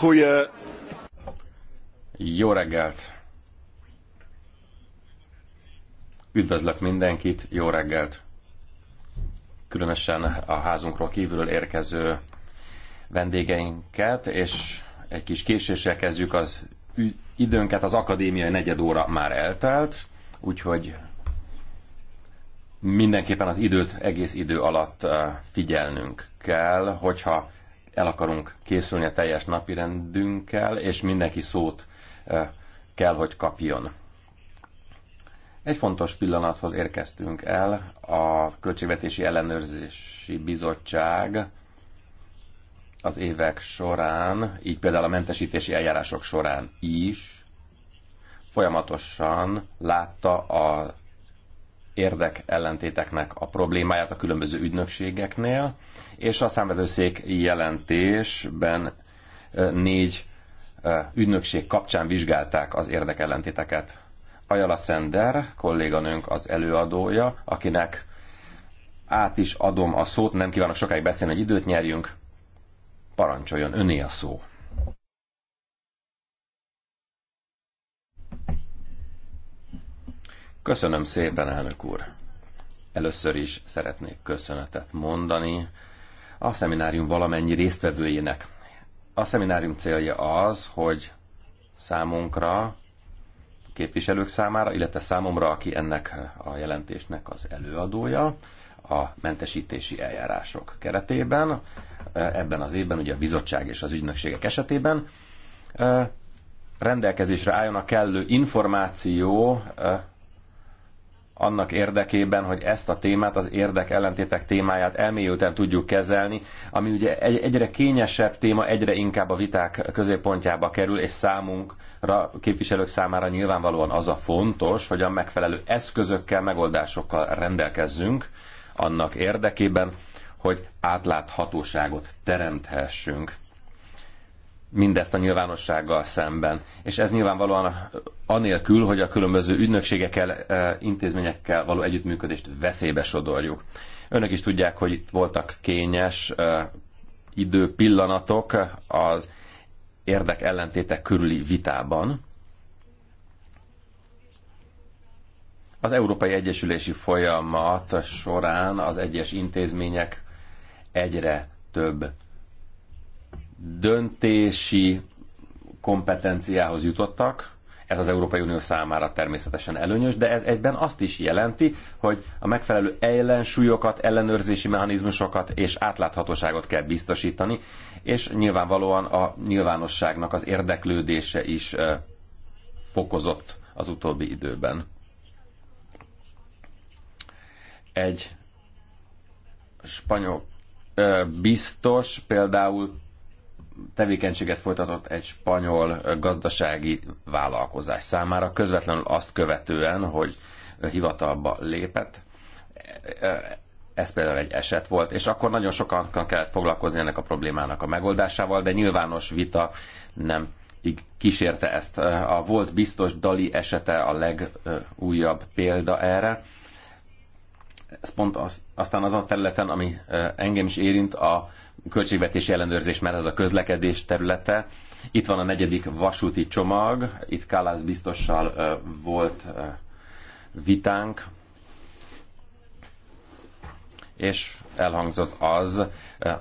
Goeie... Jó reggelt! Üdvözlök mindenkit, jó reggelt! Különösen a házunkról kívülről érkező vendégeinket, és egy kis késéssel kezdjük az időnket, az akadémiai negyed óra már eltelt, úgyhogy mindenképpen az időt egész idő alatt eh, figyelnünk kell, hogyha el akarunk készülni a teljes rendünkkel, és mindenki szót kell, hogy kapjon. Egy fontos pillanathoz érkeztünk el. A Költségvetési Ellenőrzési Bizottság az évek során, így például a mentesítési eljárások során is folyamatosan látta a érdek ellentéteknek a problémáját a különböző ügynökségeknél, és a számvevőszék jelentésben négy ügynökség kapcsán vizsgálták az érdekellentéteket. Ajala Szender, kolléganőnk az előadója, akinek át is adom a szót, nem kívánok sokáig beszélni, hogy időt nyerjünk. Parancsoljon, öné a szó. Köszönöm szépen, elnök úr. Először is szeretnék köszönetet mondani a szeminárium valamennyi résztvevőjének. A szeminárium célja az, hogy számunkra, képviselők számára, illetve számomra, aki ennek a jelentésnek az előadója, a mentesítési eljárások keretében, ebben az évben ugye a bizottság és az ügynökségek esetében rendelkezésre álljon a kellő információ annak érdekében, hogy ezt a témát, az érdek ellentétek témáját elmélyülten tudjuk kezelni, ami ugye egyre kényesebb téma, egyre inkább a viták középpontjába kerül, és számunkra, képviselők számára nyilvánvalóan az a fontos, hogy a megfelelő eszközökkel, megoldásokkal rendelkezzünk annak érdekében, hogy átláthatóságot teremthessünk mindezt a nyilvánossággal szemben. És ez nyilvánvalóan anélkül, hogy a különböző ügynökségekkel, eh, intézményekkel való együttműködést veszélybe sodorjuk. Önök is tudják, hogy itt voltak kényes eh, időpillanatok az érdek ellentétek körüli vitában. Az Európai Egyesülési folyamat során az egyes intézmények egyre több döntési kompetenciához jutottak, ez az Európai Unió számára természetesen előnyös, de ez egyben azt is jelenti, hogy a megfelelő ellensúlyokat, ellenőrzési mechanizmusokat és átláthatóságot kell biztosítani, és nyilvánvalóan a nyilvánosságnak az érdeklődése is fokozott az utóbbi időben. Egy spanyol biztos például tevékenységet folytatott egy spanyol gazdasági vállalkozás számára, közvetlenül azt követően, hogy hivatalba lépett. Ez például egy eset volt, és akkor nagyon sokan kellett foglalkozni ennek a problémának a megoldásával, de nyilvános vita nem kísérte ezt. A volt biztos Dali esete a legújabb példa erre. Ez pont az, aztán az a területen, ami engem is érint, a költségvetési ellenőrzés mert az a közlekedés területe. Itt van a negyedik vasúti csomag, itt Kálász biztossal volt vitánk, és elhangzott az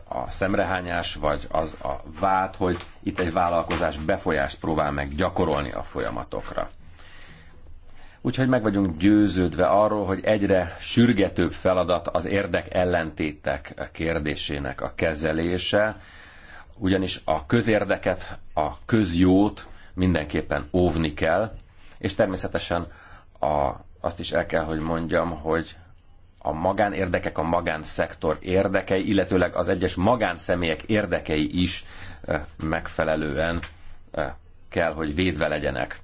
a szemrehányás, vagy az a vád, hogy itt egy vállalkozás befolyást próbál meg gyakorolni a folyamatokra. Úgyhogy meg vagyunk győződve arról, hogy egyre sürgetőbb feladat az érdek ellentétek kérdésének a kezelése, ugyanis a közérdeket, a közjót mindenképpen óvni kell, és természetesen a, azt is el kell, hogy mondjam, hogy a magánérdekek, a magánszektor érdekei, illetőleg az egyes magánszemélyek érdekei is megfelelően kell, hogy védve legyenek.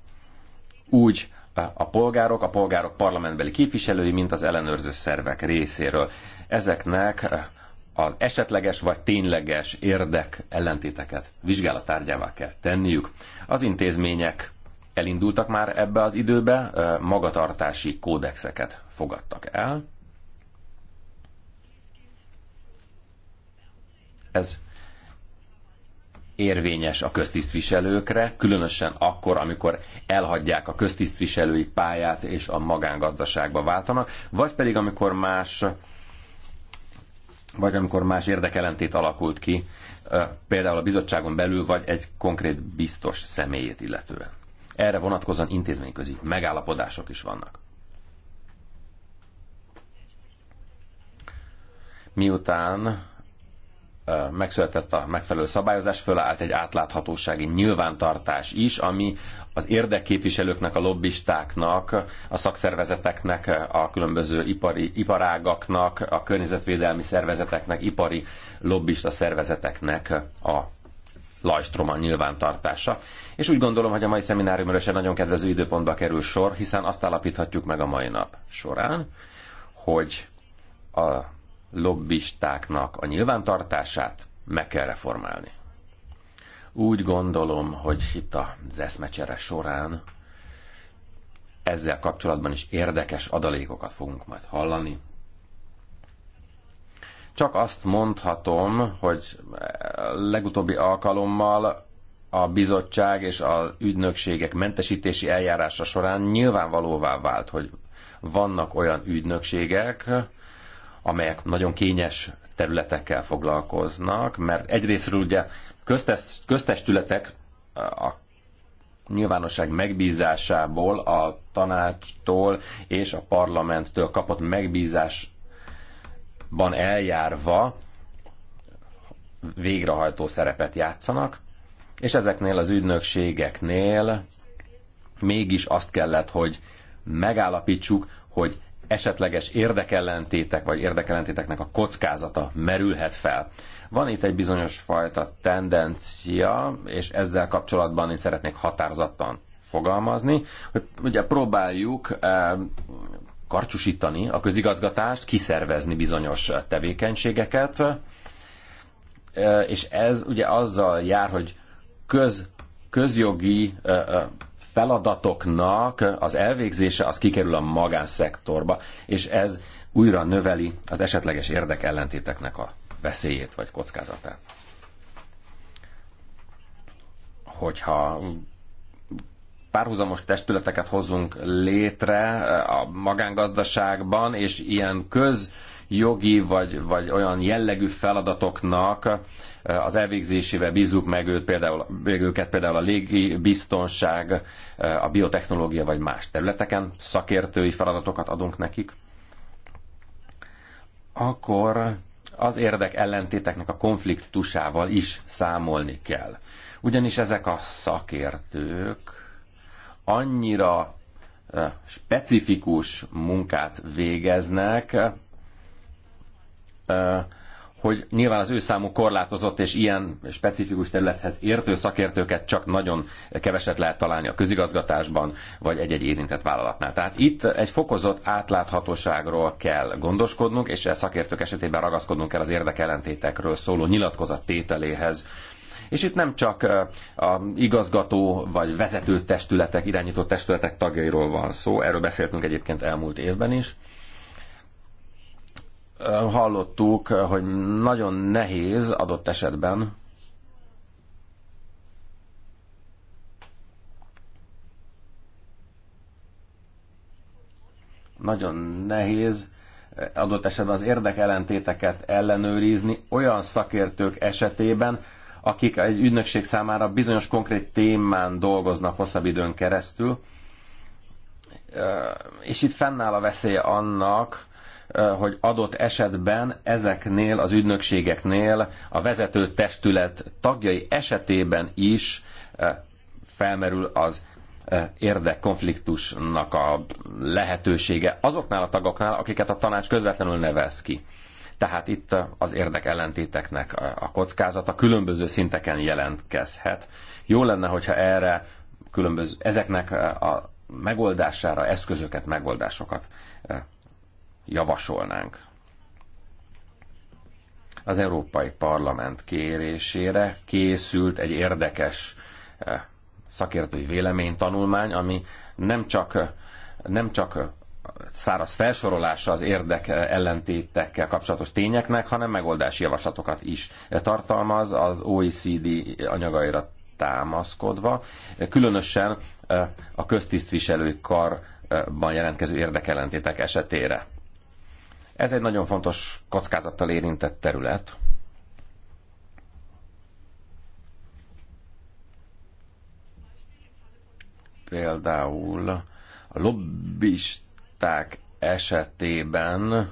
Úgy, a polgárok, a polgárok parlamentbeli képviselői, mint az ellenőrző szervek részéről. Ezeknek az esetleges vagy tényleges érdek ellentéteket vizsgálatárgyává kell tenniük. Az intézmények elindultak már ebbe az időbe, magatartási kódexeket fogadtak el. Ez érvényes a köztisztviselőkre, különösen akkor, amikor elhagyják a köztisztviselői pályát és a magángazdaságba váltanak, vagy pedig amikor más vagy amikor más érdekelentét alakult ki, például a bizottságon belül, vagy egy konkrét biztos személyét illetően. Erre vonatkozóan intézményközi megállapodások is vannak. Miután megszületett a megfelelő szabályozás, fölállt egy átláthatósági nyilvántartás is, ami az érdekképviselőknek, a lobbistáknak, a szakszervezeteknek, a különböző ipari, iparágaknak, a környezetvédelmi szervezeteknek, ipari lobbista szervezeteknek a lajstroma nyilvántartása. És úgy gondolom, hogy a mai szemináriumra se nagyon kedvező időpontba kerül sor, hiszen azt állapíthatjuk meg a mai nap során, hogy a lobbistáknak a nyilvántartását meg kell reformálni. Úgy gondolom, hogy itt az eszmecsere során ezzel kapcsolatban is érdekes adalékokat fogunk majd hallani. Csak azt mondhatom, hogy legutóbbi alkalommal a bizottság és az ügynökségek mentesítési eljárása során nyilvánvalóvá vált, hogy vannak olyan ügynökségek, amelyek nagyon kényes területekkel foglalkoznak, mert egyrésztről ugye köztes, köztestületek a nyilvánosság megbízásából, a tanácstól és a parlamenttől kapott megbízásban eljárva végrehajtó szerepet játszanak, és ezeknél az ügynökségeknél mégis azt kellett, hogy megállapítsuk, hogy esetleges érdekellentétek vagy érdekellentéteknek a kockázata merülhet fel. Van itt egy bizonyos fajta tendencia, és ezzel kapcsolatban én szeretnék határozattan fogalmazni, hogy ugye próbáljuk eh, karcsúsítani a közigazgatást, kiszervezni bizonyos tevékenységeket, eh, és ez ugye azzal jár, hogy köz, közjogi eh, feladatoknak az elvégzése az kikerül a magánszektorba, és ez újra növeli az esetleges érdekellentéteknek a veszélyét vagy kockázatát. Hogyha párhuzamos testületeket hozunk létre a magángazdaságban, és ilyen köz jogi vagy, vagy olyan jellegű feladatoknak eh, az elvégzésével bízzuk meg őt, például, őket például a légi biztonság, eh, a biotechnológia vagy más területeken szakértői feladatokat adunk nekik, akkor az érdek ellentéteknek a konfliktusával is számolni kell. Ugyanis ezek a szakértők annyira eh, specifikus munkát végeznek, hogy nyilván az ő számú korlátozott és ilyen specifikus területhez értő szakértőket csak nagyon keveset lehet találni a közigazgatásban, vagy egy-egy érintett vállalatnál. Tehát itt egy fokozott átláthatóságról kell gondoskodnunk, és a e szakértők esetében ragaszkodnunk kell az érdekellentétekről szóló tételéhez, És itt nem csak a igazgató vagy vezető testületek, irányító testületek tagjairól van szó, erről beszéltünk egyébként elmúlt évben is, hallottuk, hogy nagyon nehéz adott esetben nagyon nehéz eh, adott esetben az érdekellentéteket ellenőrizni olyan szakértők esetében, akik egy ügynökség számára bizonyos konkrét témán dolgoznak hosszabb időn keresztül. Eh, És itt fennáll a veszélye annak, hogy adott esetben ezeknél az ügynökségeknél a vezető testület tagjai esetében is felmerül az érdekkonfliktusnak a lehetősége azoknál a tagoknál, akiket a tanács közvetlenül nevez ki. Tehát itt az érdekellentéteknek a kockázata különböző szinteken jelentkezhet. Jó lenne, hogyha erre különböző, ezeknek a megoldására eszközöket, megoldásokat javasolnánk. Az Európai Parlament kérésére készült egy érdekes eh, szakértői véleménytanulmány, ami nem csak, eh, nem csak eh, száraz felsorolása az érdek ellentétekkel kapcsolatos tényeknek, hanem megoldási javaslatokat is tartalmaz az OECD anyagaira támaszkodva, különösen a köztisztviselői karban jelentkező érdekellentétek esetére. Ez egy nagyon fontos kockázattal érintett terület. Például a lobbisták esetében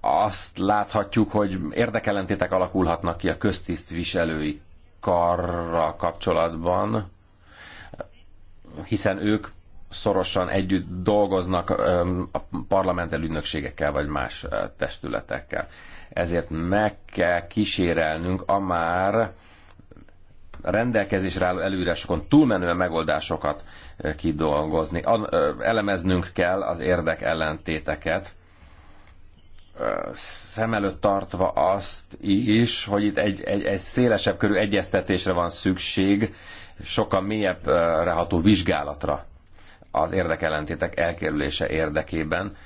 azt láthatjuk, hogy érdekellentétek alakulhatnak ki a köztisztviselői karra kapcsolatban, hiszen ők szorosan együtt dolgoznak a parlament elügynökségekkel vagy más eh, testületekkel. Ezért meg kell kísérelnünk a már rendelkezésre álló előírásokon túlmenően megoldásokat eh, kidolgozni. Eh, elemeznünk kell az érdek ellentéteket, szem előtt tartva azt is, hogy itt egy, egy, egy szélesebb körű egyeztetésre van szükség, sokkal mélyebb ható vizsgálatra az érdekellentétek elkerülése érdekében,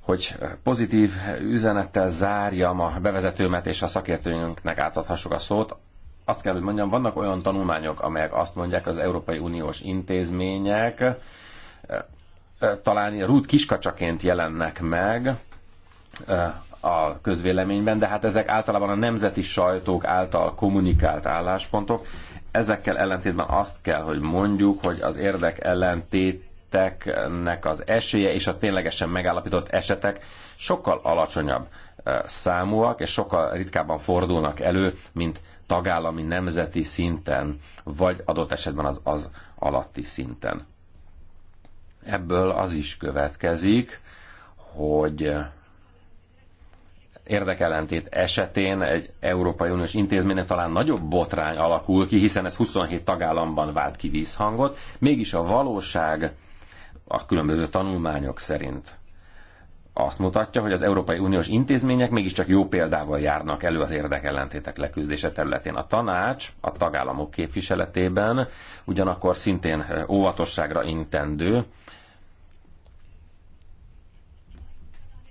hogy pozitív üzenettel zárjam a bevezetőmet és a szakértőinknek átadhassuk a szót. Azt kell, hogy mondjam, vannak olyan tanulmányok, amelyek azt mondják, az Európai Uniós intézmények eh, eh, talán rút kiskacsaként jelennek meg eh, a közvéleményben, de hát ezek általában a nemzeti sajtók által kommunikált álláspontok. Ezekkel ellentétben azt kell, hogy mondjuk, hogy az érdek ellentét eseteknek az esélye és a ténylegesen megállapított esetek sokkal alacsonyabb számúak, és sokkal ritkábban fordulnak elő, mint tagállami nemzeti szinten, vagy adott esetben az, az alatti szinten. Ebből az is következik, hogy érdekellentét esetén egy Európai Uniós intézménynek talán nagyobb botrány alakul ki, hiszen ez 27 tagállamban vált ki vízhangot, mégis a valóság a különböző tanulmányok szerint azt mutatja, hogy az Európai Uniós intézmények mégiscsak jó példával járnak elő az érdekellentétek leküzdése területén. A tanács a tagállamok képviseletében ugyanakkor szintén óvatosságra intendő,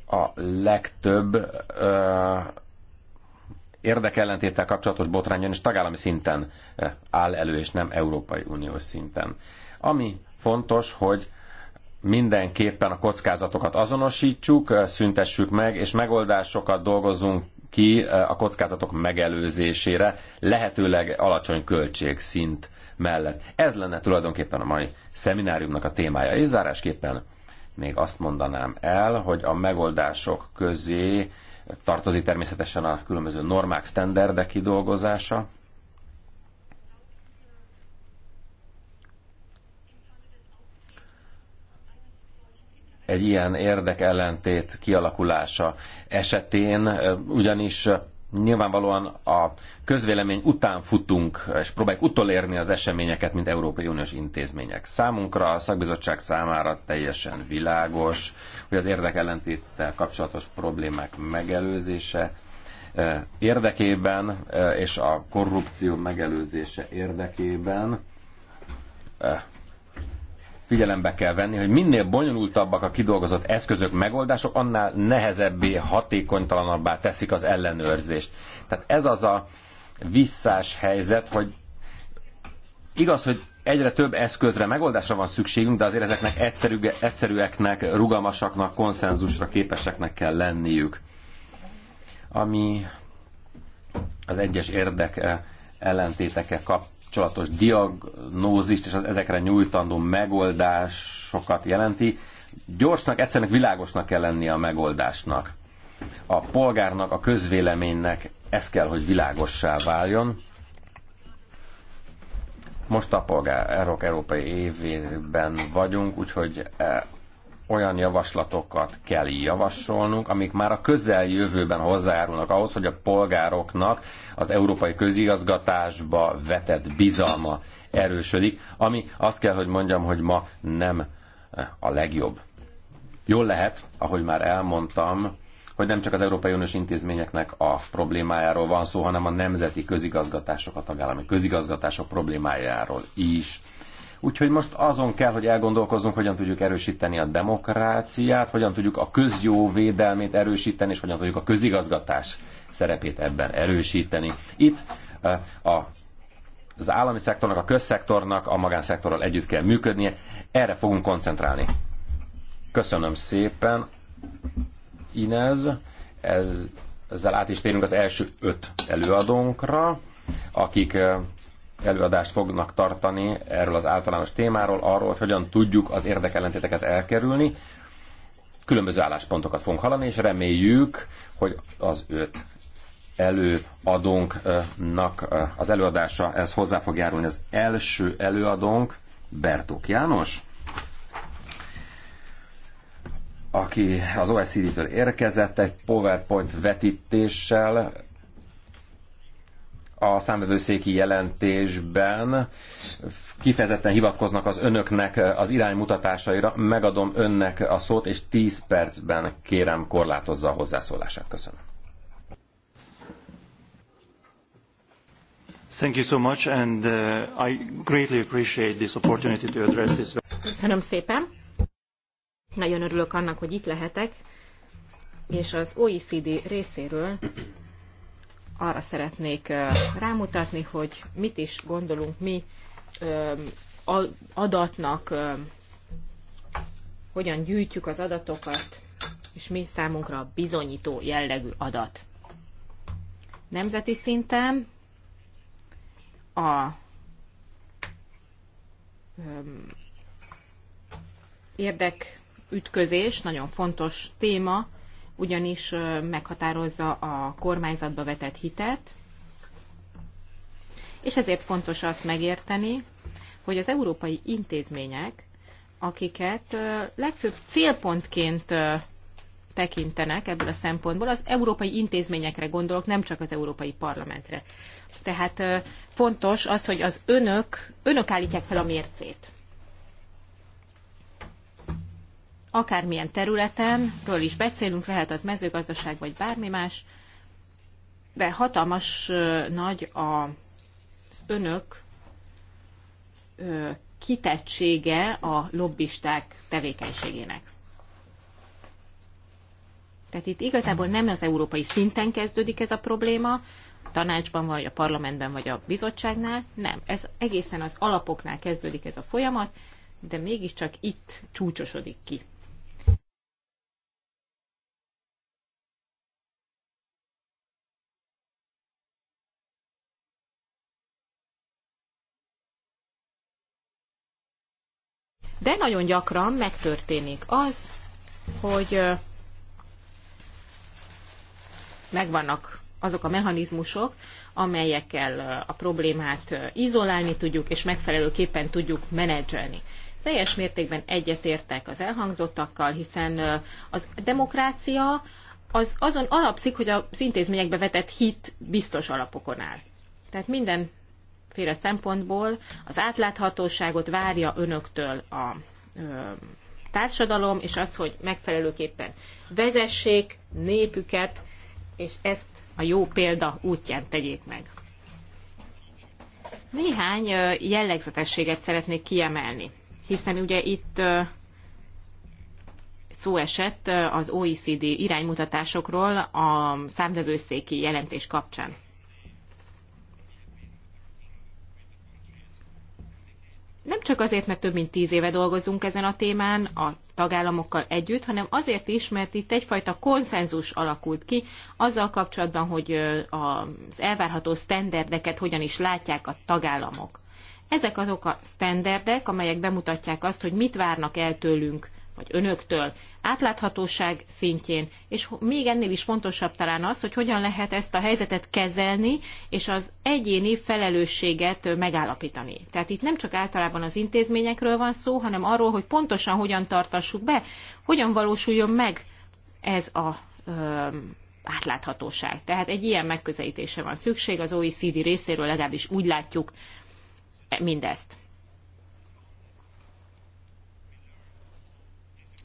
a legtöbb ö, érdekellentétel kapcsolatos botrányon is tagállami szinten áll elő, és nem Európai Uniós szinten. Ami fontos, hogy mindenképpen a kockázatokat azonosítsuk, szüntessük meg, és megoldásokat dolgozunk ki a kockázatok megelőzésére, lehetőleg alacsony költségszint mellett. Ez lenne tulajdonképpen a mai szemináriumnak a témája. És zárásképpen még azt mondanám el, hogy a megoldások közé tartozik természetesen a különböző normák, sztenderdek kidolgozása, egy ilyen érdekellentét kialakulása esetén, ugyanis nyilvánvalóan a közvélemény után futunk, és próbáljuk utolérni az eseményeket, mint Európai Uniós intézmények. Számunkra, a szakbizottság számára teljesen világos, hogy az érdekellentéttel kapcsolatos problémák megelőzése érdekében és a korrupció megelőzése érdekében figyelembe kell venni, hogy minél bonyolultabbak a kidolgozott eszközök, megoldások, annál nehezebbé, hatékonytalanabbá teszik az ellenőrzést. Tehát ez az a visszás helyzet, hogy igaz, hogy egyre több eszközre, megoldásra van szükségünk, de azért ezeknek egyszerű, egyszerűeknek, rugalmasaknak, konszenzusra képeseknek kell lenniük. Ami az egyes érdek eh, ellentéteket kap, kapcsolatos diagnózist és az ezekre nyújtandó megoldásokat jelenti. Gyorsnak, egyszerűen világosnak kell lennie a megoldásnak. A polgárnak, a közvéleménynek ez kell, hogy világossá váljon. Most a polgár európai évében vagyunk, úgyhogy eh, olyan javaslatokat kell javasolnunk, amik már a közeljövőben hozzájárulnak ahhoz, hogy a polgároknak az európai közigazgatásba vetett bizalma erősödik, ami azt kell, hogy mondjam, hogy ma nem eh, a legjobb. Jól lehet, ahogy már elmondtam, hogy nem csak az Európai Uniós intézményeknek a problémájáról van szó, hanem a nemzeti közigazgatások, a tagállami közigazgatások problémájáról is. Úgyhogy most azon kell, hogy elgondolkozzunk, hogyan tudjuk erősíteni a demokráciát, hogyan tudjuk a közjó védelmét erősíteni, és hogyan tudjuk a közigazgatás szerepét ebben erősíteni. Itt eh, a az állami szektornak, a közszektornak, a magánszektorral együtt kell működnie. Erre fogunk koncentrálni. Köszönöm szépen, Inez. Ez, ezzel át is térünk az első öt előadónkra, akik eh, előadást fognak tartani erről az általános témáról, arról, hogy hogyan tudjuk az érdekellentéteket elkerülni. Különböző álláspontokat fogunk hallani, és reméljük, hogy az öt előadónknak eh, az előadása ez hozzá fog járulni. Az első előadónk Bertók János, aki az oscd től érkezett egy PowerPoint vetítéssel, a számvevőszéki jelentésben kifejezetten hivatkoznak az önöknek az iránymutatásaira. Megadom önnek a szót, és 10 percben kérem korlátozza a hozzászólását. Köszönöm. Thank you so much, and uh, I greatly appreciate this opportunity to address this. Köszönöm szépen. Nagyon örülök annak, hogy itt lehetek, és az OECD részéről arra szeretnék rámutatni, hogy mit is gondolunk mi adatnak, hogyan gyűjtjük az adatokat, és mi számunkra a bizonyító jellegű adat. Nemzeti szinten a érdekütközés nagyon fontos téma, ugyanis meghatározza a kormányzatba vetett hitet, és ezért fontos azt megérteni, hogy az európai intézmények, akiket legfőbb célpontként tekintenek ebből a szempontból, az európai intézményekre gondolok, nem csak az európai parlamentre. Tehát fontos az, hogy az önök, önök állítják fel a mércét. akármilyen területen, ről is beszélünk, lehet az mezőgazdaság vagy bármi más, de hatalmas nagy a önök kitettsége a lobbisták tevékenységének. Tehát itt igazából nem az európai szinten kezdődik ez a probléma, tanácsban vagy a parlamentben vagy a bizottságnál, nem. Ez egészen az alapoknál kezdődik ez a folyamat, de mégiscsak itt csúcsosodik ki. De nagyon gyakran megtörténik az, hogy megvannak azok a mechanizmusok, amelyekkel a problémát izolálni tudjuk, és megfelelőképpen tudjuk menedzselni. Teljes mértékben egyetértek az elhangzottakkal, hiszen a demokrácia az azon alapszik, hogy az intézményekbe vetett hit biztos alapokon áll. Tehát minden féle szempontból az átláthatóságot várja önöktől a társadalom, és az, hogy megfelelőképpen vezessék népüket, és ezt a jó példa útján tegyék meg. Néhány jellegzetességet szeretnék kiemelni, hiszen ugye itt szó esett az OECD iránymutatásokról a számvevőszéki jelentés kapcsán. nem csak azért, mert több mint tíz éve dolgozunk ezen a témán a tagállamokkal együtt, hanem azért is, mert itt egyfajta konszenzus alakult ki azzal kapcsolatban, hogy az elvárható sztenderdeket hogyan is látják a tagállamok. Ezek azok a sztenderdek, amelyek bemutatják azt, hogy mit várnak el tőlünk vagy önöktől átláthatóság szintjén, és még ennél is fontosabb talán az, hogy hogyan lehet ezt a helyzetet kezelni, és az egyéni felelősséget megállapítani. Tehát itt nem csak általában az intézményekről van szó, hanem arról, hogy pontosan hogyan tartassuk be, hogyan valósuljon meg ez a ö, átláthatóság. Tehát egy ilyen megközelítése van szükség, az OECD részéről legalábbis úgy látjuk mindezt.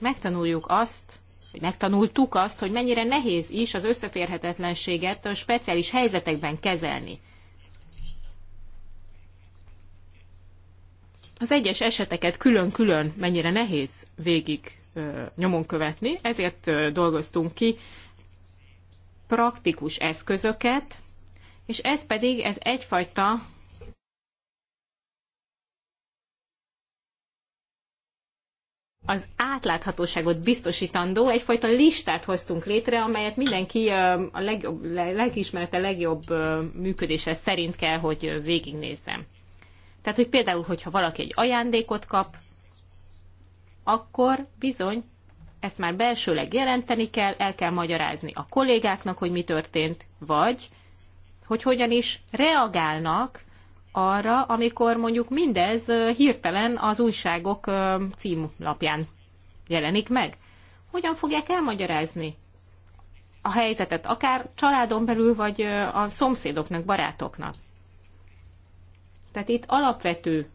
megtanuljuk azt, hogy megtanultuk azt, hogy mennyire nehéz is az összeférhetetlenséget a speciális helyzetekben kezelni. Az egyes eseteket külön-külön mennyire nehéz végig ö, nyomon követni, ezért ö, dolgoztunk ki praktikus eszközöket, és ez pedig ez egyfajta az átláthatóságot biztosítandó egyfajta listát hoztunk létre, amelyet mindenki a legjobb, legismerete legjobb működése szerint kell, hogy végignézzem. Tehát, hogy például, hogyha valaki egy ajándékot kap, akkor bizony ezt már belsőleg jelenteni kell, el kell magyarázni a kollégáknak, hogy mi történt, vagy hogy hogyan is reagálnak arra, amikor mondjuk mindez hirtelen az újságok címlapján jelenik meg. Hogyan fogják elmagyarázni a helyzetet, akár családon belül, vagy a szomszédoknak, barátoknak? Tehát itt alapvető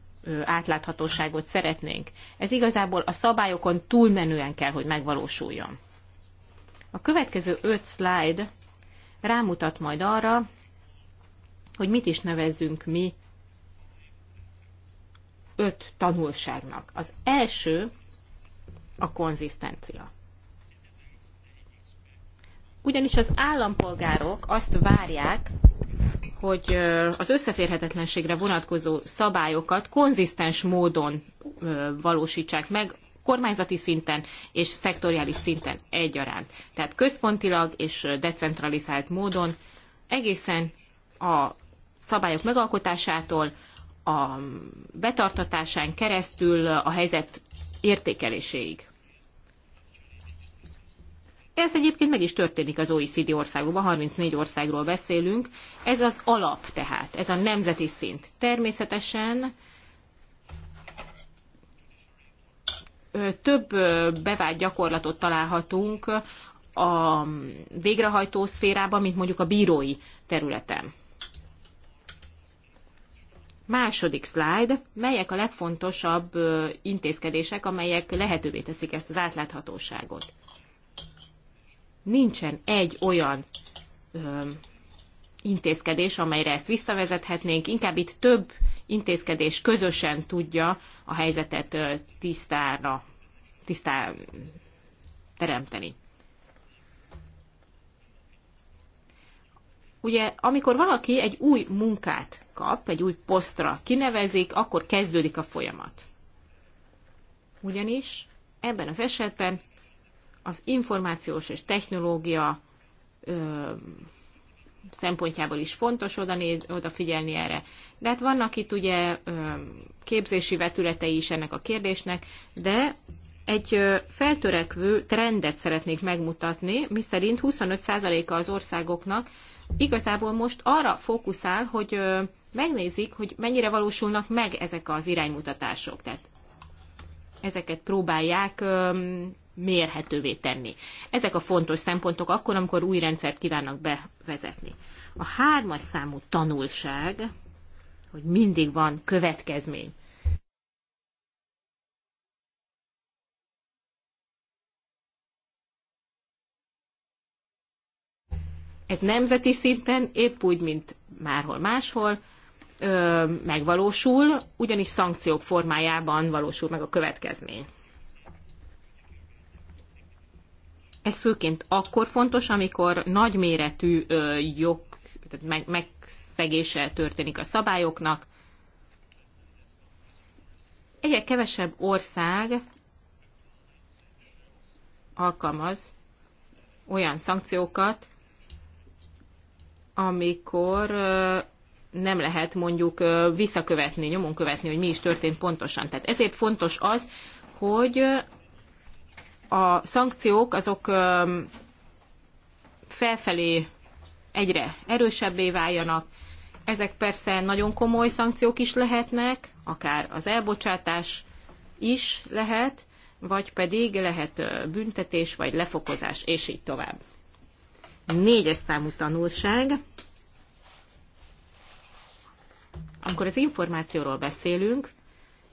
átláthatóságot szeretnénk. Ez igazából a szabályokon túlmenően kell, hogy megvalósuljon. A következő öt slide rámutat majd arra, hogy mit is nevezzünk mi öt tanulságnak. Az első a konzisztencia. Ugyanis az állampolgárok azt várják, hogy az összeférhetetlenségre vonatkozó szabályokat konzisztens módon valósítsák meg kormányzati szinten és szektoriális szinten egyaránt. Tehát központilag és decentralizált módon egészen a szabályok megalkotásától a betartatásán keresztül a helyzet értékeléséig. Ez egyébként meg is történik az OECD országokban, 34 országról beszélünk. Ez az alap tehát, ez a nemzeti szint. Természetesen több bevált gyakorlatot találhatunk a végrehajtó szférában, mint mondjuk a bírói területen. Második slide, melyek a legfontosabb intézkedések, amelyek lehetővé teszik ezt az átláthatóságot. Nincsen egy olyan öm, intézkedés, amelyre ezt visszavezethetnénk, inkább itt több intézkedés közösen tudja a helyzetet tisztára, tisztára teremteni. ugye amikor valaki egy új munkát kap, egy új posztra kinevezik, akkor kezdődik a folyamat. Ugyanis ebben az esetben az információs és technológia ö, szempontjából is fontos oda néz, odafigyelni erre. De hát vannak itt ugye ö, képzési vetületei is ennek a kérdésnek, de egy feltörekvő trendet szeretnék megmutatni, miszerint 25%-a az országoknak igazából most arra fókuszál, hogy megnézik, hogy mennyire valósulnak meg ezek az iránymutatások. Tehát ezeket próbálják mérhetővé tenni. Ezek a fontos szempontok akkor, amikor új rendszert kívánnak bevezetni. A hármas számú tanulság, hogy mindig van következmény. Egy nemzeti szinten, épp úgy, mint márhol máshol, ö, megvalósul, ugyanis szankciók formájában valósul meg a következmény. Ez főként akkor fontos, amikor nagyméretű ö, jog, tehát meg, megszegése történik a szabályoknak. Egyre kevesebb ország alkalmaz olyan szankciókat, amikor nem lehet mondjuk visszakövetni, nyomon követni, hogy mi is történt pontosan. Tehát ezért fontos az, hogy a szankciók azok felfelé egyre erősebbé váljanak. Ezek persze nagyon komoly szankciók is lehetnek, akár az elbocsátás is lehet, vagy pedig lehet büntetés, vagy lefokozás, és így tovább négyes számú tanulság. Amikor az információról beszélünk,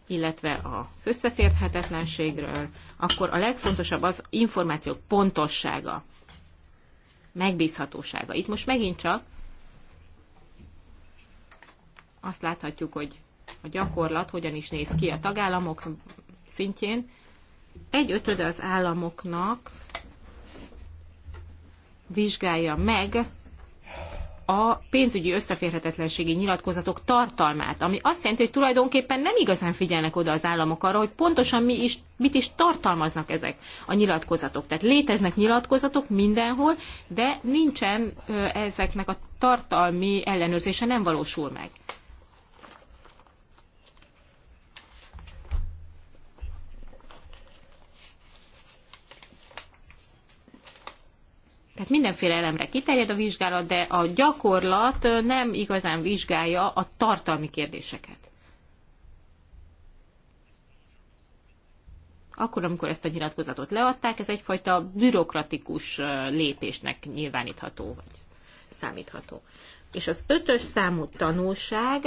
illetve az összeférthetetlenségről, akkor a legfontosabb az információk pontossága, megbízhatósága. Itt most megint csak azt láthatjuk, hogy a gyakorlat hogyan is néz ki a tagállamok szintjén. Egy ötöde az államoknak vizsgálja meg a pénzügyi összeférhetetlenségi nyilatkozatok tartalmát, ami azt jelenti, hogy tulajdonképpen nem igazán figyelnek oda az államok arra, hogy pontosan mi is, mit is tartalmaznak ezek a nyilatkozatok. Tehát léteznek nyilatkozatok mindenhol, de nincsen ezeknek a tartalmi ellenőrzése nem valósul meg. Tehát mindenféle elemre kiterjed a vizsgálat, de a gyakorlat nem igazán vizsgálja a tartalmi kérdéseket. Akkor, amikor ezt a nyilatkozatot leadták, ez egyfajta bürokratikus lépésnek nyilvánítható, vagy számítható. És az ötös számú tanulság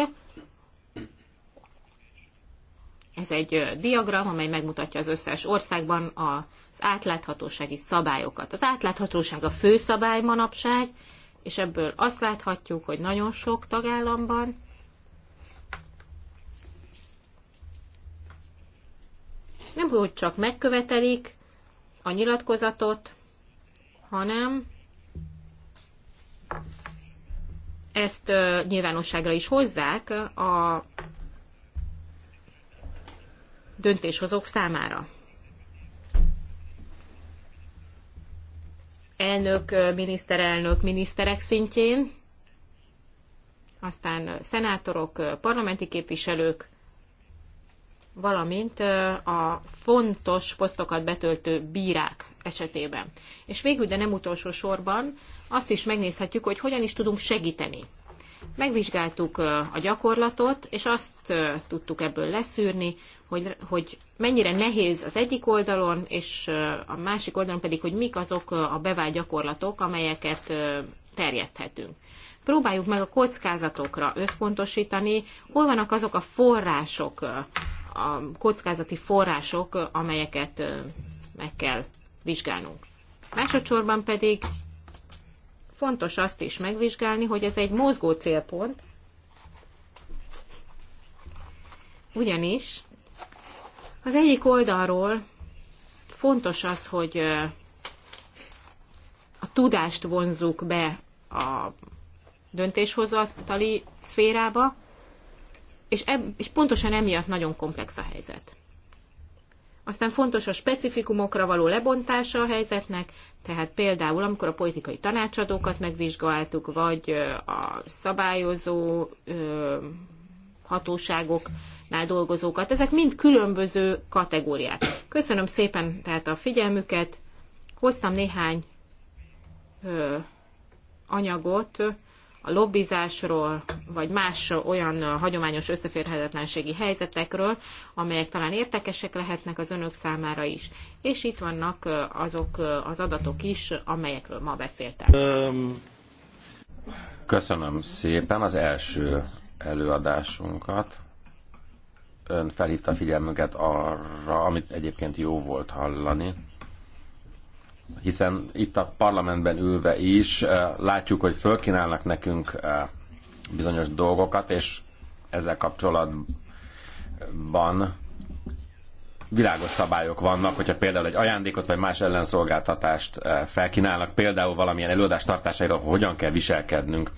ez egy diagram, amely megmutatja az összes országban az átláthatósági szabályokat. Az átláthatóság a fő szabály manapság, és ebből azt láthatjuk, hogy nagyon sok tagállamban nem hogy csak megkövetelik a nyilatkozatot, hanem ezt nyilvánosságra is hozzák a döntéshozók számára. Elnök, miniszterelnök, miniszterek szintjén, aztán szenátorok, parlamenti képviselők, valamint a fontos posztokat betöltő bírák esetében. És végül, de nem utolsó sorban, azt is megnézhetjük, hogy hogyan is tudunk segíteni Megvizsgáltuk a gyakorlatot, és azt tudtuk ebből leszűrni, hogy, hogy mennyire nehéz az egyik oldalon, és a másik oldalon pedig, hogy mik azok a bevált gyakorlatok, amelyeket terjeszthetünk. Próbáljuk meg a kockázatokra összpontosítani, hol vannak azok a források, a kockázati források, amelyeket meg kell vizsgálnunk. Másodszorban pedig Fontos azt is megvizsgálni, hogy ez egy mozgó célpont, ugyanis az egyik oldalról fontos az, hogy a tudást vonzzuk be a döntéshozatali szférába, és, eb- és pontosan emiatt nagyon komplex a helyzet. Aztán fontos a specifikumokra való lebontása a helyzetnek, tehát például, amikor a politikai tanácsadókat megvizsgáltuk, vagy a szabályozó hatóságoknál dolgozókat, ezek mind különböző kategóriák. Köszönöm szépen tehát a figyelmüket, hoztam néhány anyagot, a lobbizásról, vagy más olyan hagyományos összeférhetetlenségi helyzetekről, amelyek talán értekesek lehetnek az önök számára is. És itt vannak azok az adatok is, amelyekről ma beszéltem. Köszönöm szépen az első előadásunkat. Ön felhívta a figyelmünket arra, amit egyébként jó volt hallani, hiszen itt a parlamentben ülve is eh, látjuk, hogy fölkínálnak nekünk eh, bizonyos dolgokat, és ezzel kapcsolatban világos szabályok vannak, hogyha például egy ajándékot vagy más ellenszolgáltatást eh, felkínálnak, például valamilyen előadás tartásaira, hogyan kell viselkednünk.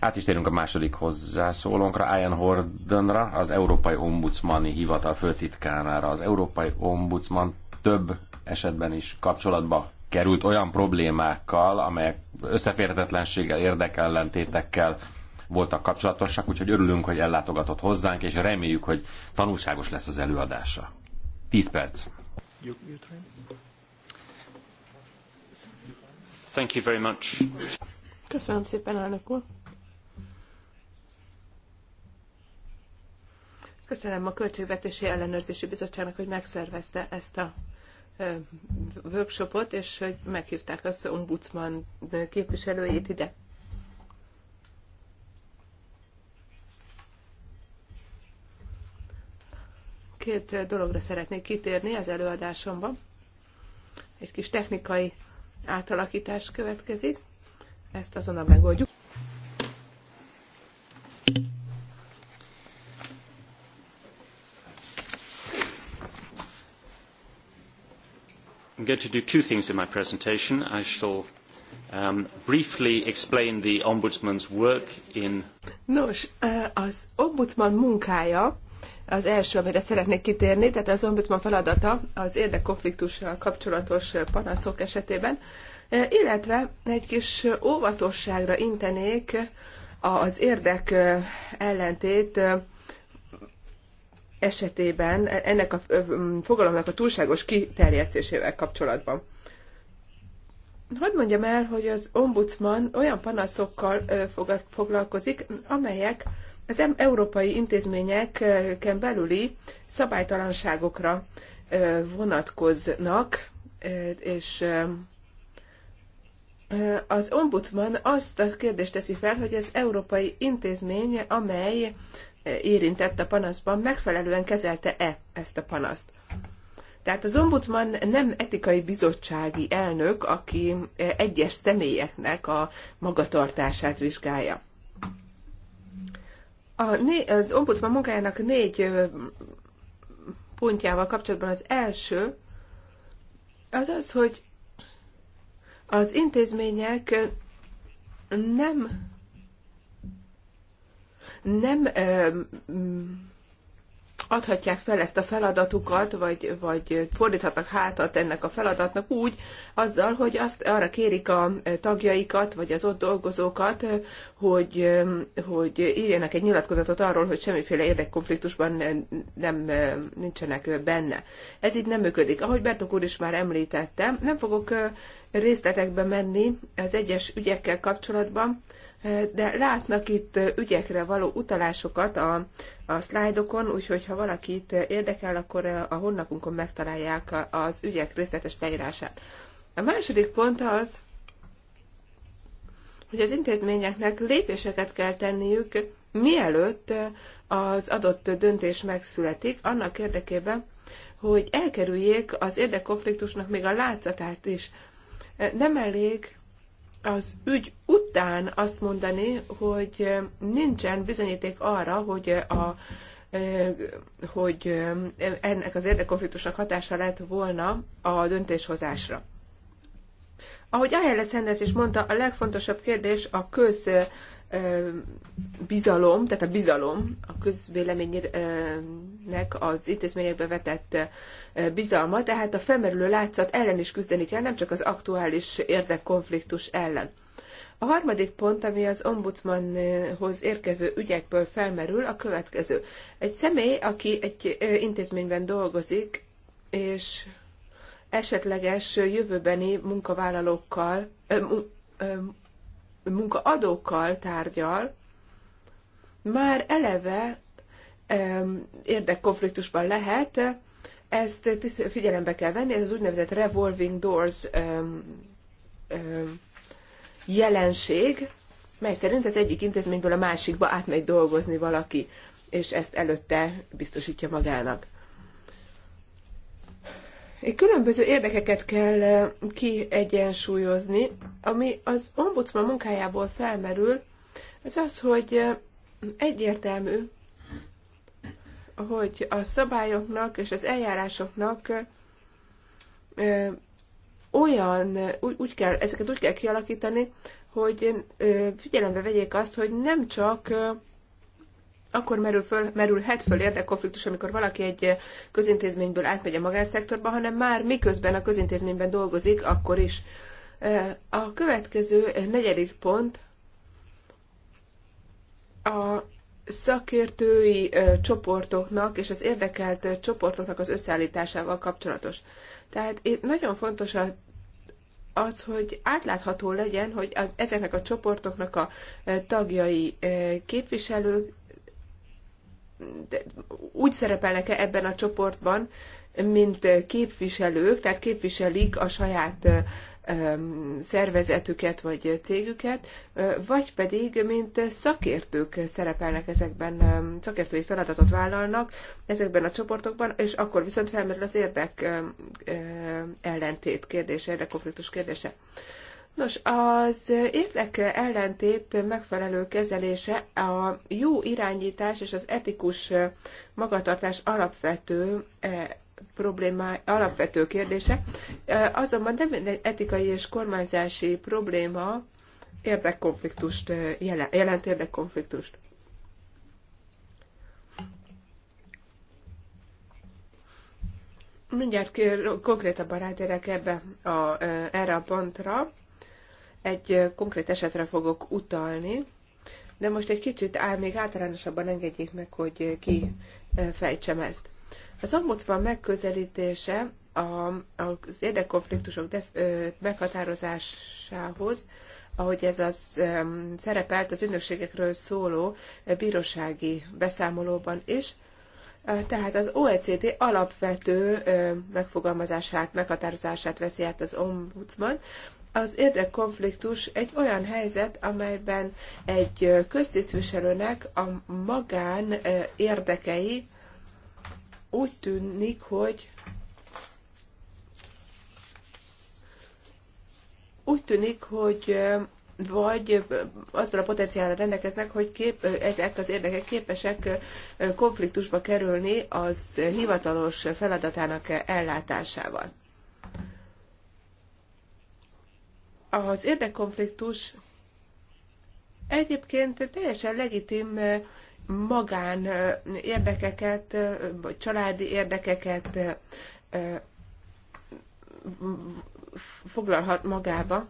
Át is térünk a második hozzászólónkra, Ian Hordonra, az Európai Ombudsmani Hivatal főtitkánára. Az Európai Ombudsman több esetben is kapcsolatba került olyan problémákkal, amelyek összeférhetetlenséggel, érdekellentétekkel voltak kapcsolatosak, úgyhogy örülünk, hogy ellátogatott hozzánk, és reméljük, hogy tanulságos lesz az előadása. 10 perc. Thank you very much. Köszönöm szépen, elnök úr. Köszönöm a Költségvetési Ellenőrzési Bizottságnak, hogy megszervezte ezt a workshopot, és hogy meghívták az ombudsman képviselőjét ide. Két dologra szeretnék kitérni az előadásomban. Egy kis technikai átalakítás következik, ezt azonnal megoldjuk. I'm going to do two things in my presentation. I shall um, briefly explain the Ombudsman's work in... Nos, eh, az Ombudsman munkája az első, amire szeretnék kitérni, tehát az ombudsman feladata az érdekkonfliktussal kapcsolatos panaszok esetében, eh, illetve egy kis óvatosságra intenék az érdek eh, ellentét esetében, ennek a fogalomnak a túlságos kiterjesztésével kapcsolatban. Hadd mondjam el, hogy az ombudsman olyan panaszokkal foglalkozik, amelyek az európai intézményeken belüli szabálytalanságokra vonatkoznak, és az ombudsman azt a kérdést teszi fel, hogy az európai intézmény, amely érintett a panaszban, megfelelően kezelte-e ezt a panaszt. Tehát az ombudsman nem etikai bizottsági elnök, aki e, egyes személyeknek a magatartását vizsgálja. A, az ombudsman munkájának négy pontjával kapcsolatban az első az az, hogy az intézmények nem nem mm, adhatják fel ezt a feladatukat, vagy, vagy fordíthatnak hátat ennek a feladatnak úgy, azzal, hogy azt arra kérik a tagjaikat, vagy az ott dolgozókat, hogy, hogy írjanak egy nyilatkozatot arról, hogy semmiféle érdekkonfliktusban nem, nem nincsenek benne. Ez így nem működik. Ahogy Bertok úr is már említette, nem fogok részletekbe menni az egyes ügyekkel kapcsolatban, de látnak itt ügyekre való utalásokat a, a szlájdokon, úgyhogy ha valakit érdekel, akkor a honlapunkon megtalálják az ügyek részletes leírását. A második pont az, hogy az intézményeknek lépéseket kell tenniük, mielőtt az adott döntés megszületik, annak érdekében, hogy elkerüljék az érdekkonfliktusnak még a látszatát is. Nem elég az ügy után azt mondani, hogy nincsen bizonyíték arra, hogy a e, hogy ennek az érdekkonfliktusnak hatása lett volna a döntéshozásra. Ahogy Ayala Sanders is mondta, a legfontosabb kérdés a köz bizalom, tehát a bizalom, a közvéleménynek az intézményekbe vetett bizalma, tehát a felmerülő látszat ellen is küzdeni kell, nem csak az aktuális érdekkonfliktus ellen. A harmadik pont, ami az ombudsmanhoz érkező ügyekből felmerül, a következő. Egy személy, aki egy intézményben dolgozik, és esetleges jövőbeni munkavállalókkal, munkaadókkal tárgyal, már eleve érdekkonfliktusban lehet, ezt figyelembe kell venni, ez az úgynevezett revolving doors jelenség, mely szerint az egyik intézményből a másikba átmegy dolgozni valaki, és ezt előtte biztosítja magának különböző érdekeket kell kiegyensúlyozni, ami az ombudsman munkájából felmerül, az az, hogy egyértelmű, hogy a szabályoknak és az eljárásoknak olyan, úgy, úgy kell, ezeket úgy kell kialakítani, hogy figyelembe vegyék azt, hogy nem csak akkor merül föl, merülhet föl érdekkonfliktus, amikor valaki egy közintézményből átmegy a magánszektorba, hanem már miközben a közintézményben dolgozik, akkor is. A következő negyedik pont a szakértői csoportoknak és az érdekelt csoportoknak az összeállításával kapcsolatos. Tehát itt nagyon fontos a az, hogy átlátható legyen, hogy az, ezeknek a csoportoknak a tagjai képviselők, úgy szerepelnek-e ebben a csoportban, mint képviselők, tehát képviselik a saját szervezetüket vagy cégüket, vagy pedig mint szakértők szerepelnek ezekben, szakértői feladatot vállalnak ezekben a csoportokban, és akkor viszont felmerül az érdek ellentét kérdése, érdekkonfliktus kérdése. Nos, az érdek ellentét megfelelő kezelése a jó irányítás és az etikus magatartás alapvető eh, problémá, alapvető kérdése, eh, azonban nem egy etikai és kormányzási probléma érdekkonfliktust eh, jelent, jelent érdekkonfliktust. Mindjárt konkrétabban rátérek ebbe a, erre a pontra. Egy konkrét esetre fogok utalni, de most egy kicsit áll, még általánosabban engedjék meg, hogy ki fejtsem ezt. Az ombudsman megközelítése a, az érdekkonfliktusok def, ö, meghatározásához, ahogy ez az ö, szerepelt az ünnökségekről szóló bírósági beszámolóban is, tehát az OECD alapvető megfogalmazását, meghatározását veszi át az ombudsman, az érdekkonfliktus egy olyan helyzet, amelyben egy köztisztviselőnek a magán érdekei úgy tűnik, hogy úgy tűnik, hogy vagy azzal a potenciálra rendelkeznek, hogy kép, ezek az érdekek képesek konfliktusba kerülni az hivatalos feladatának ellátásával. az érdekkonfliktus egyébként teljesen legitim eh, magán eh, érdekeket, eh, vagy családi érdekeket foglalhat magába,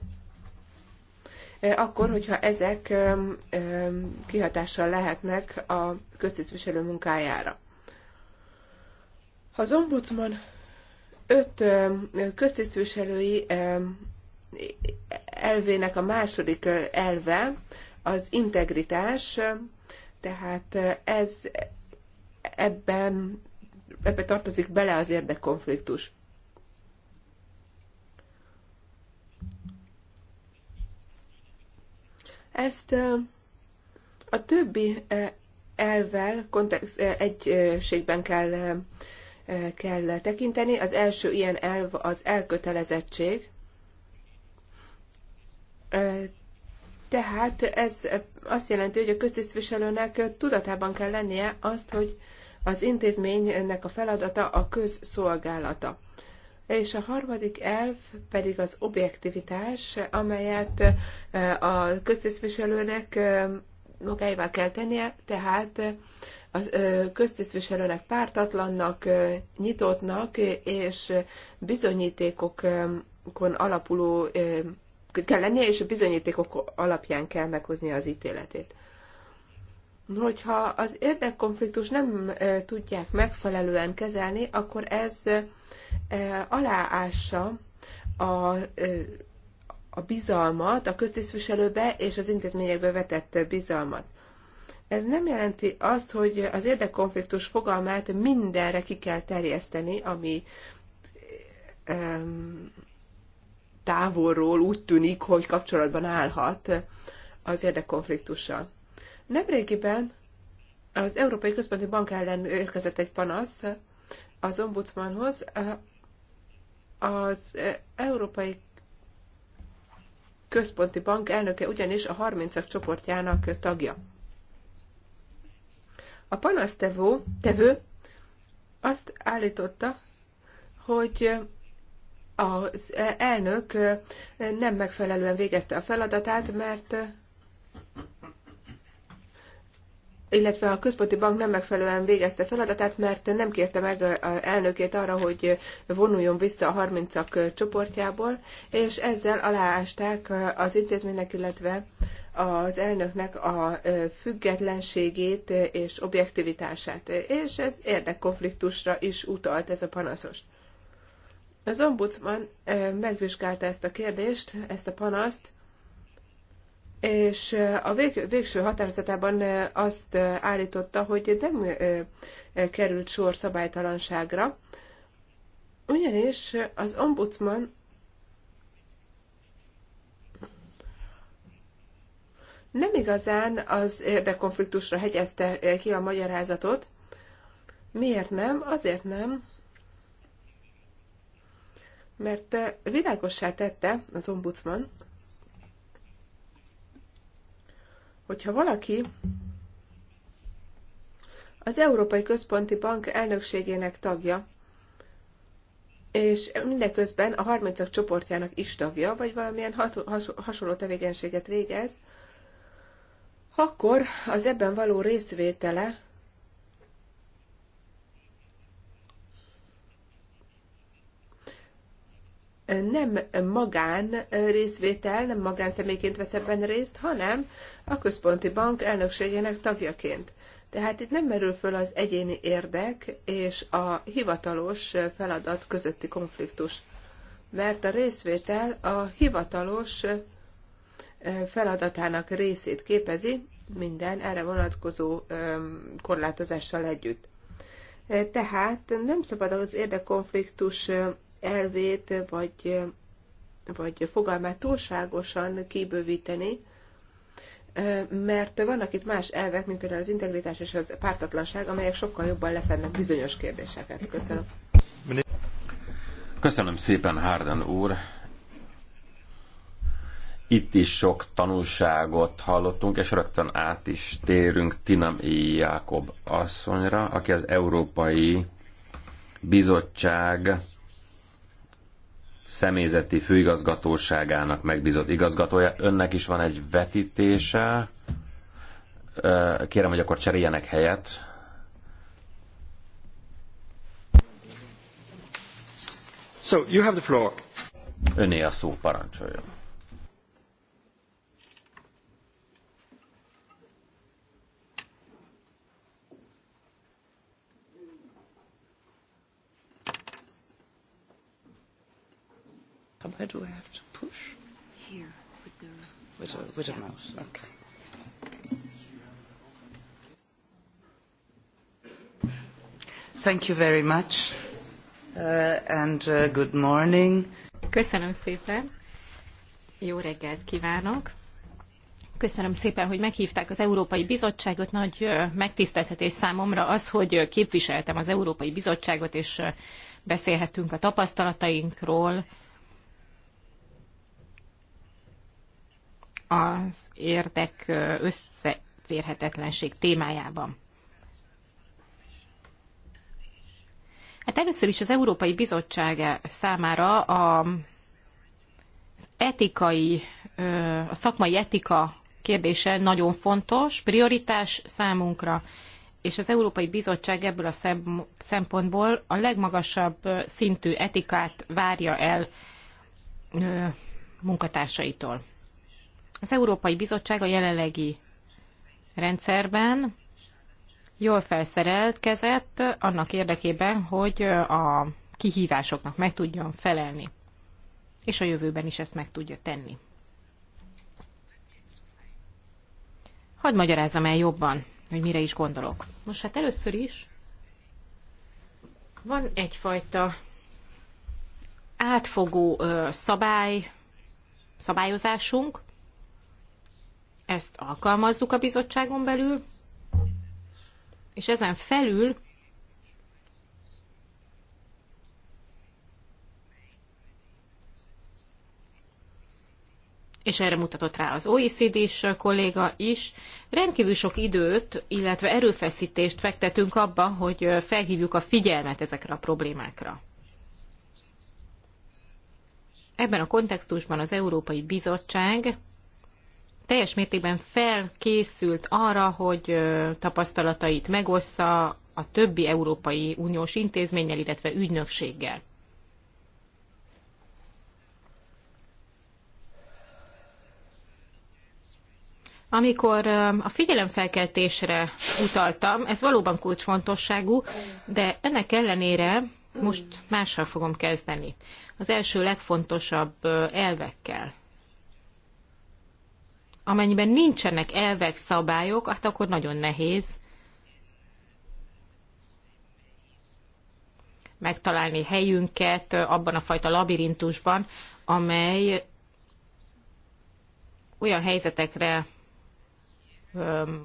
akkor, hogyha ezek kihatással lehetnek a köztisztviselő munkájára. Az ombudsman öt köztisztviselői elvének a második elve az integritás, tehát ez ebben ebbe tartozik bele az érdekkonfliktus. Ezt a többi elvel kontext, egységben kell, kell tekinteni. Az első ilyen elv az elkötelezettség. Tehát ez azt jelenti, hogy a köztisztviselőnek tudatában kell lennie azt, hogy az intézménynek a feladata a közszolgálata. És a harmadik elv pedig az objektivitás, amelyet a köztisztviselőnek magáival kell tennie, tehát a köztisztviselőnek pártatlannak, nyitottnak és bizonyítékokon alapuló kell lennie, és a bizonyítékok alapján kell meghozni az ítéletét. Hogyha az érdekkonfliktus nem e, tudják megfelelően kezelni, akkor ez e, aláássa a, e, a bizalmat, a köztisztviselőbe és az intézményekbe vetett bizalmat. Ez nem jelenti azt, hogy az érdekkonfliktus fogalmát mindenre ki kell terjeszteni, ami távolról úgy tűnik, hogy kapcsolatban állhat az érdekkonfliktussal. Nemrégiben az Európai Központi Bank ellen érkezett egy panasz az ombudsmanhoz. Az Európai Központi Bank elnöke ugyanis a 30 csoportjának tagja. A panasztevő tevő azt állította, hogy az elnök nem megfelelően végezte a feladatát, mert illetve a központi bank nem megfelelően végezte feladatát, mert nem kérte meg a elnökét arra, hogy vonuljon vissza a 30-ak csoportjából, és ezzel aláásták az intézménynek, illetve az elnöknek a függetlenségét és objektivitását. És ez érdekkonfliktusra is utalt ez a panaszos. Az ombudsman megvizsgálta ezt a kérdést, ezt a panaszt, és a vég, végső határozatában azt állította, hogy nem került sor szabálytalanságra, ugyanis az ombudsman nem igazán az érdekkonfliktusra hegyezte ki a magyarázatot. Miért nem? Azért nem, mert eh, világossá tette az ombudsman, hogyha valaki az Európai Központi Bank elnökségének tagja, és mindeközben a 30 csoportjának is tagja, vagy valamilyen hasonló tevékenységet végez, akkor az ebben való részvétele nem magán részvétel, nem magánszemélyként vesz ebben részt, hanem a központi bank elnökségének tagjaként. Tehát itt nem merül föl az egyéni érdek és a hivatalos feladat közötti konfliktus, mert a részvétel a hivatalos feladatának részét képezi minden erre vonatkozó korlátozással együtt. Tehát nem szabad az érdekkonfliktus elvét vagy, vagy fogalmát túlságosan kibővíteni, mert vannak itt más elvek, mint például az integritás és az pártatlanság, amelyek sokkal jobban lefednek bizonyos kérdéseket. Köszönöm. Köszönöm szépen, Hárden úr. Itt is sok tanulságot hallottunk, és rögtön át is térünk Tinam Jákob asszonyra, aki az Európai Bizottság személyzeti főigazgatóságának megbízott igazgatója. Önnek is van egy vetítése. Kérem, hogy akkor cseréljenek helyet. So, you have the floor. Öné a szó, parancsoljon. And where do I have to push? Here, with the with mouse. A, with yeah. a mouse, okay. Thank you very much, uh, and uh, good morning. Köszönöm szépen. Jó reggelt kívánok. Köszönöm szépen, hogy meghívták az Európai Bizottságot. Nagy uh, megtiszteltetés számomra az, hogy uh, képviseltem az Európai Bizottságot, és uh, beszélhettünk a tapasztalatainkról, az érdek összeférhetetlenség témájában. Hát először is az Európai Bizottság számára a, az etikai, a szakmai etika kérdése nagyon fontos, prioritás számunkra, és az Európai Bizottság ebből a szempontból a legmagasabb szintű etikát várja el munkatársaitól. Az Európai Bizottság a jelenlegi rendszerben jól felszerelt kezett annak érdekében, hogy a kihívásoknak meg tudjon felelni, és a jövőben is ezt meg tudja tenni. Hadd magyarázzam el jobban, hogy mire is gondolok. Most hát először is van egyfajta átfogó szabály, szabályozásunk, ezt alkalmazzuk a bizottságon belül, és ezen felül és erre mutatott rá az OECD-s kolléga is, rendkívül sok időt, illetve erőfeszítést fektetünk abba, hogy felhívjuk a figyelmet ezekre a problémákra. Ebben a kontextusban az Európai Bizottság teljes mértékben felkészült arra, hogy tapasztalatait megossza a többi Európai Uniós intézménnyel, illetve ügynökséggel. Amikor a figyelemfelkeltésre utaltam, ez valóban kulcsfontosságú, de ennek ellenére most mással fogom kezdeni. Az első legfontosabb elvekkel amennyiben nincsenek elvek, szabályok, hát akkor nagyon nehéz megtalálni helyünket abban a fajta labirintusban, amely olyan helyzetekre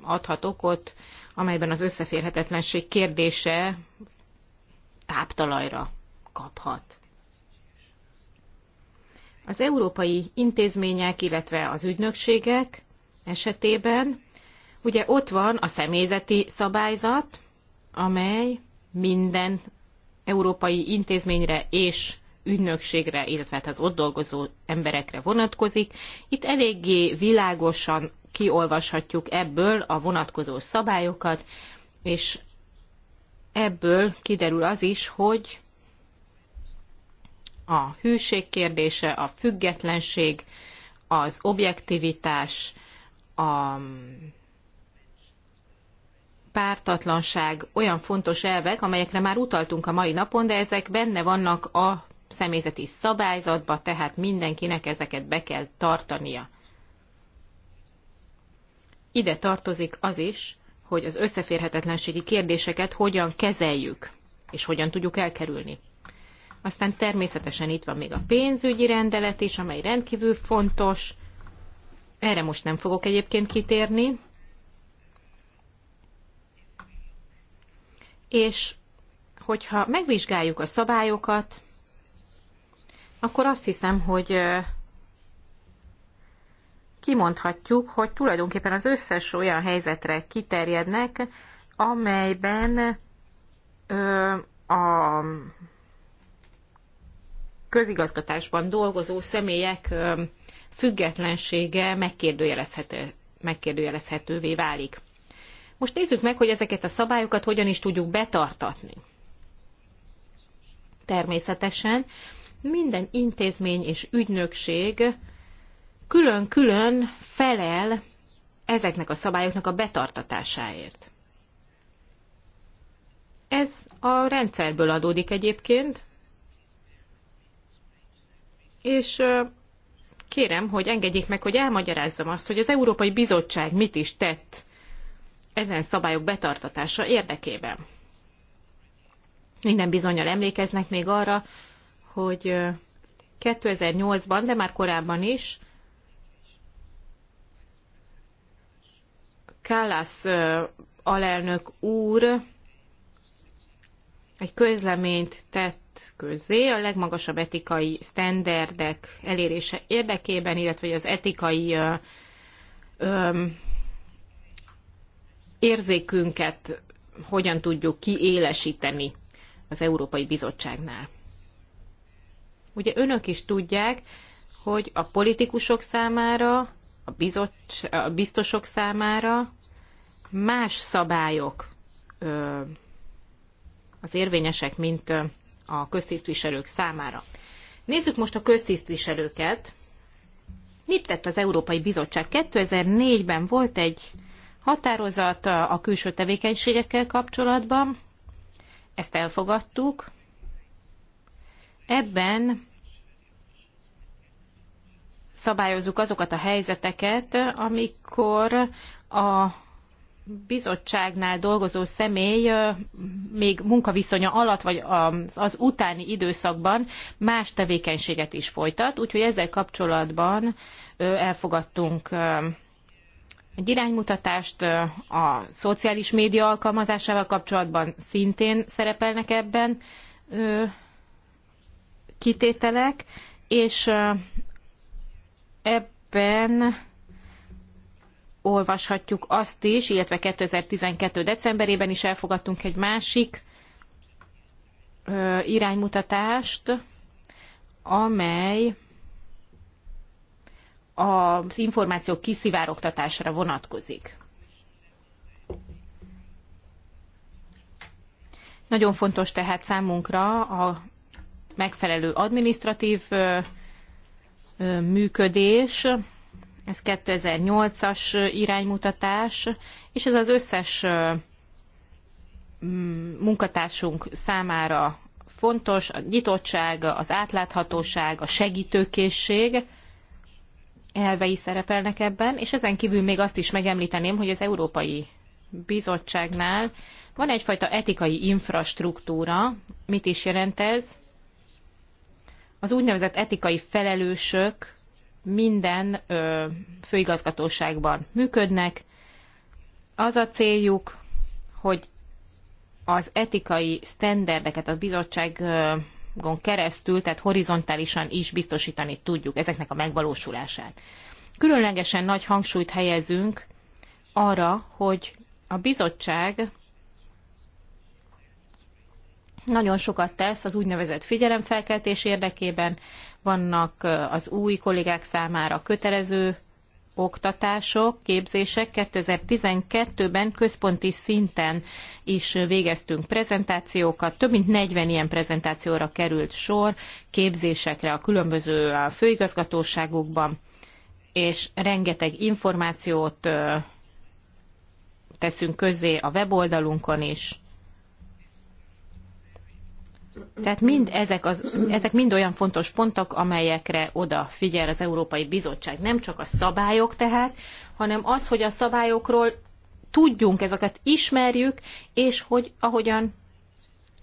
adhat okot, amelyben az összeférhetetlenség kérdése táptalajra kaphat. Az európai intézmények, illetve az ügynökségek esetében ugye ott van a személyzeti szabályzat, amely minden európai intézményre és ügynökségre, illetve hát az ott dolgozó emberekre vonatkozik. Itt eléggé világosan kiolvashatjuk ebből a vonatkozó szabályokat, és ebből kiderül az is, hogy a hűség kérdése, a függetlenség, az objektivitás, a pártatlanság olyan fontos elvek, amelyekre már utaltunk a mai napon, de ezek benne vannak a személyzeti szabályzatba, tehát mindenkinek ezeket be kell tartania. Ide tartozik az is, hogy az összeférhetetlenségi kérdéseket hogyan kezeljük, és hogyan tudjuk elkerülni. Aztán természetesen itt van még a pénzügyi rendelet is, amely rendkívül fontos. Erre most nem fogok egyébként kitérni. És hogyha megvizsgáljuk a szabályokat, akkor azt hiszem, hogy kimondhatjuk, hogy tulajdonképpen az összes olyan helyzetre kiterjednek, amelyben a közigazgatásban dolgozó személyek függetlensége megkérdőjelezhető, megkérdőjelezhetővé válik. Most nézzük meg, hogy ezeket a szabályokat hogyan is tudjuk betartatni. Természetesen minden intézmény és ügynökség külön-külön felel ezeknek a szabályoknak a betartatásáért. Ez a rendszerből adódik egyébként, és kérem, hogy engedjék meg, hogy elmagyarázzam azt, hogy az Európai Bizottság mit is tett ezen szabályok betartatása érdekében. Minden bizonyal emlékeznek még arra, hogy 2008-ban, de már korábban is, Kállász alelnök úr egy közleményt tett tett közzé a legmagasabb etikai sztenderdek elérése érdekében, illetve az etikai ö, érzékünket hogyan tudjuk kiélesíteni az Európai Bizottságnál. Ugye önök is tudják, hogy a politikusok számára, a, bizottság, a biztosok számára más szabályok ö, az érvényesek, mint a köztisztviselők számára. Nézzük most a köztisztviselőket. Mit tett az Európai Bizottság? 2004-ben volt egy határozat a külső tevékenységekkel kapcsolatban, ezt elfogadtuk. Ebben szabályozzuk azokat a helyzeteket, amikor a bizottságnál dolgozó személy még munkaviszonya alatt, vagy az utáni időszakban más tevékenységet is folytat, úgyhogy ezzel kapcsolatban elfogadtunk egy iránymutatást a szociális média alkalmazásával kapcsolatban szintén szerepelnek ebben kitételek, és ebben olvashatjuk azt is, illetve 2012. decemberében is elfogadtunk egy másik iránymutatást, amely az információk kiszivárogtatására vonatkozik. Nagyon fontos tehát számunkra a megfelelő administratív működés, ez 2008-as iránymutatás, és ez az összes mm, munkatársunk számára fontos, a nyitottság, az átláthatóság, a segítőkészség elvei szerepelnek ebben, és ezen kívül még azt is megemlíteném, hogy az Európai Bizottságnál van egyfajta etikai infrastruktúra. Mit is jelent ez? Az úgynevezett etikai felelősök minden ö, főigazgatóságban működnek. Az a céljuk, hogy az etikai sztenderdeket a bizottságon keresztül, tehát horizontálisan is biztosítani tudjuk ezeknek a megvalósulását. Különlegesen nagy hangsúlyt helyezünk arra, hogy a bizottság nagyon sokat tesz az úgynevezett figyelemfelkeltés érdekében, vannak az új kollégák számára kötelező oktatások, képzések. 2012-ben központi szinten is végeztünk prezentációkat, több mint 40 ilyen prezentációra került sor, képzésekre a különböző főigazgatóságokban, és rengeteg információt teszünk közzé a weboldalunkon is. Tehát mind ezek, az, ezek mind olyan fontos pontok, amelyekre oda figyel az Európai Bizottság. Nem csak a szabályok tehát, hanem az, hogy a szabályokról tudjunk, ezeket ismerjük, és hogy ahogyan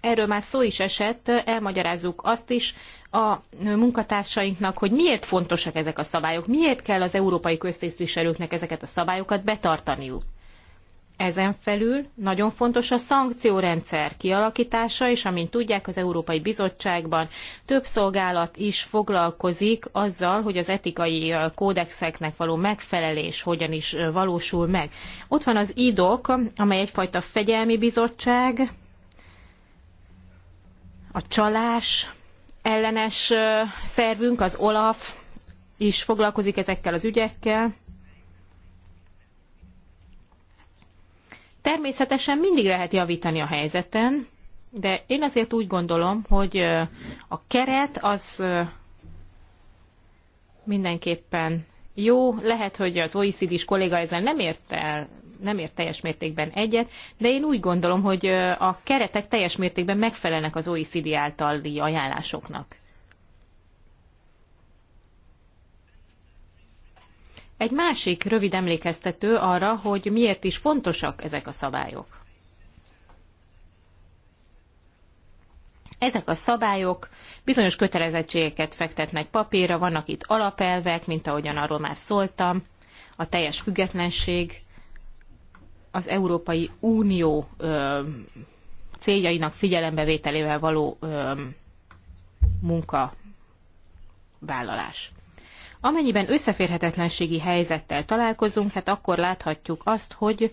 erről már szó is esett, elmagyarázzuk azt is a munkatársainknak, hogy miért fontosak ezek a szabályok, miért kell az európai köztisztviselőknek ezeket a szabályokat betartaniuk. Ezen felül nagyon fontos a szankciórendszer kialakítása, és amint tudják, az Európai Bizottságban több szolgálat is foglalkozik azzal, hogy az etikai kódexeknek való megfelelés hogyan is valósul meg. Ott van az IDOK, amely egyfajta fegyelmi bizottság, a csalás ellenes szervünk, az OLAF is foglalkozik ezekkel az ügyekkel, Természetesen mindig lehet javítani a helyzeten, de én azért úgy gondolom, hogy a keret az mindenképpen jó, lehet, hogy az OECD-s kolléga ezzel nem ért el, nem ért teljes mértékben egyet, de én úgy gondolom, hogy a keretek teljes mértékben megfelelnek az OECD általi ajánlásoknak. Egy másik rövid emlékeztető arra, hogy miért is fontosak ezek a szabályok. Ezek a szabályok bizonyos kötelezettségeket fektetnek papírra, vannak itt alapelvek, mint ahogyan arról már szóltam, a teljes függetlenség, az Európai Unió ö, céljainak figyelembevételével való ö, munkavállalás. Amennyiben összeférhetetlenségi helyzettel találkozunk, hát akkor láthatjuk azt, hogy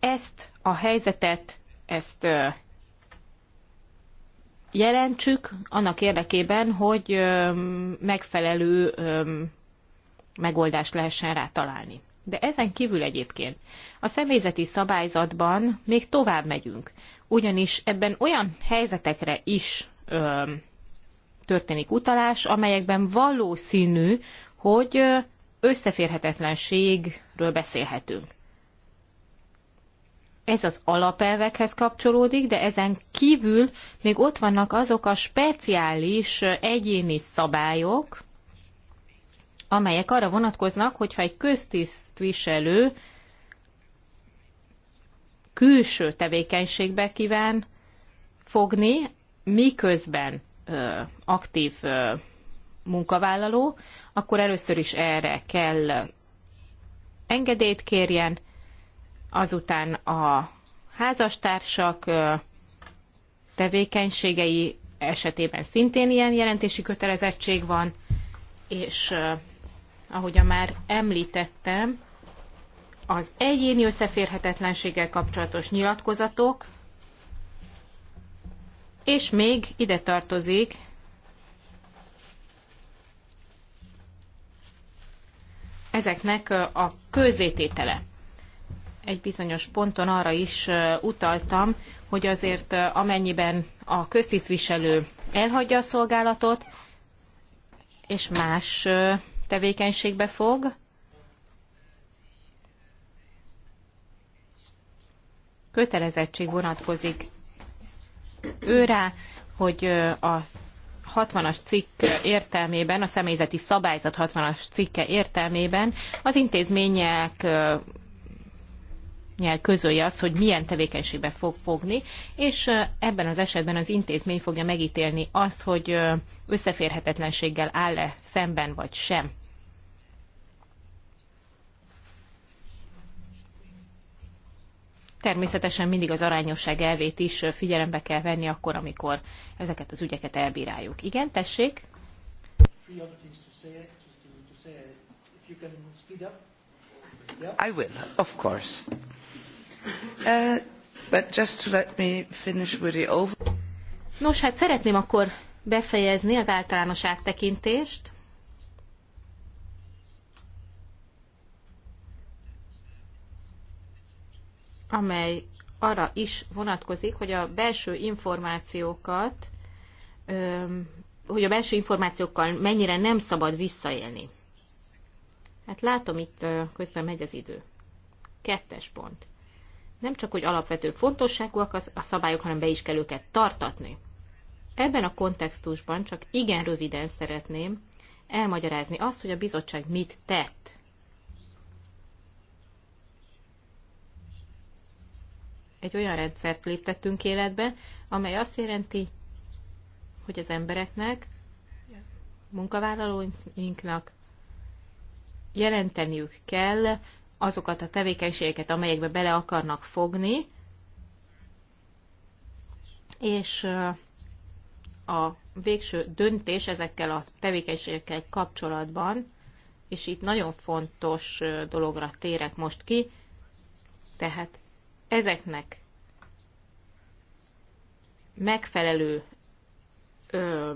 ezt a helyzetet, ezt jelentsük annak érdekében, hogy megfelelő megoldást lehessen rá találni. De ezen kívül egyébként a személyzeti szabályzatban még tovább megyünk, ugyanis ebben olyan helyzetekre is öm, történik utalás, amelyekben valószínű, hogy összeférhetetlenségről beszélhetünk. Ez az alapelvekhez kapcsolódik, de ezen kívül még ott vannak azok a speciális egyéni szabályok, amelyek arra vonatkoznak, hogyha egy köztisztviselő külső tevékenységbe kíván fogni, miközben aktív munkavállaló, akkor először is erre kell engedélyt kérjen, azután a házastársak tevékenységei esetében szintén ilyen jelentési kötelezettség van, és ahogyan már említettem, az egyéni összeférhetetlenséggel kapcsolatos nyilatkozatok és még ide tartozik ezeknek a közzététele. Egy bizonyos ponton arra is utaltam, hogy azért amennyiben a köztisztviselő elhagyja a szolgálatot, és más tevékenységbe fog, kötelezettség vonatkozik ő rá, hogy a 60-as cikk értelmében, a személyzeti szabályzat 60-as cikke értelmében az intézmények nyel közölje az, hogy milyen tevékenységbe fog fogni, és ebben az esetben az intézmény fogja megítélni azt, hogy összeférhetetlenséggel áll-e szemben vagy sem Természetesen mindig az arányosság elvét is figyelembe kell venni akkor, amikor ezeket az ügyeket elbíráljuk. Igen, tessék? I will, of course. Uh, but just to let me finish with the over... Nos, hát szeretném akkor befejezni az általános áttekintést. amely arra is vonatkozik, hogy a belső információkat, hogy a belső információkkal mennyire nem szabad visszaélni. Hát látom, itt közben megy az idő. Kettes pont. Nem csak, hogy alapvető fontosságúak a szabályok, hanem be is kell őket tartatni. Ebben a kontextusban csak igen röviden szeretném elmagyarázni azt, hogy a bizottság mit tett egy olyan rendszert léptettünk életbe, amely azt jelenti, hogy az embereknek, munkavállalóinknak jelenteniük kell azokat a tevékenységeket, amelyekbe bele akarnak fogni, és a végső döntés ezekkel a tevékenységekkel kapcsolatban, és itt nagyon fontos dologra térek most ki, tehát ezeknek megfelelő ö,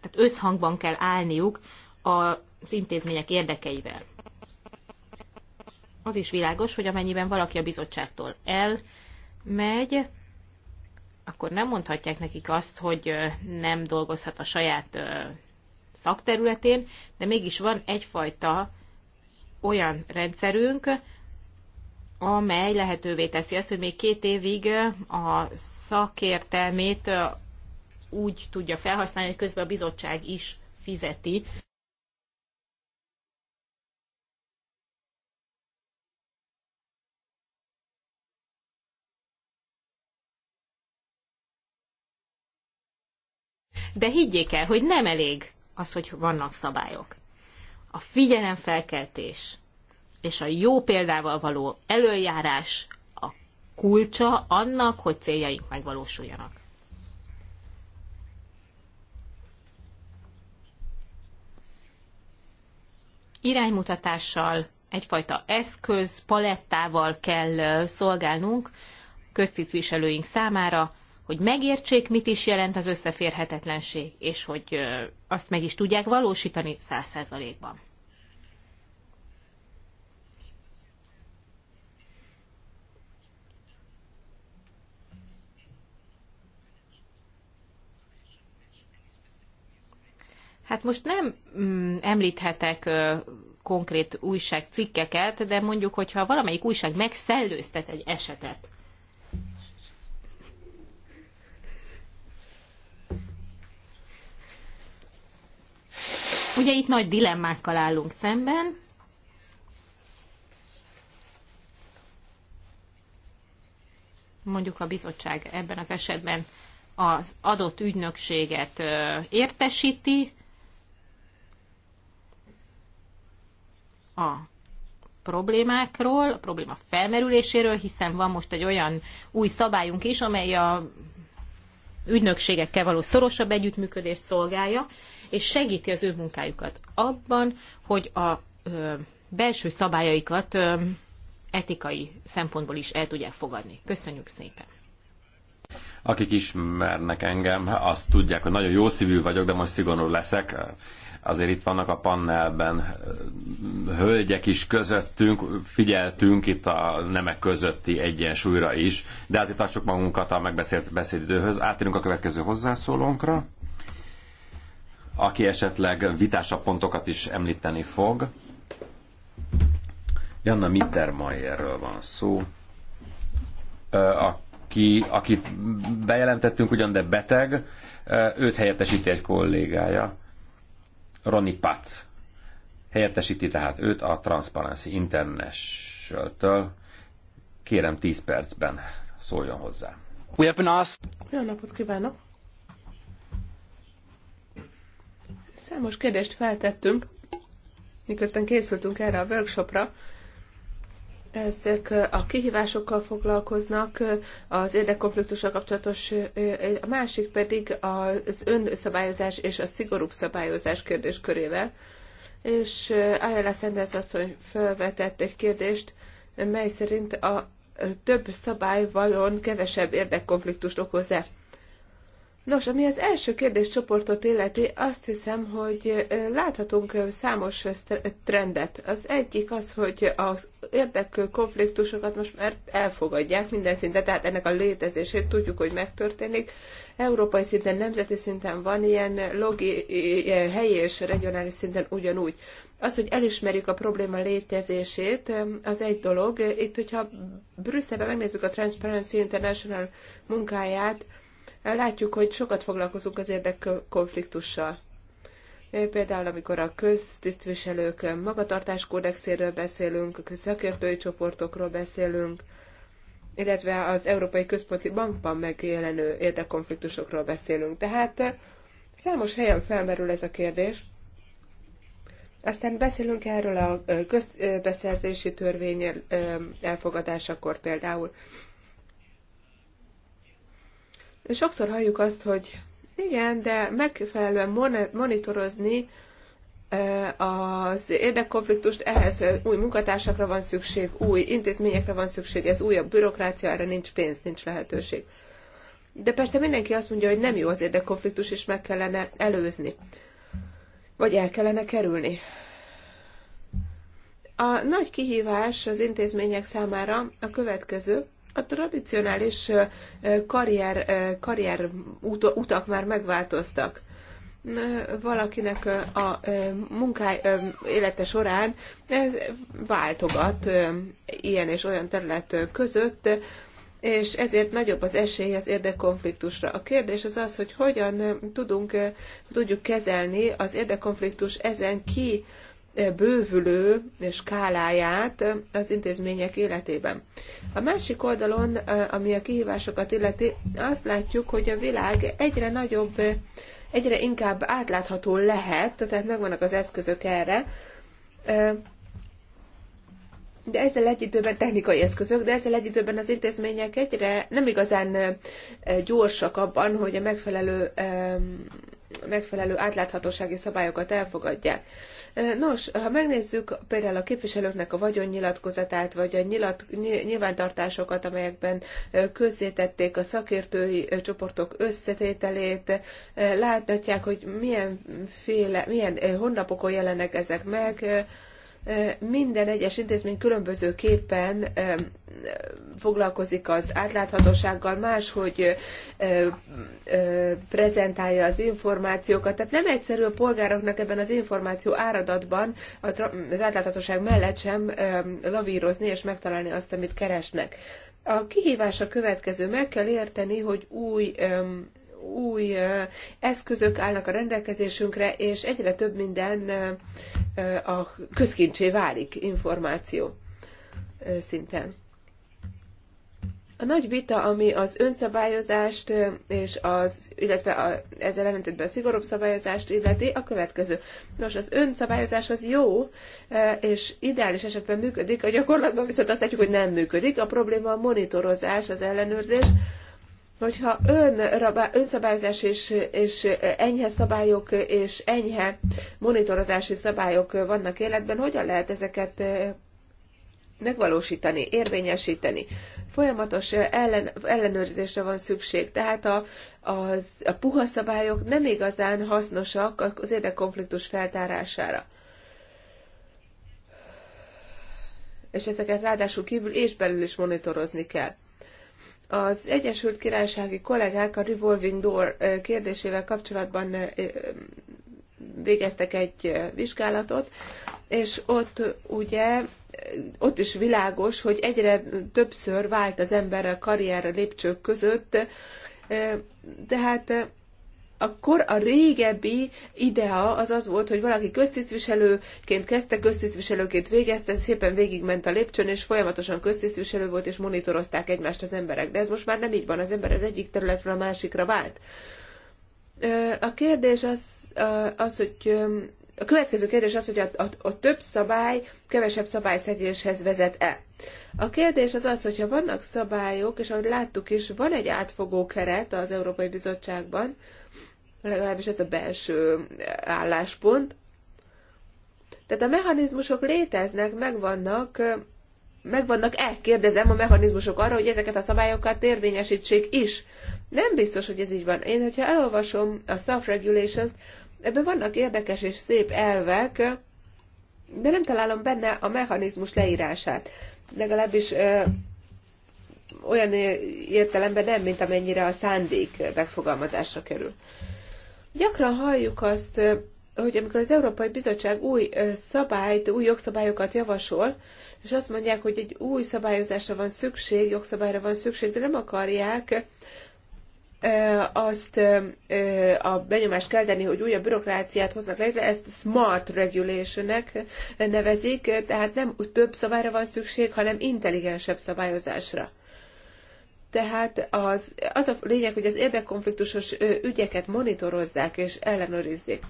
tehát összhangban kell állniuk az intézmények érdekeivel. Az is világos, hogy amennyiben valaki a bizottságtól elmegy, akkor nem mondhatják nekik azt, hogy nem dolgozhat a saját szakterületén, de mégis van egyfajta olyan rendszerünk, amely lehetővé teszi azt, hogy még két évig a szakértelmét úgy tudja felhasználni, hogy közben a bizottság is fizeti. De higgyék el, hogy nem elég az, hogy vannak szabályok. A figyelemfelkeltés és a jó példával való előjárás a kulcsa annak, hogy céljaink megvalósuljanak. Iránymutatással, egyfajta eszköz, palettával kell szolgálnunk köztisztviselőink számára, hogy megértsék, mit is jelent az összeférhetetlenség, és hogy azt meg is tudják valósítani száz százalékban. Hát most nem mm, említhetek ö, konkrét újságcikkeket, de mondjuk, hogyha valamelyik újság megszellőztet egy esetet, Ugye itt nagy dilemmákkal állunk szemben. Mondjuk a bizottság ebben az esetben az adott ügynökséget értesíti, a problémákról, a probléma felmerüléséről, hiszen van most egy olyan új szabályunk is, amely a ügynökségekkel való szorosabb együttműködést szolgálja, és segíti az ő munkájukat abban, hogy a ö, belső szabályaikat ö, etikai szempontból is el tudják fogadni. Köszönjük szépen! Akik ismernek engem, azt tudják, hogy nagyon jó szívű vagyok, de most szigorú leszek. Azért itt vannak a panelben hölgyek is közöttünk, figyeltünk itt a nemek közötti egyensúlyra is, de azért tartsuk magunkat a megbeszélt beszédidőhöz. Átérünk a következő hozzászólónkra aki esetleg vitásabb pontokat is említeni fog. Janna Mittermeierről van szó, a aki, akit bejelentettünk ugyan, de beteg, őt helyettesíti egy kollégája, Ronnie Patz. Helyettesíti tehát őt a Transparency International-től. Kérem 10 percben szóljon hozzá. We have been asked... Jó napot kívánok! Számos kérdést feltettünk, miközben készültünk erre a workshopra, ezek a kihívásokkal foglalkoznak, az érdekkonfliktussal kapcsolatos, a másik pedig az önszabályozás és a szigorúbb szabályozás kérdéskörével. És Ayala Sanders asszony felvetett egy kérdést, mely szerint a több szabály vajon kevesebb érdekkonfliktust okoz-e. Nos, ami az első kérdéscsoportot illeti, azt hiszem, hogy láthatunk számos trendet. Az egyik az, hogy az konfliktusokat most már elfogadják minden szinten, tehát ennek a létezését tudjuk, hogy megtörténik. Európai szinten, nemzeti szinten van ilyen, logi, helyi és regionális szinten ugyanúgy. Az, hogy elismerjük a probléma létezését, az egy dolog. Itt, hogyha Brüsszelben megnézzük a Transparency International munkáját, látjuk, hogy sokat foglalkozunk az érdekkonfliktussal. Például, amikor a köztisztviselők magatartáskódexéről beszélünk, a szakértői csoportokról beszélünk, illetve az Európai Központi Bankban megjelenő érdekkonfliktusokról beszélünk. Tehát számos helyen felmerül ez a kérdés. Aztán beszélünk erről a közbeszerzési törvény elfogadásakor például. Sokszor halljuk azt, hogy igen, de megfelelően monitorozni az érdekkonfliktust, ehhez új munkatársakra van szükség, új intézményekre van szükség, ez újabb erre nincs pénz, nincs lehetőség. De persze mindenki azt mondja, hogy nem jó az érdekkonfliktus, és meg kellene előzni, vagy el kellene kerülni. A nagy kihívás az intézmények számára a következő, a tradicionális karrier, karrier utak már megváltoztak valakinek a munkáj élete során ez váltogat ilyen és olyan terület között, és ezért nagyobb az esély az érdekkonfliktusra. A kérdés az az, hogy hogyan tudunk, tudjuk kezelni az érdekkonfliktus ezen ki bővülő skáláját az intézmények életében. A másik oldalon, ami a kihívásokat illeti, azt látjuk, hogy a világ egyre nagyobb, egyre inkább átlátható lehet, tehát megvannak az eszközök erre, de ezzel egy időben technikai eszközök, de ezzel egy időben az intézmények egyre nem igazán gyorsak abban, hogy a megfelelő megfelelő átláthatósági szabályokat elfogadják. Nos, ha megnézzük például a képviselőknek a vagyonnyilatkozatát, vagy a nyilat, nyilvántartásokat, amelyekben közzétették a szakértői csoportok összetételét, láthatják, hogy milyen, féle, milyen honlapokon jelennek ezek meg, minden egyes intézmény különbözőképpen foglalkozik az átláthatósággal, máshogy prezentálja az információkat. Tehát nem egyszerű a polgároknak ebben az információ áradatban az átláthatóság mellett sem lavírozni és megtalálni azt, amit keresnek. A kihívás a következő. Meg kell érteni, hogy új öm, új eszközök állnak a rendelkezésünkre, és egyre több minden a közkincsé válik információ szinten. A nagy vita, ami az önszabályozást, és az, illetve a, ezzel ellentétben a szigorúbb szabályozást illeti, a következő. Nos, az önszabályozás az jó, és ideális esetben működik, a gyakorlatban viszont azt látjuk, hogy nem működik. A probléma a monitorozás, az ellenőrzés, hogyha ön, rabá, önszabályozás és, és enyhe szabályok és enyhe monitorozási szabályok vannak életben, hogyan lehet ezeket eh, megvalósítani, érvényesíteni? Folyamatos eh, ellen, ellenőrzésre van szükség, tehát a, az, a puha szabályok nem igazán hasznosak az érdekkonfliktus feltárására. És ezeket ráadásul kívül és belül is monitorozni kell. Az Egyesült Királysági kollégák a revolving door kérdésével kapcsolatban végeztek egy vizsgálatot, és ott ugye ott is világos, hogy egyre többször vált az ember a karrier lépcsők között, de hát akkor a régebbi idea az az volt, hogy valaki köztisztviselőként kezdte, köztisztviselőként végezte, szépen végigment a lépcsőn, és folyamatosan köztisztviselő volt, és monitorozták egymást az emberek. De ez most már nem így van, az ember az egyik területről a másikra vált. A kérdés az, az hogy a következő kérdés az, hogy a, a, a több szabály kevesebb szabályszegéshez vezet-e. A kérdés az az, hogyha vannak szabályok, és ahogy láttuk is, van egy átfogó keret az Európai Bizottságban, legalábbis ez a belső álláspont. Tehát a mechanizmusok léteznek, megvannak, megvannak-e, kérdezem a mechanizmusok arra, hogy ezeket a szabályokat érvényesítsék is. Nem biztos, hogy ez így van. Én, hogyha elolvasom a staff regulations, Ebben vannak érdekes és szép elvek, de nem találom benne a mechanizmus leírását. Legalábbis ö, olyan értelemben nem, mint amennyire a szándék megfogalmazásra kerül. Gyakran halljuk azt, hogy amikor az Európai Bizottság új szabályt, új jogszabályokat javasol, és azt mondják, hogy egy új szabályozásra van szükség, jogszabályra van szükség, de nem akarják azt a benyomást kell tenni, hogy újabb bürokráciát hoznak létre, ezt smart regulationnek nevezik, tehát nem több szabályra van szükség, hanem intelligensebb szabályozásra. Tehát az, az a lényeg, hogy az érdekkonfliktusos ügyeket monitorozzák és ellenőrizzék.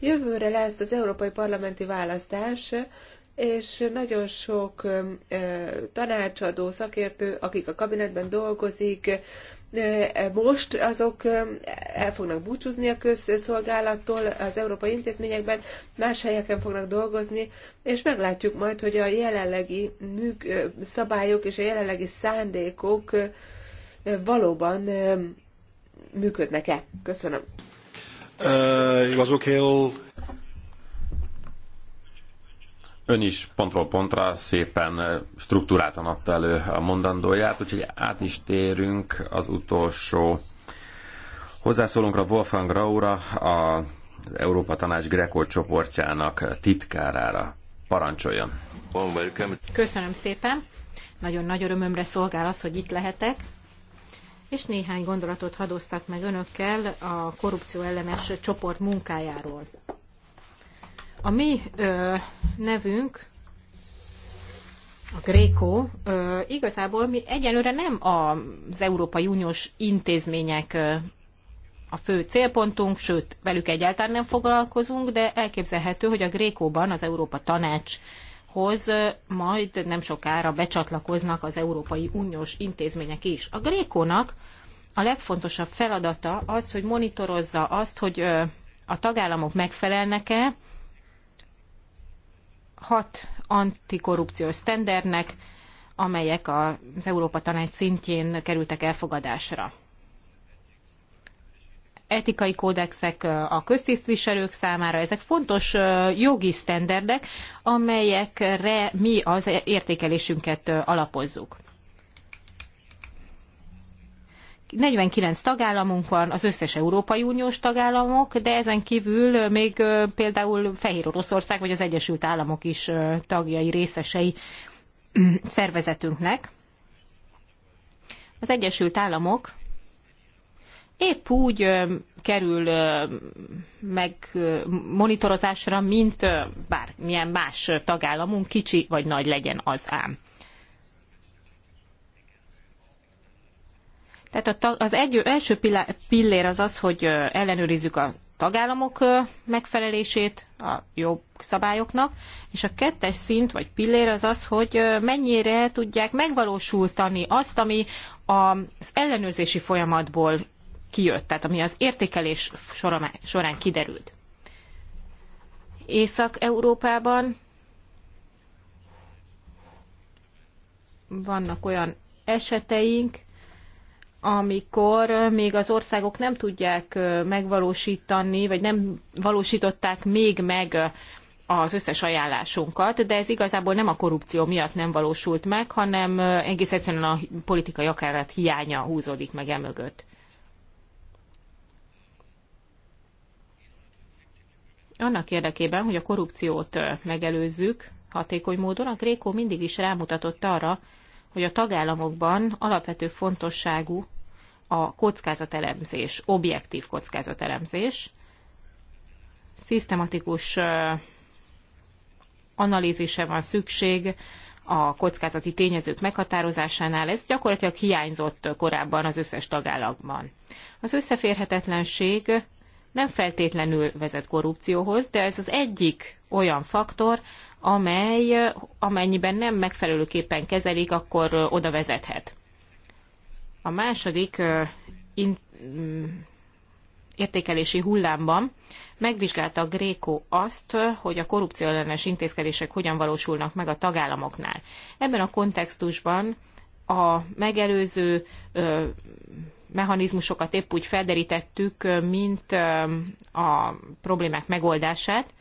Jövőre lesz az európai parlamenti választás, és nagyon sok tanácsadó, szakértő, akik a kabinetben dolgozik, most azok el fognak búcsúzni a közszolgálattól az európai intézményekben, más helyeken fognak dolgozni, és meglátjuk majd, hogy a jelenlegi műk, szabályok és a jelenlegi szándékok valóban működnek-e. Köszönöm. Uh, it was okay all Ön is pontról pontra szépen struktúráltan adta elő a mondandóját, úgyhogy át is térünk az utolsó hozzászólónkra, Wolfgang Raura, a Európa Tanács Greco csoportjának titkárára. Parancsoljon! Köszönöm szépen! Nagyon nagy örömömre szolgál az, hogy itt lehetek, és néhány gondolatot hadoztak meg önökkel a korrupció ellenes csoport munkájáról. A mi ö, nevünk, a Gréko, igazából mi egyelőre nem az Európai Uniós intézmények ö, a fő célpontunk, sőt, velük egyáltalán nem foglalkozunk, de elképzelhető, hogy a Grékóban az Európa Tanácshoz majd nem sokára becsatlakoznak az Európai Uniós intézmények is. A Grékónak a legfontosabb feladata az, hogy monitorozza azt, hogy a tagállamok megfelelnek-e hat antikorrupciós sztendernek, amelyek az Európa Tanács szintjén kerültek elfogadásra. Etikai kódexek a köztisztviselők számára, ezek fontos jogi sztenderdek, amelyekre mi az értékelésünket alapozzuk. 49 tagállamunk van, az összes Európai Uniós tagállamok, de ezen kívül még például Fehér Oroszország vagy az Egyesült Államok is tagjai, részesei szervezetünknek. Az Egyesült Államok épp úgy kerül meg monitorozásra, mint bármilyen más tagállamunk, kicsi vagy nagy legyen az ám. Tehát az egy, első pillér az az, hogy ellenőrizzük a tagállamok megfelelését a jobb szabályoknak, és a kettes szint vagy pillér az az, hogy mennyire tudják megvalósultani azt, ami az ellenőrzési folyamatból kijött, tehát ami az értékelés során kiderült. Észak-Európában vannak olyan eseteink, amikor még az országok nem tudják megvalósítani, vagy nem valósították még meg az összes ajánlásunkat, de ez igazából nem a korrupció miatt nem valósult meg, hanem egész egyszerűen a politikai akarat hiánya húzódik meg emögött. Annak érdekében, hogy a korrupciót megelőzzük hatékony módon, a Gréko mindig is rámutatott arra, hogy a tagállamokban alapvető fontosságú a kockázatelemzés, objektív kockázatelemzés, szisztematikus analízise van szükség a kockázati tényezők meghatározásánál, ez gyakorlatilag hiányzott korábban az összes tagállamban. Az összeférhetetlenség nem feltétlenül vezet korrupcióhoz, de ez az egyik olyan faktor, amely amennyiben nem megfelelőképpen kezelik, akkor oda vezethet. A második mm, értékelési hullámban megvizsgálta a Gréko azt, hogy a korrupció ellenes intézkedések hogyan valósulnak meg a tagállamoknál. Ebben a kontextusban a megelőző mechanizmusokat épp úgy felderítettük, mint a problémák megoldását,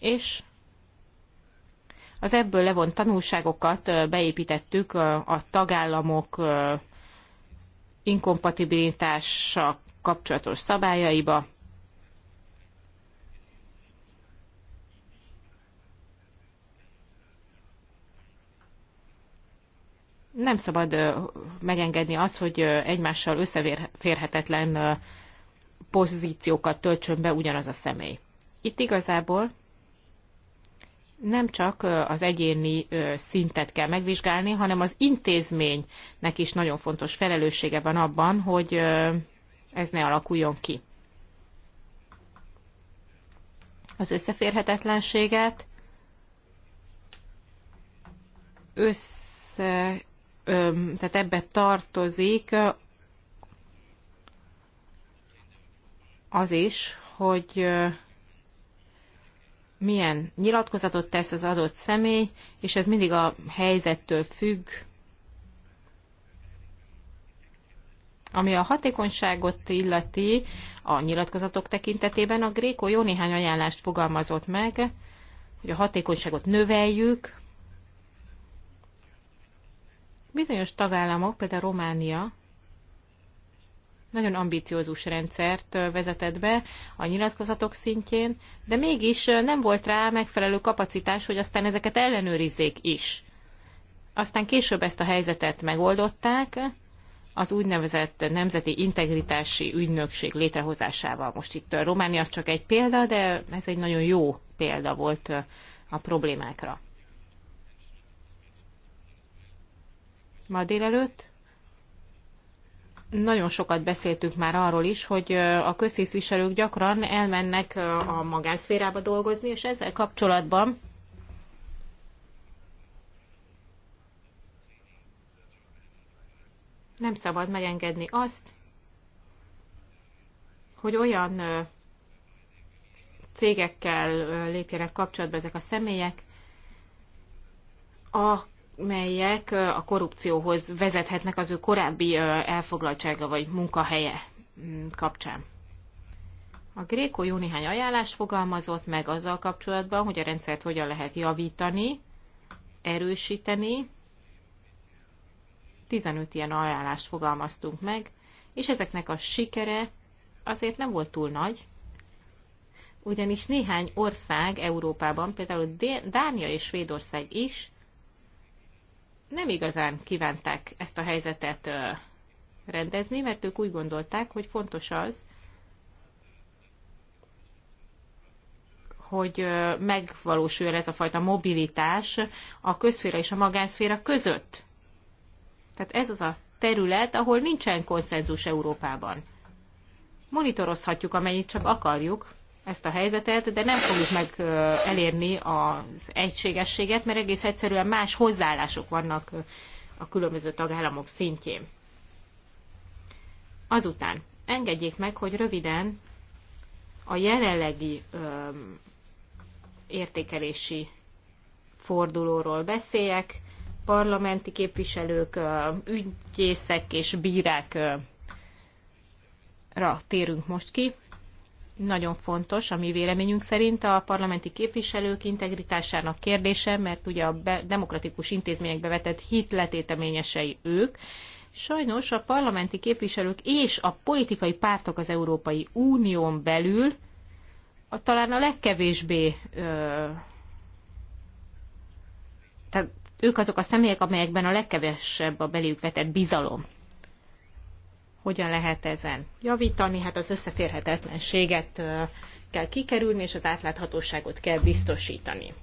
és az ebből levont tanulságokat beépítettük a tagállamok inkompatibilitással kapcsolatos szabályaiba, nem szabad megengedni azt, hogy egymással összeférhetetlen pozíciókat töltsön be ugyanaz a személy. Itt igazából nem csak az egyéni szintet kell megvizsgálni, hanem az intézménynek is nagyon fontos felelőssége van abban, hogy ez ne alakuljon ki. Az összeférhetetlenséget össze, tehát ebbe tartozik az is, hogy milyen nyilatkozatot tesz az adott személy, és ez mindig a helyzettől függ, Ami a hatékonyságot illeti, a nyilatkozatok tekintetében a Gréko jó néhány ajánlást fogalmazott meg, hogy a hatékonyságot növeljük. Bizonyos tagállamok, például Románia, nagyon ambiciózus rendszert vezetett be a nyilatkozatok szintjén, de mégis nem volt rá megfelelő kapacitás, hogy aztán ezeket ellenőrizzék is. Aztán később ezt a helyzetet megoldották az úgynevezett Nemzeti Integritási Ügynökség létrehozásával. Most itt Románia az csak egy példa, de ez egy nagyon jó példa volt a problémákra. Ma délelőtt nagyon sokat beszéltünk már arról is, hogy a köztisztviselők gyakran elmennek a magánszférába dolgozni, és ezzel kapcsolatban nem szabad megengedni azt, hogy olyan cégekkel lépjenek kapcsolatba ezek a személyek, a melyek a korrupcióhoz vezethetnek az ő korábbi elfoglaltsága vagy munkahelye mm, kapcsán. A Gréko jó néhány ajánlást fogalmazott meg azzal kapcsolatban, hogy a rendszert hogyan lehet javítani, erősíteni. 15 ilyen ajánlást fogalmaztunk meg, és ezeknek a sikere azért nem volt túl nagy, ugyanis néhány ország Európában, például Dánia és Svédország is nem igazán kívánták ezt a helyzetet rendezni, mert ők úgy gondolták, hogy fontos az, hogy megvalósuljon ez a fajta mobilitás a közféra és a magánszféra között. Tehát ez az a terület, ahol nincsen konszenzus Európában. Monitorozhatjuk, amennyit csak akarjuk, ezt a helyzetet, de nem fogjuk meg elérni az egységességet, mert egész egyszerűen más hozzáállások vannak a különböző tagállamok szintjén. Azután engedjék meg, hogy röviden a jelenlegi értékelési fordulóról beszéljek, parlamenti képviselők, ügyészek és bírákra térünk most ki nagyon fontos a mi véleményünk szerint a parlamenti képviselők integritásának kérdése, mert ugye a demokratikus intézményekbe vetett hit letéteményesei ők. Sajnos a parlamenti képviselők és a politikai pártok az Európai Unión belül a, talán a legkevésbé ö, tehát ők azok a személyek, amelyekben a legkevesebb a belük vetett bizalom hogyan lehet ezen javítani. Hát az összeférhetetlenséget kell kikerülni, és az átláthatóságot kell biztosítani.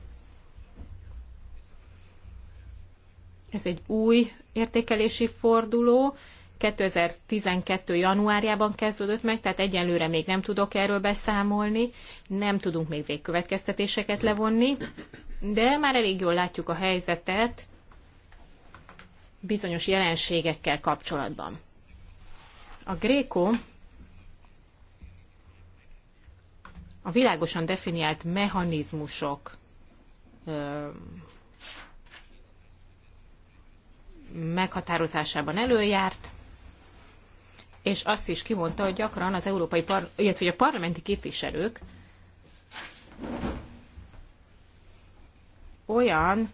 Ez egy új értékelési forduló, 2012. januárjában kezdődött meg, tehát egyenlőre még nem tudok erről beszámolni, nem tudunk még végkövetkeztetéseket levonni, de már elég jól látjuk a helyzetet bizonyos jelenségekkel kapcsolatban. A Gréko a világosan definiált mechanizmusok meghatározásában előjárt, és azt is kimondta, hogy gyakran az európai, par- illetve a parlamenti képviselők olyan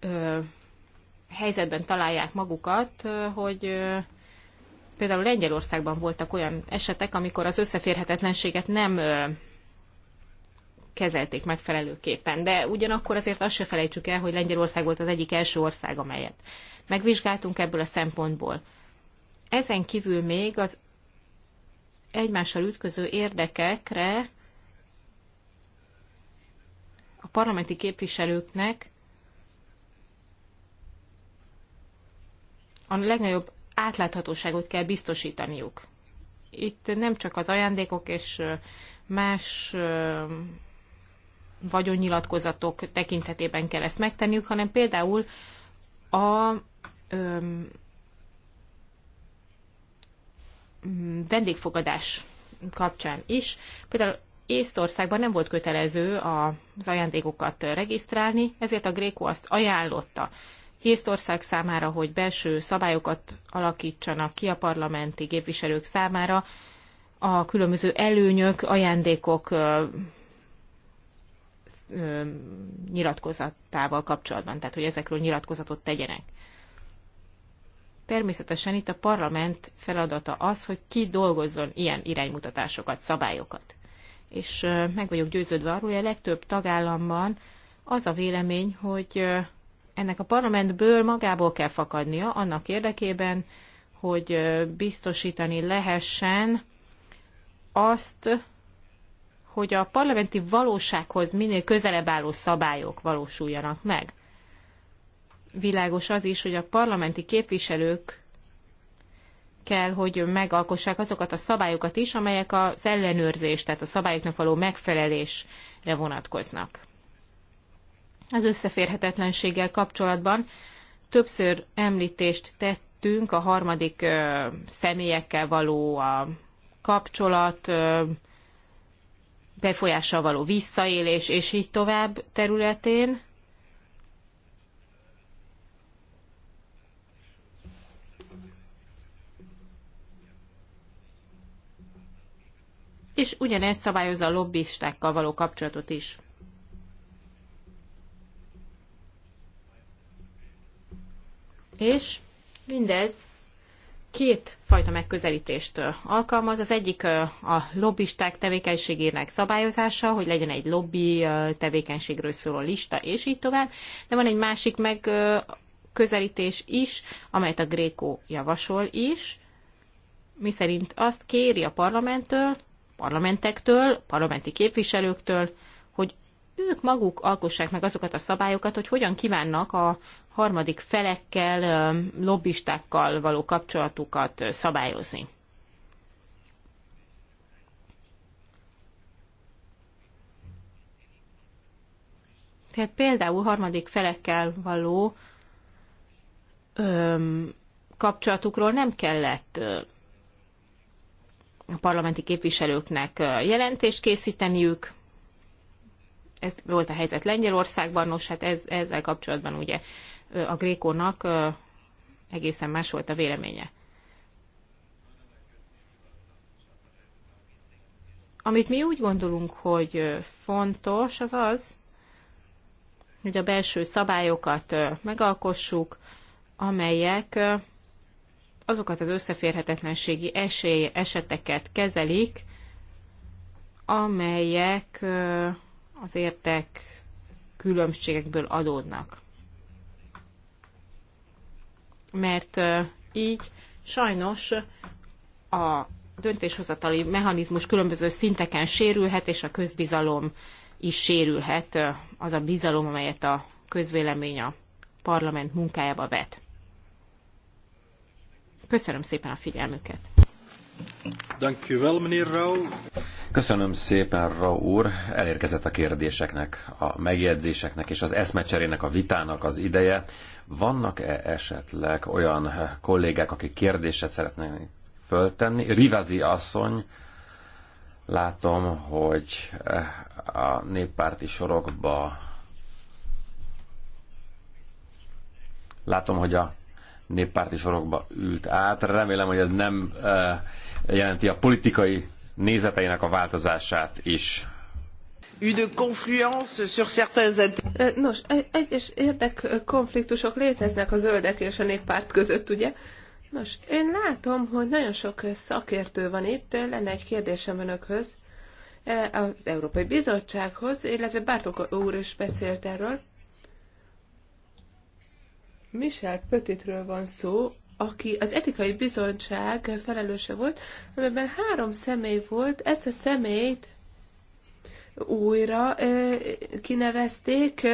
ö, helyzetben találják magukat, ö, hogy ö, például Lengyelországban voltak olyan esetek, amikor az összeférhetetlenséget nem kezelték megfelelőképpen. De ugyanakkor azért azt se felejtsük el, hogy Lengyelország volt az egyik első ország, amelyet megvizsgáltunk ebből a szempontból. Ezen kívül még az egymással ütköző érdekekre a parlamenti képviselőknek a legnagyobb átláthatóságot kell biztosítaniuk. Itt nem csak az ajándékok és más vagyonnyilatkozatok tekintetében kell ezt megtenniük, hanem például a vendégfogadás kapcsán is. Például Észtországban nem volt kötelező az ajándékokat regisztrálni, ezért a Gréko azt ajánlotta Észtország számára, hogy belső szabályokat alakítsanak ki a parlamenti képviselők számára, a különböző előnyök, ajándékok nyilatkozatával kapcsolatban, tehát hogy ezekről nyilatkozatot tegyenek. Természetesen itt a parlament feladata az, hogy ki dolgozzon ilyen iránymutatásokat, szabályokat. És meg vagyok győződve arról, hogy a legtöbb tagállamban az a vélemény, hogy ennek a parlamentből magából kell fakadnia annak érdekében, hogy biztosítani lehessen azt, hogy a parlamenti valósághoz minél közelebb álló szabályok valósuljanak meg. Világos az is, hogy a parlamenti képviselők kell, hogy megalkossák azokat a szabályokat is, amelyek az ellenőrzés, tehát a szabályoknak való megfelelésre vonatkoznak. Az összeférhetetlenséggel kapcsolatban többször említést tettünk a harmadik ö, személyekkel való a kapcsolat, ö, befolyással való visszaélés, és így tovább területén. És ugyanezt szabályozza a lobbistákkal való kapcsolatot is. És mindez két fajta megközelítést alkalmaz. Az egyik a lobbisták tevékenységének szabályozása, hogy legyen egy lobby tevékenységről szóló lista, és így tovább. De van egy másik megközelítés is, amelyet a Gréko javasol is, miszerint azt kéri a parlamenttől, parlamentektől, parlamenti képviselőktől, hogy ők maguk alkossák meg azokat a szabályokat, hogy hogyan kívánnak a harmadik felekkel, lobbistákkal való kapcsolatukat szabályozni. Tehát például harmadik felekkel való öm, kapcsolatukról nem kellett ö, a parlamenti képviselőknek ö, jelentést készíteniük. Ez volt a helyzet Lengyelországban, nos, hát ez, ezzel kapcsolatban ugye a Grékónak egészen más volt a véleménye. Amit mi úgy gondolunk, hogy fontos, az az, hogy a belső szabályokat megalkossuk, amelyek azokat az összeférhetetlenségi esély eseteket kezelik, amelyek az értek különbségekből adódnak mert így sajnos a döntéshozatali mechanizmus különböző szinteken sérülhet, és a közbizalom is sérülhet, az a bizalom, amelyet a közvélemény a parlament munkájába vet. Köszönöm szépen a figyelmüket! Köszönöm szépen, Rau úr. Elérkezett a kérdéseknek, a megjegyzéseknek és az eszmecserének, a vitának az ideje. Vannak-e esetleg olyan kollégák, akik kérdéset szeretnének föltenni? Rivazi asszony, látom, hogy eh, a néppárti sorokba látom, hogy a néppárti sorokba ült át. Remélem, hogy ez nem eh, jelenti a politikai nézeteinek a változását is une confluence sur certains Nos, egyes konfliktusok léteznek a zöldek és a néppárt között, ugye? Nos, én látom, hogy nagyon sok szakértő van itt, lenne egy kérdésem önökhöz, e, az Európai Bizottsághoz, illetve Bártok úr is beszélt erről. Michel Petitről van szó, aki az etikai bizottság felelőse volt, amiben három személy volt, ezt a személyt újra kinevezték,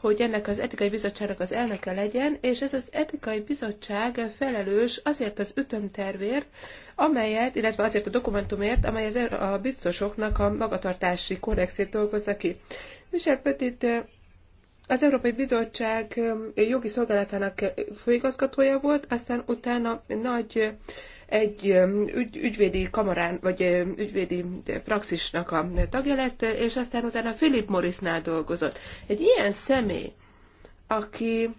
hogy ennek az etikai bizottságnak az elnöke legyen, és ez az etikai bizottság felelős azért az ütemtervért, amelyet, illetve azért a dokumentumért, amely az er- a biztosoknak a magatartási kódexét dolgozza ki. Michel Petit az Európai Bizottság jogi szolgálatának főigazgatója volt, aztán utána nagy egy ügy, ügyvédi kamarán, vagy ügyvédi praxisnak a tagja lett, és aztán utána Philip Morrisnál dolgozott. Egy ilyen személy, aki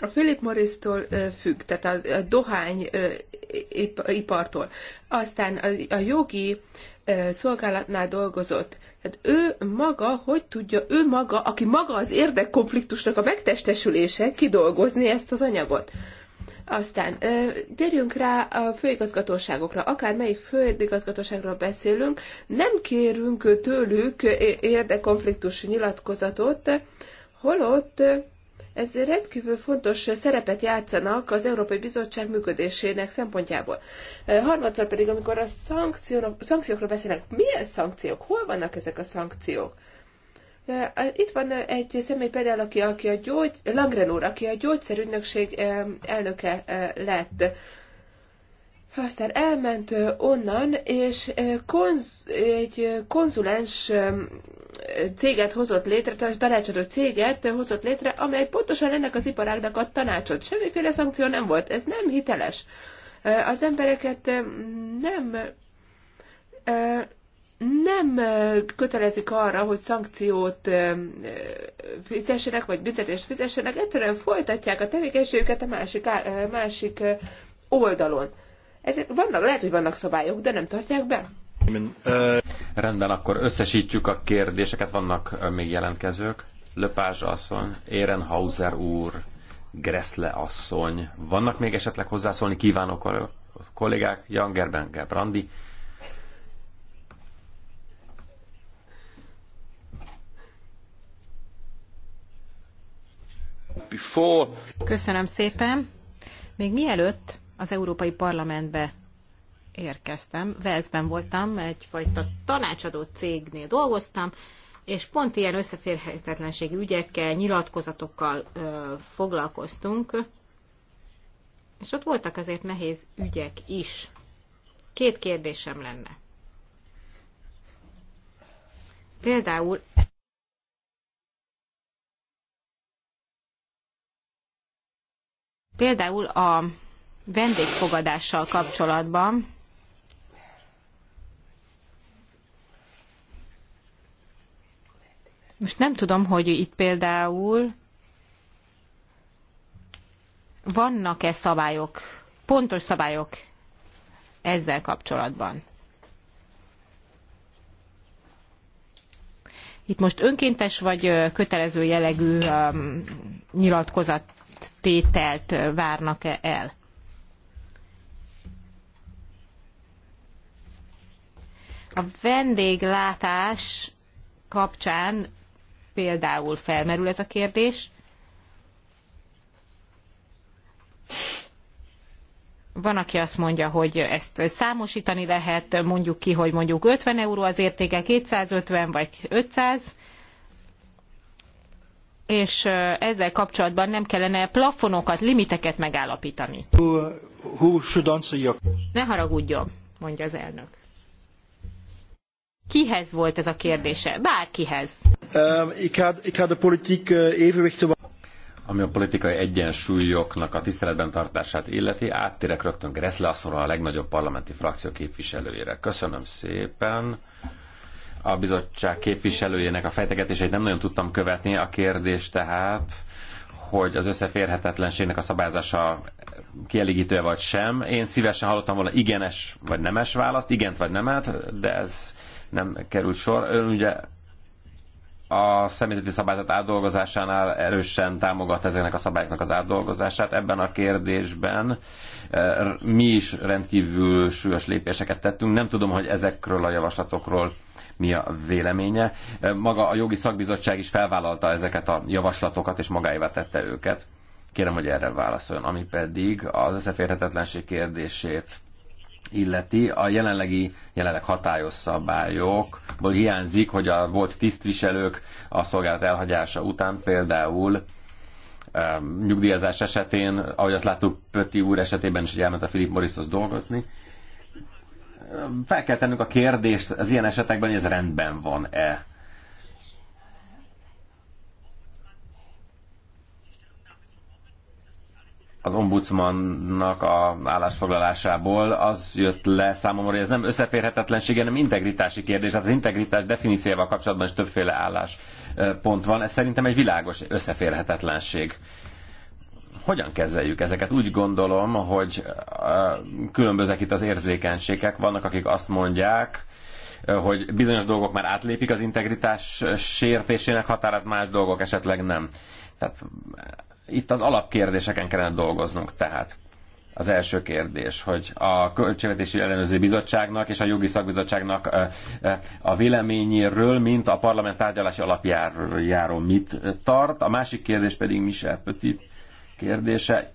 a Philip Morris-tól függ, tehát a, a dohány ipartól. Aztán a, a jogi szolgálatnál dolgozott. Tehát ő maga, hogy tudja, ő maga, aki maga az érdekkonfliktusnak a megtestesülése, kidolgozni ezt az anyagot. Aztán térjünk rá a főigazgatóságokra. Akár melyik főigazgatóságról beszélünk, nem kérünk tőlük érdekonfliktus nyilatkozatot, holott ez rendkívül fontos szerepet játszanak az Európai Bizottság működésének szempontjából. Harmadszor pedig, amikor a szankciókról beszélnek, milyen szankciók, hol vannak ezek a szankciók? Itt van egy személy például, aki, aki a gyógy, Langren úr, aki a gyógyszerügynökség elnöke lett. Aztán elment onnan, és konz, egy konzulens céget hozott létre, tehát tanácsadó céget hozott létre, amely pontosan ennek az iparágnak ad tanácsot. Semmiféle szankció nem volt, ez nem hiteles. Az embereket nem nem kötelezik arra, hogy szankciót fizessenek, vagy büntetést fizessenek, egyszerűen folytatják a tevékenységüket a másik, másik oldalon. Ezek vannak, lehet, hogy vannak szabályok, de nem tartják be. Rendben, akkor összesítjük a kérdéseket, vannak még jelentkezők. Löpázs asszony, Ehrenhauser úr, Gressle asszony. Vannak még esetleg hozzászólni a kollégák? Gerben, Brandi. Köszönöm szépen. Még mielőtt az Európai Parlamentbe érkeztem, Velszben voltam, egyfajta tanácsadó cégnél dolgoztam, és pont ilyen összeférhetetlenségi ügyekkel, nyilatkozatokkal ö, foglalkoztunk, és ott voltak azért nehéz ügyek is. Két kérdésem lenne. Például Például a vendégfogadással kapcsolatban Most nem tudom, hogy itt például vannak-e szabályok, pontos szabályok ezzel kapcsolatban. Itt most önkéntes vagy kötelező jellegű nyilatkozat tételt várnak-e el? A vendéglátás kapcsán például felmerül ez a kérdés. Van, aki azt mondja, hogy ezt számosítani lehet, mondjuk ki, hogy mondjuk 50 euró az értéke, 250 vagy 500, és ezzel kapcsolatban nem kellene plafonokat, limiteket megállapítani. Who, who should answer your... Ne haragudjon, mondja az elnök. Kihez volt ez a kérdése? Bárkihez. Um, ik had, ik had a politiek eh, ami a politikai egyensúlyoknak a tiszteletben tartását illeti, áttérek rögtön Greszle asszonyra a legnagyobb parlamenti frakció képviselőjére. Köszönöm szépen a bizottság képviselőjének a fejtegetéseit nem nagyon tudtam követni. A kérdés tehát, hogy az összeférhetetlenségnek a szabályzása kielégítő vagy sem. Én szívesen hallottam volna igenes vagy nemes választ, igent vagy nemet, de ez nem került sor. Ön ugye a személyzeti szabályzat átdolgozásánál erősen támogat ezeknek a szabályoknak az átdolgozását. Ebben a kérdésben eh, mi is rendkívül súlyos lépéseket tettünk. Nem tudom, hogy ezekről a javaslatokról mi a véleménye. Eh, maga a jogi szakbizottság is felvállalta ezeket a javaslatokat, és magáévá tette őket. Kérem, hogy erre válaszoljon. Ami pedig az összeférhetetlenség kérdését illeti, a jelenlegi, jelenleg hatályos szabályokból hiányzik, hogy a volt tisztviselők a szolgálat elhagyása után például um, nyugdíjazás esetén, ahogy azt láttuk Pöti úr esetében is, hogy elment a Philip Morrishoz dolgozni, fel kell tennünk a kérdést az ilyen esetekben, hogy ez rendben van-e. az ombudsmannak a állásfoglalásából az jött le számomra, hogy ez nem összeférhetetlenség, hanem integritási kérdés. Hát az integritás definíciával kapcsolatban is többféle álláspont van. Ez szerintem egy világos összeférhetetlenség. Hogyan kezeljük ezeket? Úgy gondolom, hogy különbözek itt az érzékenységek. Vannak, akik azt mondják, hogy bizonyos dolgok már átlépik az integritás sértésének határát, más dolgok esetleg nem. Tehát itt az alapkérdéseken kellene dolgoznunk tehát. Az első kérdés, hogy a Költségvetési Ellenőrző Bizottságnak és a Jogi Szakbizottságnak a véleményéről, mint a parlament tárgyalási alapjáról mit tart. A másik kérdés pedig Michel Petit kérdése.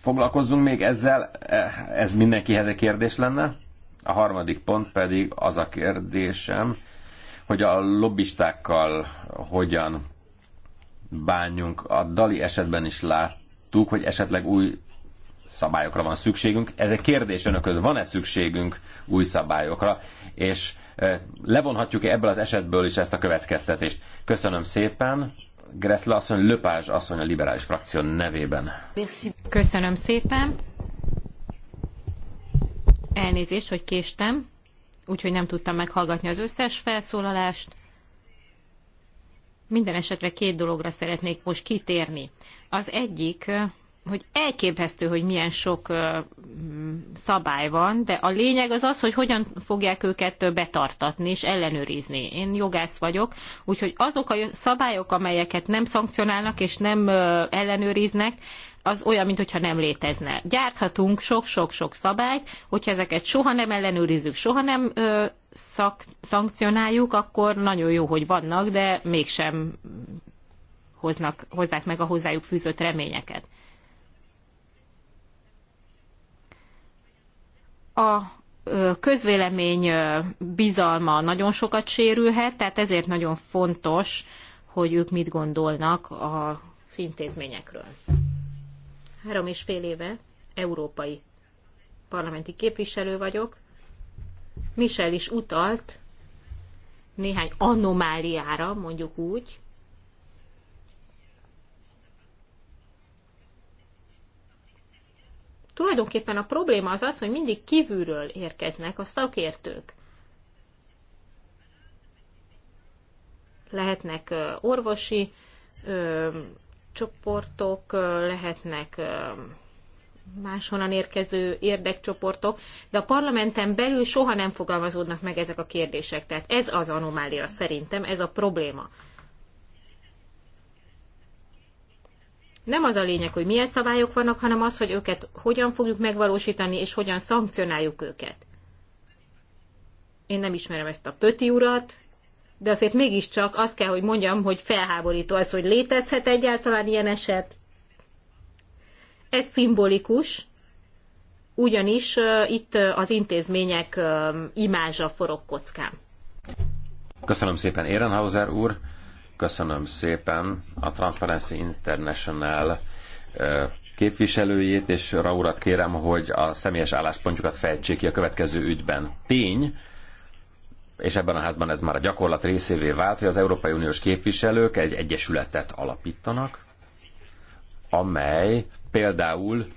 Foglalkozzunk még ezzel, e, ez mindenkihez egy kérdés lenne. A harmadik pont pedig az a kérdésem, hogy a lobbistákkal hogyan bánjunk. A Dali esetben is láttuk, hogy esetleg új szabályokra van szükségünk. Ez egy kérdés önököz, van-e szükségünk új szabályokra, és levonhatjuk-e ebből az esetből is ezt a következtetést. Köszönöm szépen. Gressle asszony, Löpázs asszony a liberális frakció nevében. Köszönöm szépen. Elnézést, hogy késtem, úgyhogy nem tudtam meghallgatni az összes felszólalást. Minden esetre két dologra szeretnék most kitérni. Az egyik, hogy elképesztő, hogy milyen sok szabály van, de a lényeg az az, hogy hogyan fogják őket betartatni és ellenőrizni. Én jogász vagyok, úgyhogy azok a szabályok, amelyeket nem szankcionálnak és nem ellenőriznek, az olyan, mintha nem létezne. Gyárthatunk sok-sok-sok szabályt, hogyha ezeket soha nem ellenőrizzük, soha nem ö, szak, szankcionáljuk, akkor nagyon jó, hogy vannak, de mégsem hoznak, hozzák meg a hozzájuk fűzött reményeket. A közvélemény bizalma nagyon sokat sérülhet, tehát ezért nagyon fontos, hogy ők mit gondolnak a intézményekről. Három és fél éve európai parlamenti képviselő vagyok. Michel is utalt néhány anomáliára, mondjuk úgy, tulajdonképpen a probléma az az, hogy mindig kívülről érkeznek a szakértők. Lehetnek orvosi csoportok lehetnek máshonnan érkező érdekcsoportok, de a parlamenten belül soha nem fogalmazódnak meg ezek a kérdések. Tehát ez az anomália szerintem, ez a probléma. Nem az a lényeg, hogy milyen szabályok vannak, hanem az, hogy őket hogyan fogjuk megvalósítani, és hogyan szankcionáljuk őket. Én nem ismerem ezt a Pöti urat, de azért mégiscsak azt kell, hogy mondjam, hogy felháborító az, hogy létezhet egyáltalán ilyen eset. Ez szimbolikus, ugyanis uh, itt az intézmények uh, imázsa forog kockán. Köszönöm szépen Ehrenhauser úr, köszönöm szépen a Transparency International képviselőjét, és Raurat kérem, hogy a személyes álláspontjukat fejtsék ki a következő ügyben. Tény, és ebben a házban ez már a gyakorlat részévé vált, hogy az Európai Uniós képviselők egy egyesületet alapítanak, amely például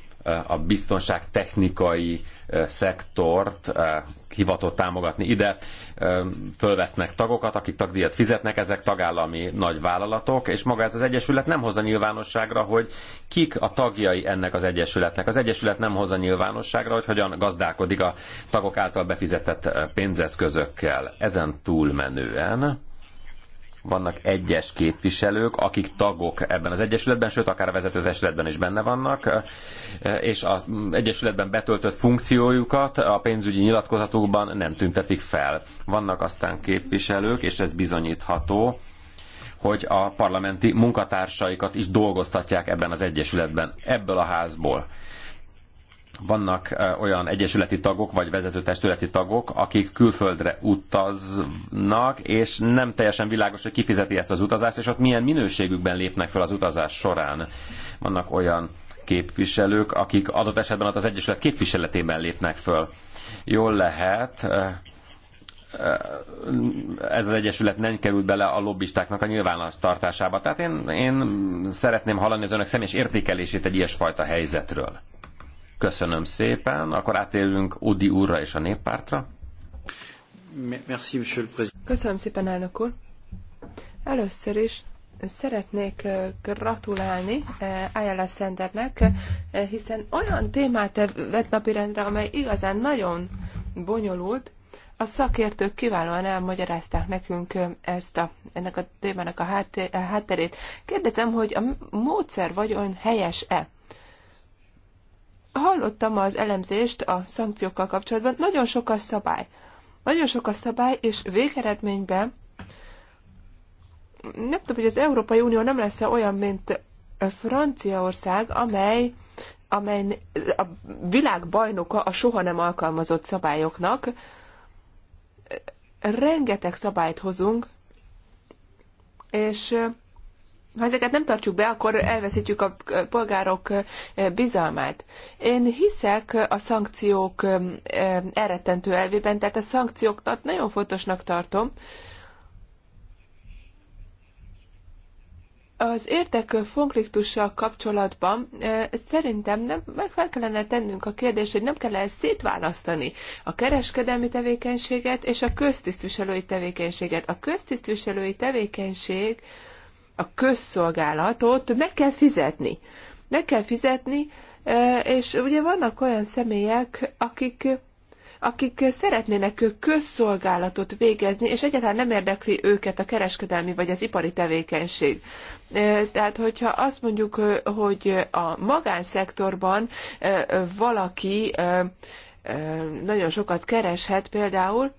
a biztonság technikai szektort eh, hivatott támogatni. Ide eh, fölvesznek tagokat, akik tagdíjat fizetnek, ezek tagállami nagy vállalatok, és maga ez az egyesület nem hozza nyilvánosságra, hogy kik a tagjai ennek az egyesületnek. Az egyesület nem hozza nyilvánosságra, hogy hogyan gazdálkodik a tagok által befizetett eh, pénzeszközökkel. Ezen túlmenően vannak egyes képviselők, akik tagok ebben az egyesületben, sőt, akár a vezető testületben is benne vannak, eh, és az mm, egyesületben betöltött funkciójukat a pénzügyi nyilatkozatukban nem tüntetik fel. Vannak aztán képviselők, és ez bizonyítható, hogy a parlamenti munkatársaikat is dolgoztatják ebben az egyesületben, ebből a házból vannak olyan egyesületi tagok, vagy vezetőtestületi tagok, akik külföldre utaznak, és nem teljesen világos, hogy kifizeti ezt az utazást, és ott milyen minőségükben lépnek fel az utazás során. Vannak olyan képviselők, akik adott esetben ott az egyesület képviseletében lépnek föl. Jól lehet, ez az egyesület nem került bele a lobbistáknak a nyilvános tartásába, Tehát én, én szeretném hallani az önök személyes értékelését egy ilyesfajta helyzetről. Köszönöm szépen. Akkor átélünk Udi úrra és a néppártra. Merci, monsieur le président. Köszönöm szépen, elnök úr. Először is szeretnék gratulálni Ayala Szendernek, hiszen olyan témát vett napirendre, amely igazán nagyon bonyolult, a szakértők kiválóan elmagyarázták nekünk ezt a, ennek a témának a, háttér, a hátterét. Kérdezem, hogy a módszer vagy olyan helyes-e? hallottam az elemzést a szankciókkal kapcsolatban, nagyon sok a szabály. Nagyon sok a szabály, és végeredményben nem tudom, hogy az Európai Unió nem lesz -e olyan, mint Franciaország, amely, amely a világ bajnoka a soha nem alkalmazott szabályoknak. Rengeteg szabályt hozunk, és ha ezeket nem tartjuk be, akkor elveszítjük a polgárok bizalmát. Én hiszek a szankciók elrettentő elvében, tehát a szankcióknak nagyon fontosnak tartom. Az értek konfliktussal kapcsolatban szerintem nem, meg fel kellene tennünk a kérdést, hogy nem kell ezt szétválasztani a kereskedelmi tevékenységet és a köztisztviselői tevékenységet. A köztisztviselői tevékenység a közszolgálatot meg kell fizetni. Meg kell fizetni, e, és ugye vannak olyan személyek, akik akik szeretnének közszolgálatot végezni, és egyáltalán nem érdekli őket a kereskedelmi vagy az ipari tevékenység. E, tehát, hogyha azt mondjuk, hogy a magánszektorban e, valaki nagyon sokat kereshet például,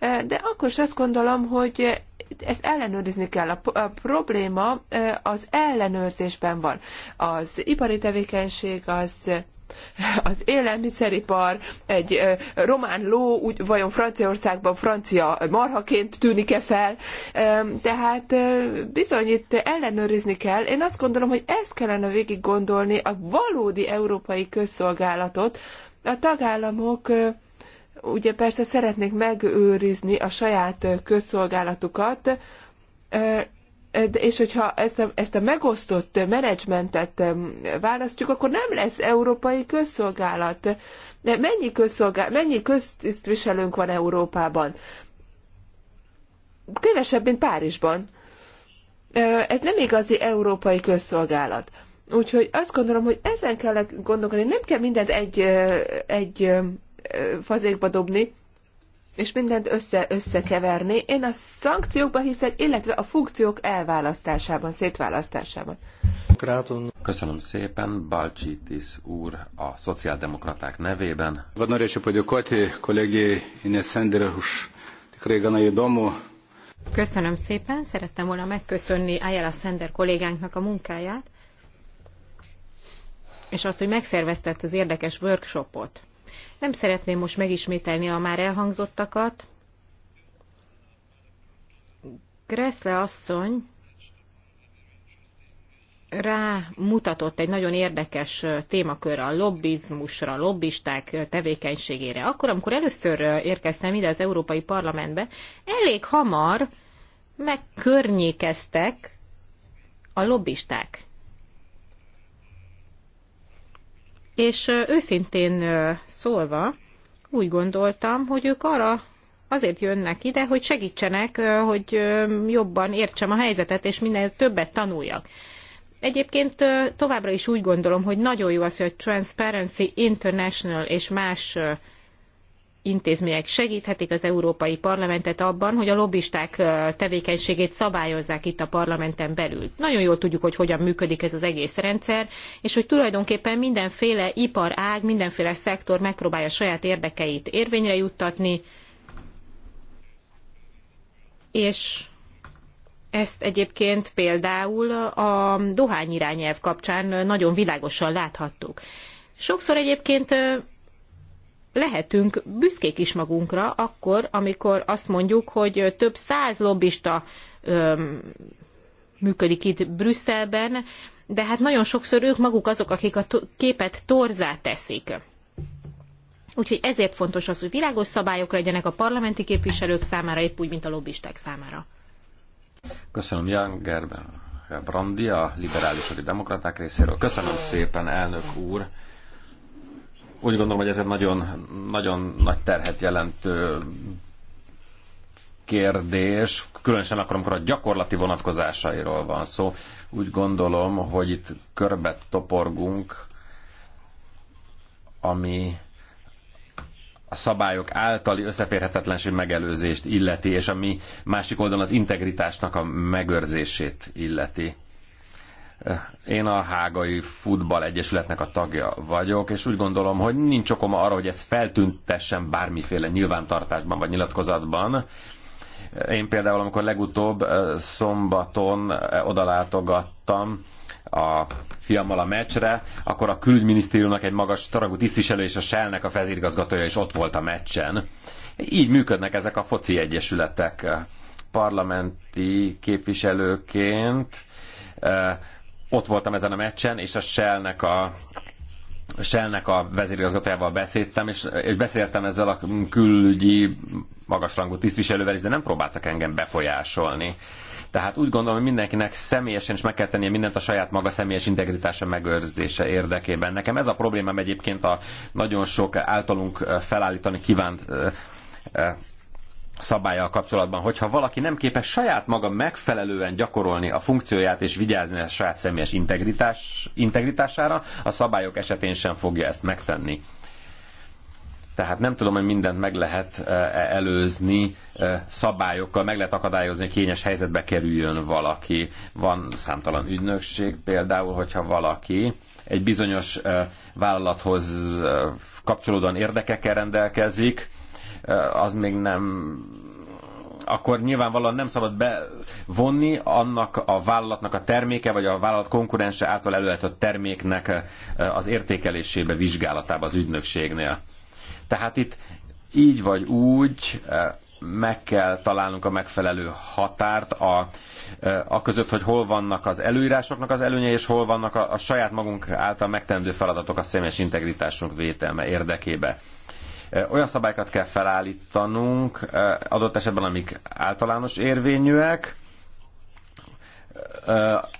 de akkor is azt gondolom, hogy ezt ellenőrizni kell. A, probléma az ellenőrzésben van. Az ipari tevékenység az az élelmiszeripar, egy román ló, úgy, vajon Franciaországban francia marhaként tűnik-e fel. Tehát bizony itt ellenőrizni kell. Én azt gondolom, hogy ezt kellene végig gondolni, a valódi európai közszolgálatot, a tagállamok ugye persze szeretnék megőrizni a saját közszolgálatukat, és hogyha ezt a, ezt a megosztott menedzsmentet választjuk, akkor nem lesz európai közszolgálat. Mennyi, közszolgál, mennyi köztisztviselőnk van Európában? Kevesebb, mint Párizsban. Ez nem igazi európai közszolgálat. Úgyhogy azt gondolom, hogy ezen kell gondolkodni, nem kell mindent egy, egy fazékba dobni, és mindent össze, összekeverni. Én a szankciókban hiszek, illetve a funkciók elválasztásában, szétválasztásában. Köszönöm szépen, Balcsitis úr a szociáldemokraták nevében. Köszönöm szépen, szerettem volna megköszönni Ayala Sender kollégánknak a munkáját, és azt, hogy megszervezte ezt az érdekes workshopot. Nem szeretném most megismételni a már elhangzottakat. Kreszle asszony rá mutatott egy nagyon érdekes témakörre, a lobbizmusra, lobbisták tevékenységére. Akkor, amikor először érkeztem ide az Európai Parlamentbe, elég hamar megkörnyékeztek a lobbisták. és őszintén szólva úgy gondoltam, hogy ők arra azért jönnek ide, hogy segítsenek, hogy jobban értsem a helyzetet, és minél többet tanuljak. Egyébként továbbra is úgy gondolom, hogy nagyon jó az, hogy a Transparency International és más intézmények segíthetik az Európai Parlamentet abban, hogy a lobbisták tevékenységét szabályozzák itt a parlamenten belül. Nagyon jól tudjuk, hogy hogyan működik ez az egész rendszer, és hogy tulajdonképpen mindenféle iparág, mindenféle szektor megpróbálja saját érdekeit érvényre juttatni, és ezt egyébként például a dohányirányelv kapcsán nagyon világosan láthattuk. Sokszor egyébként lehetünk büszkék is magunkra akkor, amikor azt mondjuk, hogy több száz lobbista öm, működik itt Brüsszelben, de hát nagyon sokszor ők maguk azok, akik a képet torzá teszik. Úgyhogy ezért fontos az, hogy világos szabályok legyenek a parlamenti képviselők számára, épp úgy, mint a lobbisták számára. Köszönöm, Jan Gerben. Brandi, a liberálisok demokraták részéről. Köszönöm szépen, elnök úr úgy gondolom, hogy ez egy nagyon, nagyon nagy terhet jelentő kérdés, különösen akkor, amikor a gyakorlati vonatkozásairól van szó. Úgy gondolom, hogy itt körbet toporgunk, ami a szabályok általi összeférhetetlenség megelőzést illeti, és ami másik oldalon az integritásnak a megőrzését illeti. Én a Hágai Futball Egyesületnek a tagja vagyok, és úgy gondolom, hogy nincs okom arra, hogy ezt feltüntessen bármiféle nyilvántartásban vagy nyilatkozatban. Én például, amikor legutóbb szombaton odalátogattam a fiammal a meccsre, akkor a külügyminisztériumnak egy magas taragú tisztviselő és a Shellnek a vezérigazgatója is ott volt a meccsen. Így működnek ezek a foci egyesületek parlamenti képviselőként ott voltam ezen a meccsen, és a Shell-nek a Shell-nek a vezérigazgatójával beszéltem, és, és beszéltem ezzel a külügyi magasrangú tisztviselővel is, de nem próbáltak engem befolyásolni. Tehát úgy gondolom, hogy mindenkinek személyesen is meg kell tennie mindent a saját maga személyes integritása megőrzése érdekében. Nekem ez a problémám egyébként a nagyon sok általunk felállítani kívánt szabályjal kapcsolatban, hogyha valaki nem képes saját maga megfelelően gyakorolni a funkcióját és vigyázni a saját személyes integritás, integritására, a szabályok esetén sem fogja ezt megtenni. Tehát nem tudom, hogy mindent meg lehet e, e, előzni e, szabályokkal, meg lehet akadályozni, hogy kényes helyzetbe kerüljön valaki. Van számtalan ügynökség például, hogyha valaki egy bizonyos vállalathoz kapcsolódóan érdekekkel rendelkezik, az még nem akkor nyilvánvalóan nem szabad bevonni annak a vállalatnak a terméke, vagy a vállalat konkurense által előállított terméknek az értékelésébe, vizsgálatába az ügynökségnél. Tehát itt így vagy úgy meg kell találnunk a megfelelő határt a, a között, hogy hol vannak az előírásoknak az előnye és hol vannak a, a saját magunk által megtendő feladatok a személyes integritásunk vételme érdekébe. Olyan szabályokat kell felállítanunk, adott esetben, amik általános érvényűek,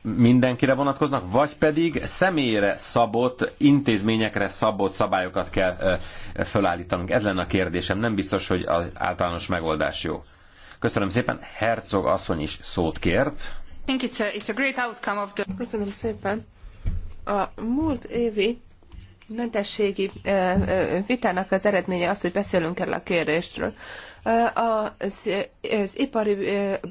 mindenkire vonatkoznak, vagy pedig személyre szabott, intézményekre szabott szabályokat kell felállítanunk. Ez lenne a kérdésem. Nem biztos, hogy az általános megoldás jó. Köszönöm szépen. Herzog asszony is szót kért. Köszönöm szépen. A múlt évi mentességi vitának az eredménye az, hogy beszélünk erről a kérdésről. Az, az ipari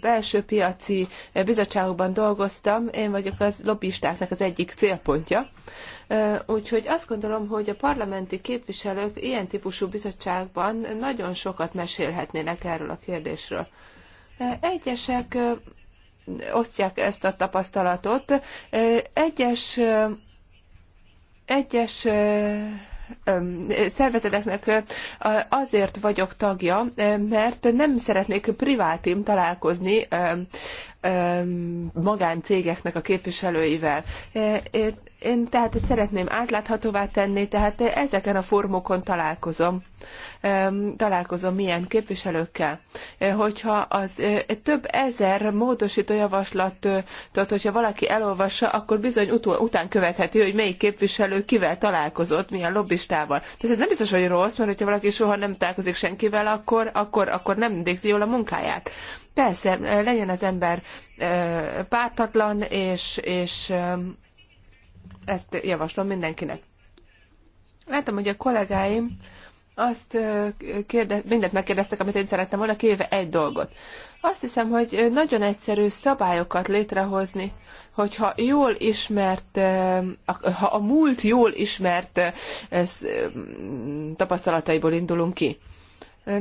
belső piaci bizottságokban dolgoztam, én vagyok az lobbistáknak az egyik célpontja. Úgyhogy azt gondolom, hogy a parlamenti képviselők ilyen típusú bizottságban nagyon sokat mesélhetnének erről a kérdésről. Egyesek osztják ezt a tapasztalatot. Egyes egyes szervezeteknek azért vagyok tagja, mert nem szeretnék privátim találkozni magáncégeknek a képviselőivel. Én tehát ezt szeretném átláthatóvá tenni, tehát ezeken a formokon találkozom, találkozom milyen képviselőkkel. Hogyha az több ezer módosító javaslatot, hogyha valaki elolvassa, akkor bizony után követheti, hogy melyik képviselő kivel találkozott, milyen lobbistával. Tehát ez nem biztos, hogy rossz, mert hogyha valaki soha nem találkozik senkivel, akkor, akkor, akkor nem végzi jól a munkáját. Persze, legyen az ember pártatlan, és, és ezt javaslom mindenkinek. Látom, hogy a kollégáim azt kérdez, mindent megkérdeztek, amit én szerettem volna, kivéve egy dolgot. Azt hiszem, hogy nagyon egyszerű szabályokat létrehozni, hogyha jól ismert, ha a múlt jól ismert tapasztalataiból indulunk ki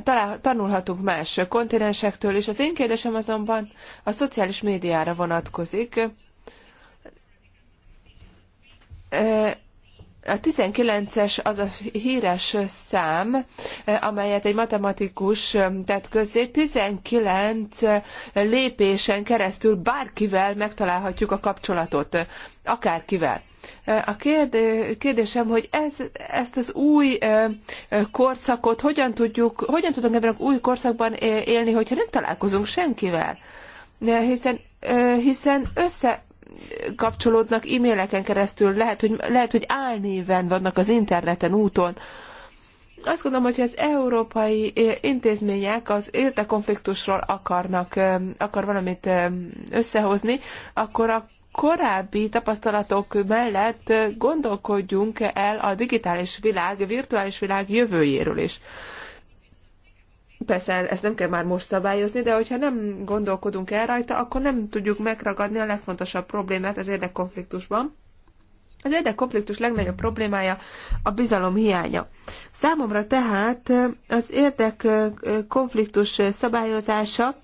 talál, tanulhatunk más kontinensektől, és az én kérdésem azonban a szociális médiára vonatkozik. E, a 19-es az a híres szám, e, amelyet egy matematikus e, tett közé. 19 lépésen keresztül bárkivel megtalálhatjuk a kapcsolatot, akárkivel. A kérdésem, hogy ez, ezt az új korszakot hogyan tudjuk, hogyan tudunk ebben az új korszakban élni, hogyha nem találkozunk senkivel? Hiszen, hiszen össze, kapcsolódnak e-maileken keresztül, lehet, hogy, lehet, hogy álnéven vannak az interneten, úton. Azt gondolom, hogy az európai intézmények az értekonfliktusról akarnak, akar valamit összehozni, akkor a korábbi tapasztalatok mellett gondolkodjunk el a digitális világ, a virtuális világ jövőjéről is. Persze ezt nem kell már most szabályozni, de hogyha nem gondolkodunk el rajta, akkor nem tudjuk megragadni a legfontosabb problémát az érdekkonfliktusban, az érdekkonfliktus legnagyobb problémája a bizalom hiánya. Számomra tehát az érdekkonfliktus szabályozása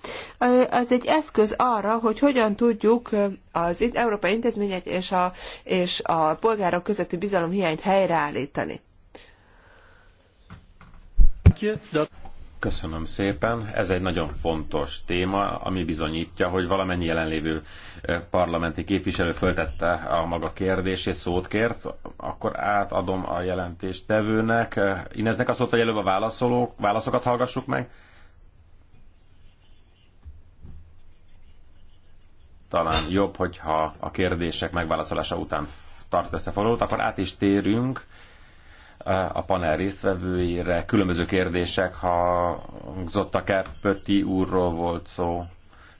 az egy eszköz arra, hogy hogyan tudjuk az európai intézmények és a, és a polgárok közötti bizalom hiányt helyreállítani. Köszönöm szépen. Ez egy nagyon fontos téma, ami bizonyítja, hogy valamennyi jelenlévő eh, parlamenti képviselő föltette a maga kérdését, szót kért. Akkor átadom a jelentést tevőnek. Eh, Ineznek a szót, hogy előbb a válaszolók, válaszokat hallgassuk meg. Talán jobb, hogyha a kérdések megválaszolása után tart összefoglalót, akkor át is térünk a panel résztvevőire. Különböző kérdések hangzottak el, Pöti úrról volt szó,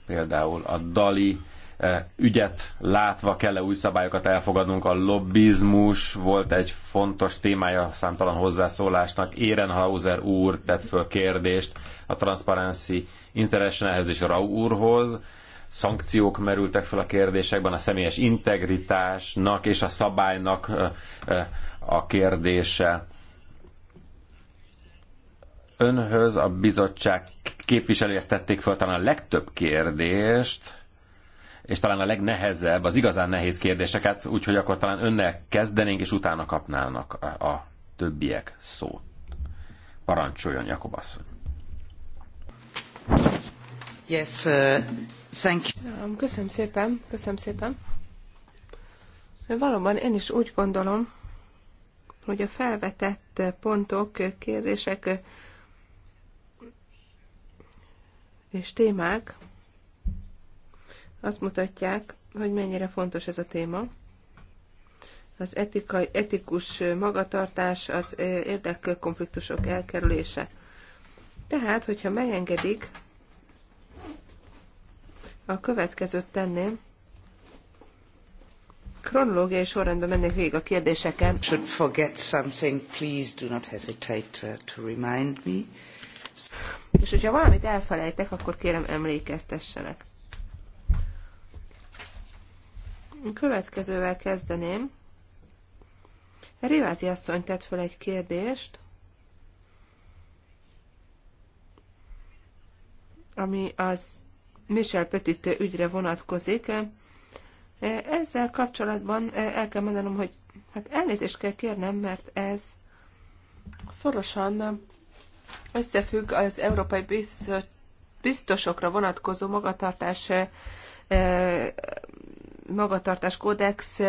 például a Dali eh, ügyet látva kell-e új szabályokat elfogadnunk, a lobbizmus volt egy fontos témája számtalan hozzászólásnak. Érenhauser úr tett föl kérdést a Transparency Internationalhez és a Rau úrhoz. Szankciók merültek fel a kérdésekben, a személyes integritásnak és a szabálynak eh, eh, a kérdése. Önhöz a bizottság képviselője tették föl talán a legtöbb kérdést, és talán a legnehezebb, az igazán nehéz kérdéseket, úgyhogy akkor talán önnel kezdenénk, és utána kapnának a, a többiek szót. Parancsoljon, Jakob asszony. Yes, uh, thank you. Köszönöm szépen, köszönöm szépen. Valóban én is úgy gondolom, hogy a felvetett pontok, kérdések és témák azt mutatják, hogy mennyire fontos ez a téma. Az etikai, etikus magatartás, az érdekkonfliktusok elkerülése. Tehát, hogyha megengedik, a következőt tenném kronológiai sorrendben mennék végig a kérdéseken. Should forget something, please do not hesitate uh, to remind me. És hogyha valamit elfelejtek, akkor kérem emlékeztessenek. Következővel kezdeném. Rivázi asszony tett fel egy kérdést, ami az Michel Petit ügyre vonatkozik. E, ezzel kapcsolatban e, el kell mondanom, hogy hát elnézést kell kérnem, mert ez szorosan összefügg az Európai Biztosokra vonatkozó magatartás e, magatartás kódex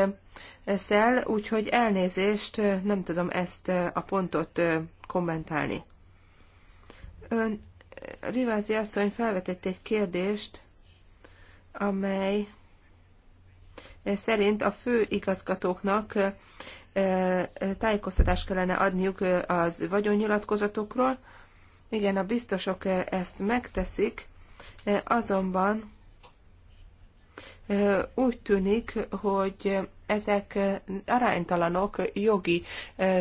szel, úgyhogy elnézést, nem tudom ezt a pontot kommentálni. Ön, Rivázi asszony felvetett egy kérdést, amely szerint a fő igazgatóknak tájékoztatást kellene adniuk az vagyonnyilatkozatokról. Igen, a biztosok ezt megteszik, azonban úgy tűnik, hogy ezek aránytalanok jogi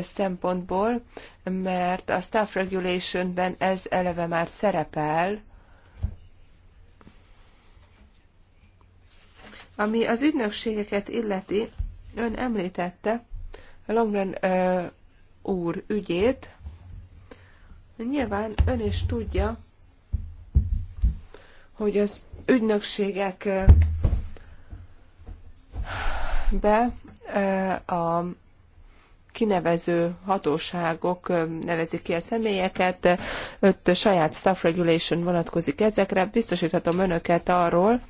szempontból, mert a staff Regulation-ben ez eleve már szerepel, Ami az ügynökségeket illeti, ön említette Longren uh, úr ügyét. Nyilván ön is tudja, hogy az ügynökségek be a kinevező hatóságok nevezik ki a személyeket, öt saját staff regulation vonatkozik ezekre. Biztosíthatom önöket arról,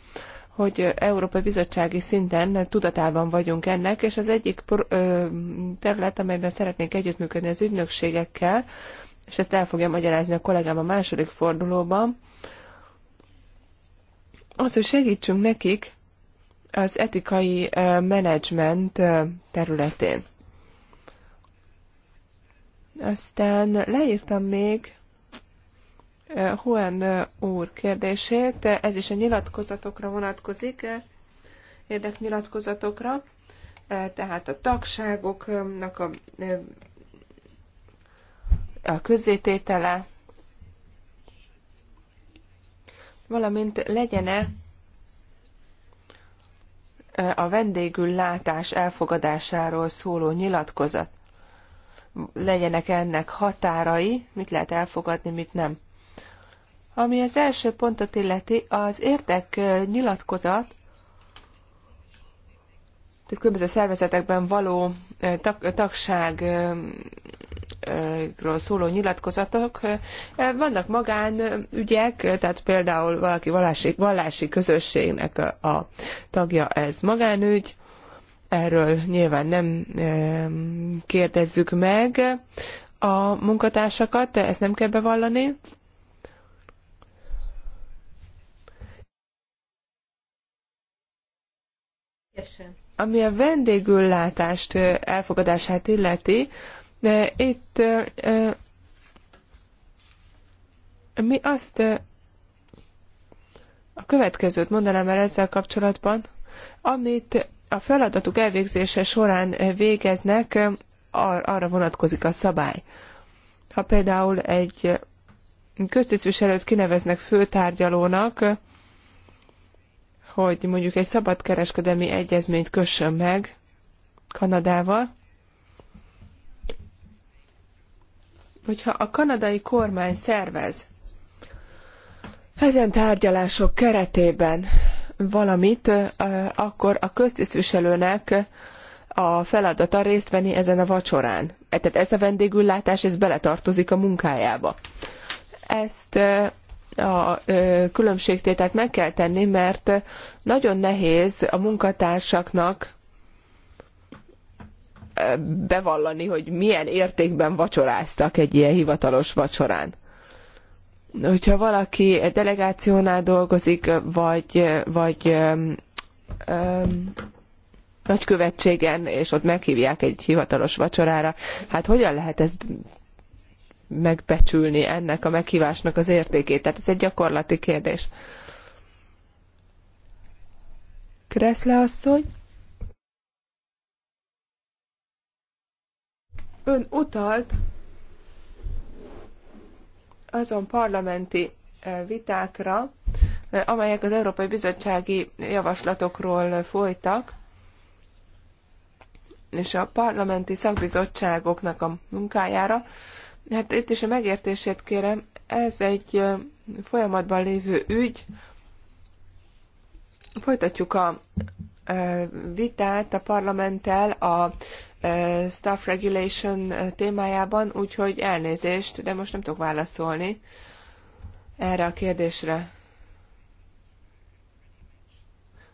hogy Európai Bizottsági szinten tudatában vagyunk ennek, és az egyik terület, amelyben szeretnénk együttműködni az ügynökségekkel, és ezt el fogja magyarázni a kollégám a második fordulóban, az, hogy segítsünk nekik az etikai menedzsment területén. Aztán leírtam még Juan úr kérdését, ez is a nyilatkozatokra vonatkozik, érdeknyilatkozatokra, tehát a tagságoknak a, a közzététele, valamint legyene a vendégül látás elfogadásáról szóló nyilatkozat. Legyenek ennek határai, mit lehet elfogadni, mit nem. Ami az első pontot illeti, az érdek nyilatkozat, tehát különböző szervezetekben való tag, tagságról szóló nyilatkozatok. Vannak magánügyek, tehát például valaki vallási, vallási közösségnek a, a tagja ez magánügy, erről nyilván nem kérdezzük meg a munkatársakat, de ezt nem kell bevallani. Ami a vendégüllátást elfogadását illeti, itt mi azt a következőt mondanám el ezzel kapcsolatban, amit a feladatuk elvégzése során végeznek, ar- arra vonatkozik a szabály. Ha például egy köztisztviselőt kineveznek főtárgyalónak, hogy mondjuk egy szabadkereskedelmi egyezményt kössön meg Kanadával, hogyha a kanadai kormány szervez ezen tárgyalások keretében valamit, akkor a köztisztviselőnek a feladata részt venni ezen a vacsorán. E, tehát ez a vendégüllátás, ez beletartozik a munkájába. Ezt a különbségtételt meg kell tenni, mert nagyon nehéz a munkatársaknak bevallani, hogy milyen értékben vacsoráztak egy ilyen hivatalos vacsorán. Hogyha valaki egy delegációnál dolgozik, vagy, vagy öm, öm, nagykövetségen, és ott meghívják egy hivatalos vacsorára, hát hogyan lehet ezt megbecsülni ennek a meghívásnak az értékét. Tehát ez egy gyakorlati kérdés. Kreszle asszony? Ön utalt azon parlamenti e, vitákra, e, amelyek az Európai Bizottsági javaslatokról folytak, és a parlamenti szakbizottságoknak a munkájára. Hát itt is a megértését kérem, ez egy folyamatban lévő ügy. Folytatjuk a vitát a parlamenttel a staff regulation témájában, úgyhogy elnézést, de most nem tudok válaszolni erre a kérdésre.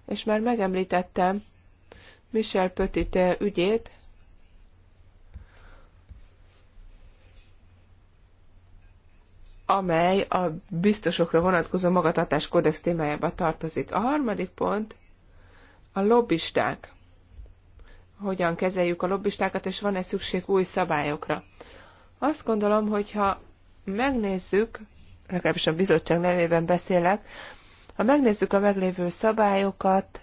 És már megemlítettem Michel Petit ügyét, amely a biztosokra vonatkozó magatartás kódex témájába tartozik. A harmadik pont a lobbisták. Hogyan kezeljük a lobbistákat, és van-e szükség új szabályokra? Azt gondolom, hogyha megnézzük, legalábbis a bizottság nevében beszélek, ha megnézzük a meglévő szabályokat,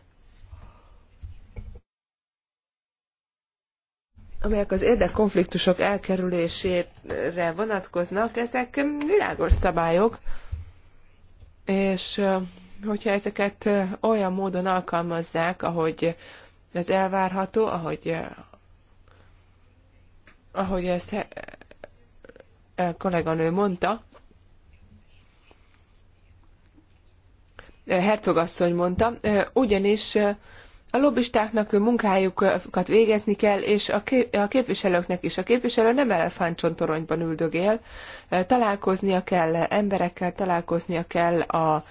amelyek az érdekkonfliktusok elkerülésére vonatkoznak, ezek világos szabályok, és hogyha ezeket olyan módon alkalmazzák, ahogy ez elvárható, ahogy, ahogy ezt kolléganő mondta, hercogasszony mondta, ugyanis a lobbistáknak munkájukat végezni kell, és a, képviselőknek is. A képviselő nem elefántcsontoronyban üldögél, találkoznia kell emberekkel, találkoznia kell a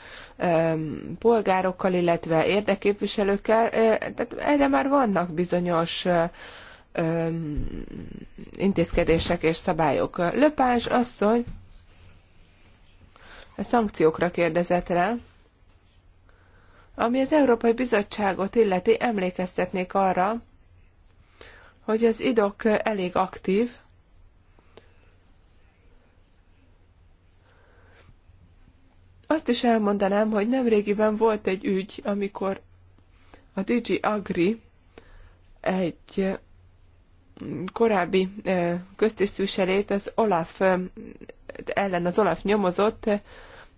polgárokkal, illetve érdekképviselőkkel. Tehát erre már vannak bizonyos intézkedések és szabályok. Löpás asszony a szankciókra kérdezett rá. Ami az Európai Bizottságot illeti, emlékeztetnék arra, hogy az idok elég aktív, Azt is elmondanám, hogy nemrégiben volt egy ügy, amikor a Digi Agri egy eh, korábbi eh, köztisztviselét az Olaf eh, ellen az Olaf nyomozott,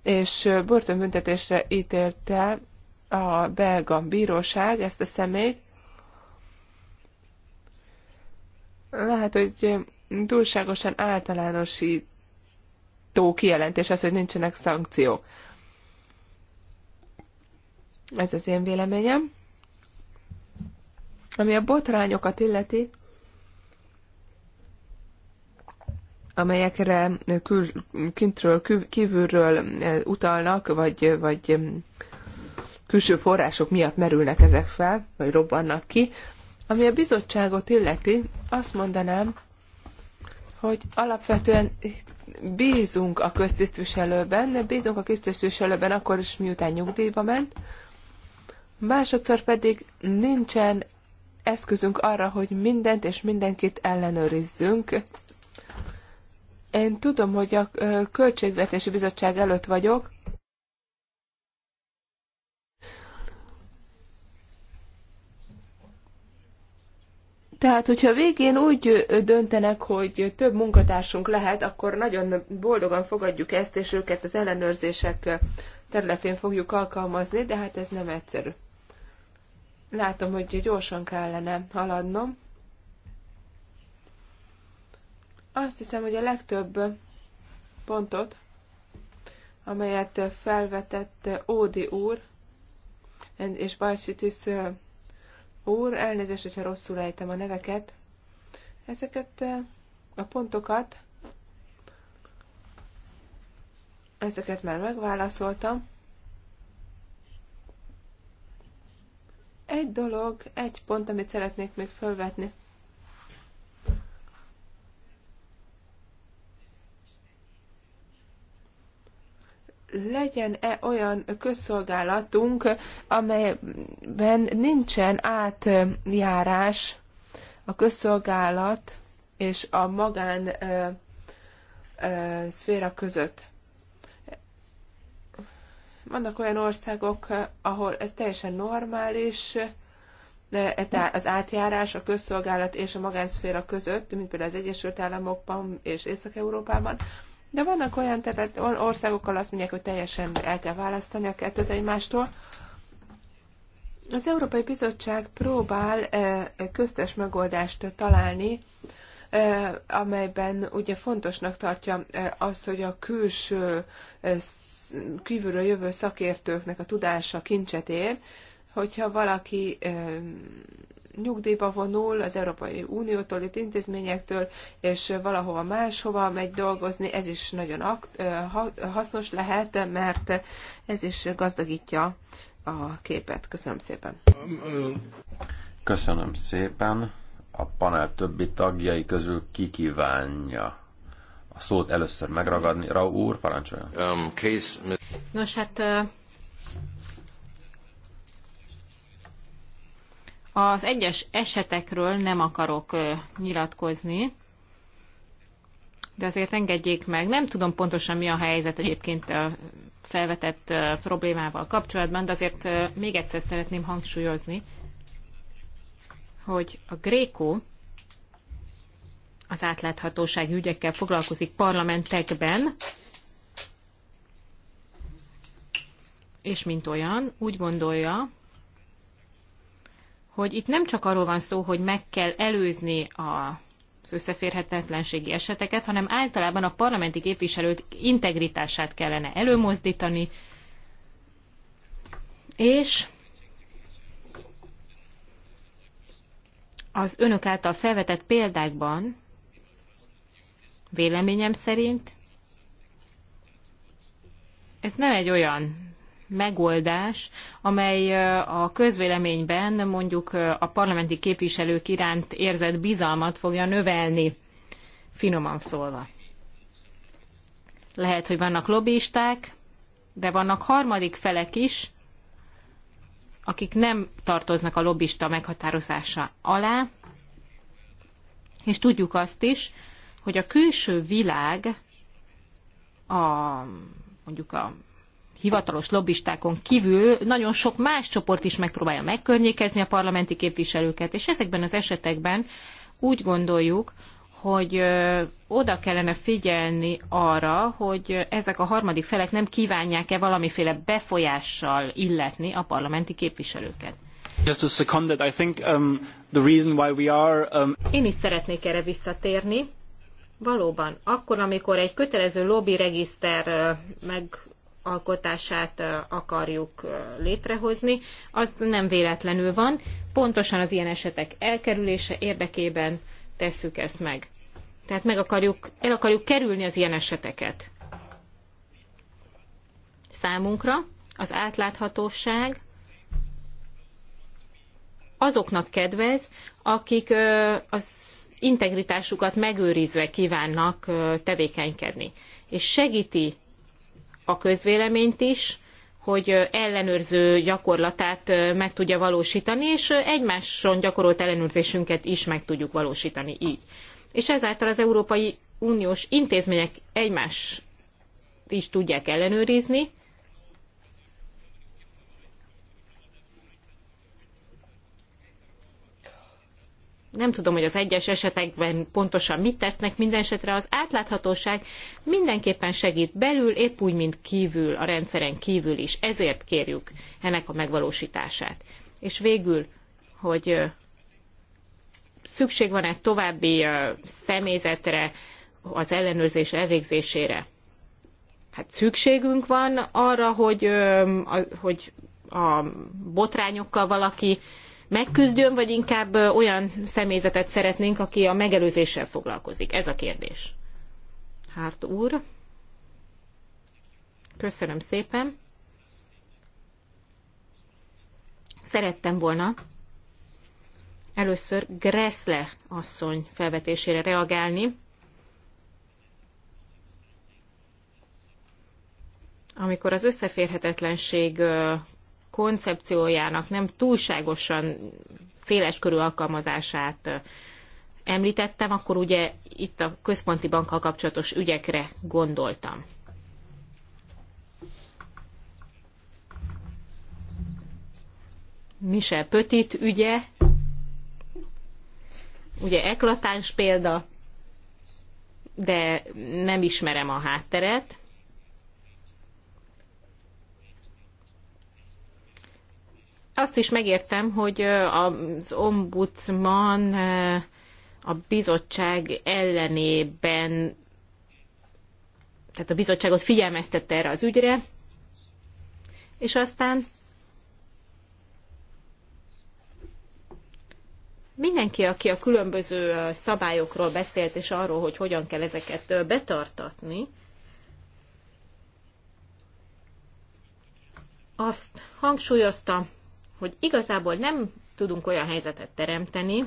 és börtönbüntetésre ítélte a belga bíróság ezt a személyt. Lehet, hogy túlságosan általánosító kijelentés az, hogy nincsenek szankciók. Ez az én véleményem. Ami a botrányokat illeti, amelyekre kül, kintről, kívülről eh, utalnak, vagy, vagy külső források miatt merülnek ezek fel, vagy robbannak ki. Ami a bizottságot illeti, azt mondanám, hogy alapvetően bízunk a köztisztviselőben, de bízunk a köztisztviselőben akkor is, miután nyugdíjba ment. Másodszor pedig nincsen eszközünk arra, hogy mindent és mindenkit ellenőrizzünk. Én tudom, hogy a Költségvetési Bizottság előtt vagyok, Tehát, hogyha végén úgy döntenek, hogy több munkatársunk lehet, akkor nagyon boldogan fogadjuk ezt, és őket az ellenőrzések területén fogjuk alkalmazni, de hát ez nem egyszerű. Látom, hogy gyorsan kellene haladnom. Azt hiszem, hogy a legtöbb pontot, amelyet felvetett Ódi úr és Bajsitis úr, elnézést, hogyha rosszul ejtem a neveket. Ezeket eh, a pontokat, ezeket már megválaszoltam. Egy dolog, egy pont, amit szeretnék még felvetni. legyen-e olyan közszolgálatunk, amelyben nincsen átjárás a közszolgálat és a magán ö, ö, szféra között. Vannak olyan országok, ahol ez teljesen normális, de e az átjárás a közszolgálat és a magánszféra között, mint például az Egyesült Államokban és Észak-Európában, de vannak olyan terület, országokkal azt mondják, hogy teljesen el kell választani a kettőt egymástól. Az Európai Bizottság próbál köztes megoldást találni, amelyben ugye fontosnak tartja azt, hogy a külső kívülről jövő szakértőknek a tudása kincset ér, hogyha valaki nyugdíjba vonul az Európai Uniótól, itt intézményektől, és valahova máshova megy dolgozni, ez is nagyon hasznos lehet, mert ez is gazdagítja a képet. Köszönöm szépen. Köszönöm szépen. A panel többi tagjai közül ki kívánja a szót először megragadni. Rau úr, parancsoljon. Um, case... Nos, hát Az egyes esetekről nem akarok nyilatkozni, de azért engedjék meg. Nem tudom pontosan mi a helyzet egyébként a felvetett problémával kapcsolatban, de azért még egyszer szeretném hangsúlyozni, hogy a Gréko az átláthatósági ügyekkel foglalkozik parlamentekben, és mint olyan úgy gondolja, hogy itt nem csak arról van szó, hogy meg kell előzni a az összeférhetetlenségi eseteket, hanem általában a parlamenti képviselőt integritását kellene előmozdítani, és az önök által felvetett példákban véleményem szerint ez nem egy olyan megoldás, amely a közvéleményben mondjuk a parlamenti képviselők iránt érzett bizalmat fogja növelni, finoman szólva. Lehet, hogy vannak lobbisták, de vannak harmadik felek is, akik nem tartoznak a lobbista meghatározása alá, és tudjuk azt is, hogy a külső világ, a, mondjuk a hivatalos lobbistákon kívül nagyon sok más csoport is megpróbálja megkörnyékezni a parlamenti képviselőket, és ezekben az esetekben úgy gondoljuk, hogy oda kellene figyelni arra, hogy ezek a harmadik felek nem kívánják-e valamiféle befolyással illetni a parlamenti képviselőket. Én is szeretnék erre visszatérni. Valóban, akkor, amikor egy kötelező lobby regiszter meg alkotását akarjuk létrehozni, az nem véletlenül van. Pontosan az ilyen esetek elkerülése érdekében tesszük ezt meg. Tehát meg akarjuk, el akarjuk kerülni az ilyen eseteket. Számunkra az átláthatóság azoknak kedvez, akik az integritásukat megőrizve kívánnak tevékenykedni, és segíti a közvéleményt is, hogy ellenőrző gyakorlatát meg tudja valósítani, és egymáson gyakorolt ellenőrzésünket is meg tudjuk valósítani így. És ezáltal az Európai Uniós intézmények egymást is tudják ellenőrizni, nem tudom, hogy az egyes esetekben pontosan mit tesznek, minden esetre az átláthatóság mindenképpen segít belül, épp úgy, mint kívül, a rendszeren kívül is. Ezért kérjük ennek a megvalósítását. És végül, hogy szükség van-e további személyzetre, az ellenőrzés elvégzésére? Hát szükségünk van arra, hogy, hogy a botrányokkal valaki megküzdjön, vagy inkább olyan személyzetet szeretnénk, aki a megelőzéssel foglalkozik? Ez a kérdés. Hárt úr. Köszönöm szépen. Szerettem volna először Gressle asszony felvetésére reagálni, amikor az összeférhetetlenség koncepciójának nem túlságosan széles körű alkalmazását említettem, akkor ugye itt a központi bankkal kapcsolatos ügyekre gondoltam. Michel Petit ügye, ugye eklatáns példa, de nem ismerem a hátteret. Azt is megértem, hogy az ombudsman a bizottság ellenében, tehát a bizottságot figyelmeztette erre az ügyre, és aztán mindenki, aki a különböző szabályokról beszélt, és arról, hogy hogyan kell ezeket betartatni, azt hangsúlyozta, hogy igazából nem tudunk olyan helyzetet teremteni,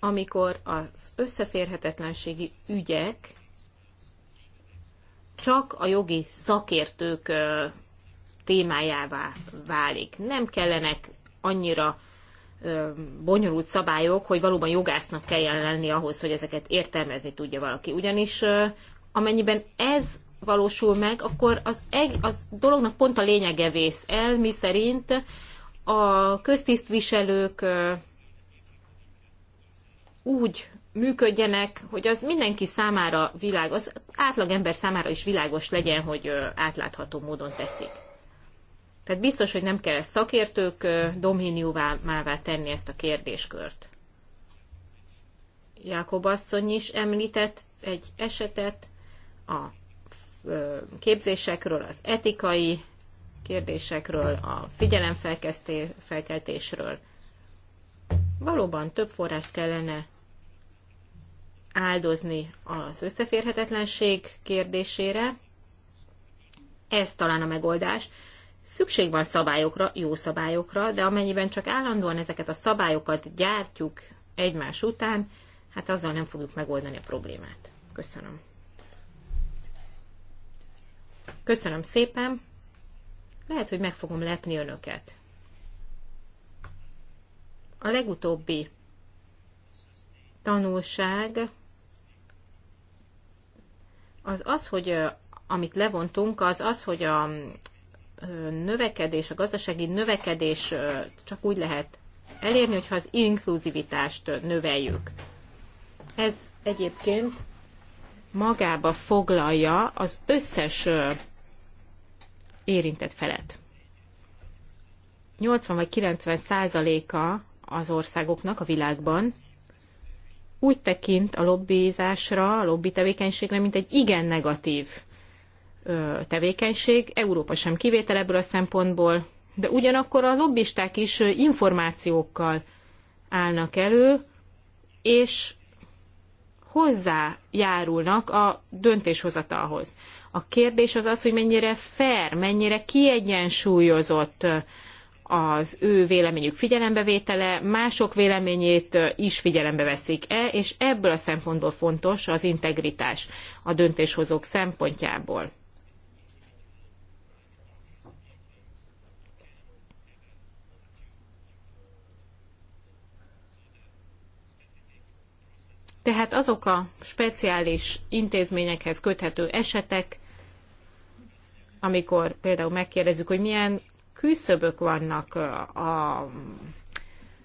amikor az összeférhetetlenségi ügyek csak a jogi szakértők témájává válik. Nem kellenek annyira bonyolult szabályok, hogy valóban jogásznak kelljen lenni ahhoz, hogy ezeket értelmezni tudja valaki. Ugyanis amennyiben ez valósul meg, akkor az, egy, az dolognak pont a lényege vész el, mi szerint a köztisztviselők úgy működjenek, hogy az mindenki számára világos, az átlagember számára is világos legyen, hogy átlátható módon teszik. Tehát biztos, hogy nem kell ezt szakértők domíniumává tenni ezt a kérdéskört. Jákob asszony is említett egy esetet, a képzésekről, az etikai kérdésekről, a figyelemfelkeltésről. Valóban több forrást kellene áldozni az összeférhetetlenség kérdésére. Ez talán a megoldás. Szükség van szabályokra, jó szabályokra, de amennyiben csak állandóan ezeket a szabályokat gyártjuk egymás után, hát azzal nem fogjuk megoldani a problémát. Köszönöm. Köszönöm szépen. Lehet, hogy meg fogom lepni önöket. A legutóbbi tanulság az az, hogy amit levontunk, az az, hogy a növekedés, a gazdasági növekedés csak úgy lehet elérni, hogyha az inkluzivitást növeljük. Ez egyébként magába foglalja az összes érintett felet. 80 vagy 90 százaléka az országoknak a világban úgy tekint a lobbizásra, a lobby tevékenységre, mint egy igen negatív tevékenység. Európa sem kivétel ebből a szempontból, de ugyanakkor a lobbisták is információkkal állnak elő, és hozzájárulnak a döntéshozatalhoz. A kérdés az az, hogy mennyire fair, mennyire kiegyensúlyozott az ő véleményük figyelembevétele, mások véleményét is figyelembe veszik-e, és ebből a szempontból fontos az integritás a döntéshozók szempontjából. Tehát azok a speciális intézményekhez köthető esetek, amikor például megkérdezzük, hogy milyen küszöbök vannak a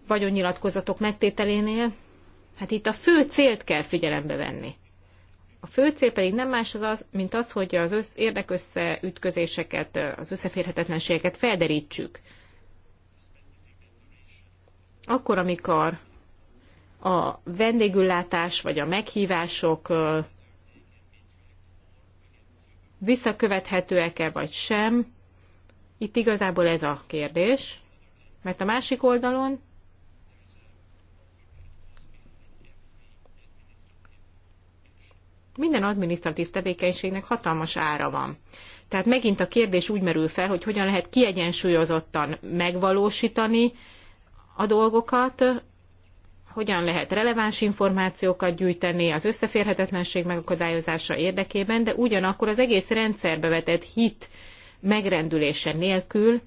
vagyonnyilatkozatok megtételénél, hát itt a fő célt kell figyelembe venni. A fő cél pedig nem más az, az mint az, hogy az össz, érdekösszeütközéseket, az összeférhetetlenségeket felderítsük. Akkor, amikor a vendégüllátás vagy a meghívások visszakövethetőek-e vagy sem. Itt igazából ez a kérdés, mert a másik oldalon minden adminisztratív tevékenységnek hatalmas ára van. Tehát megint a kérdés úgy merül fel, hogy hogyan lehet kiegyensúlyozottan megvalósítani a dolgokat, hogyan lehet releváns információkat gyűjteni az összeférhetetlenség megakadályozása érdekében, de ugyanakkor az egész rendszerbe vetett hit megrendülése nélkül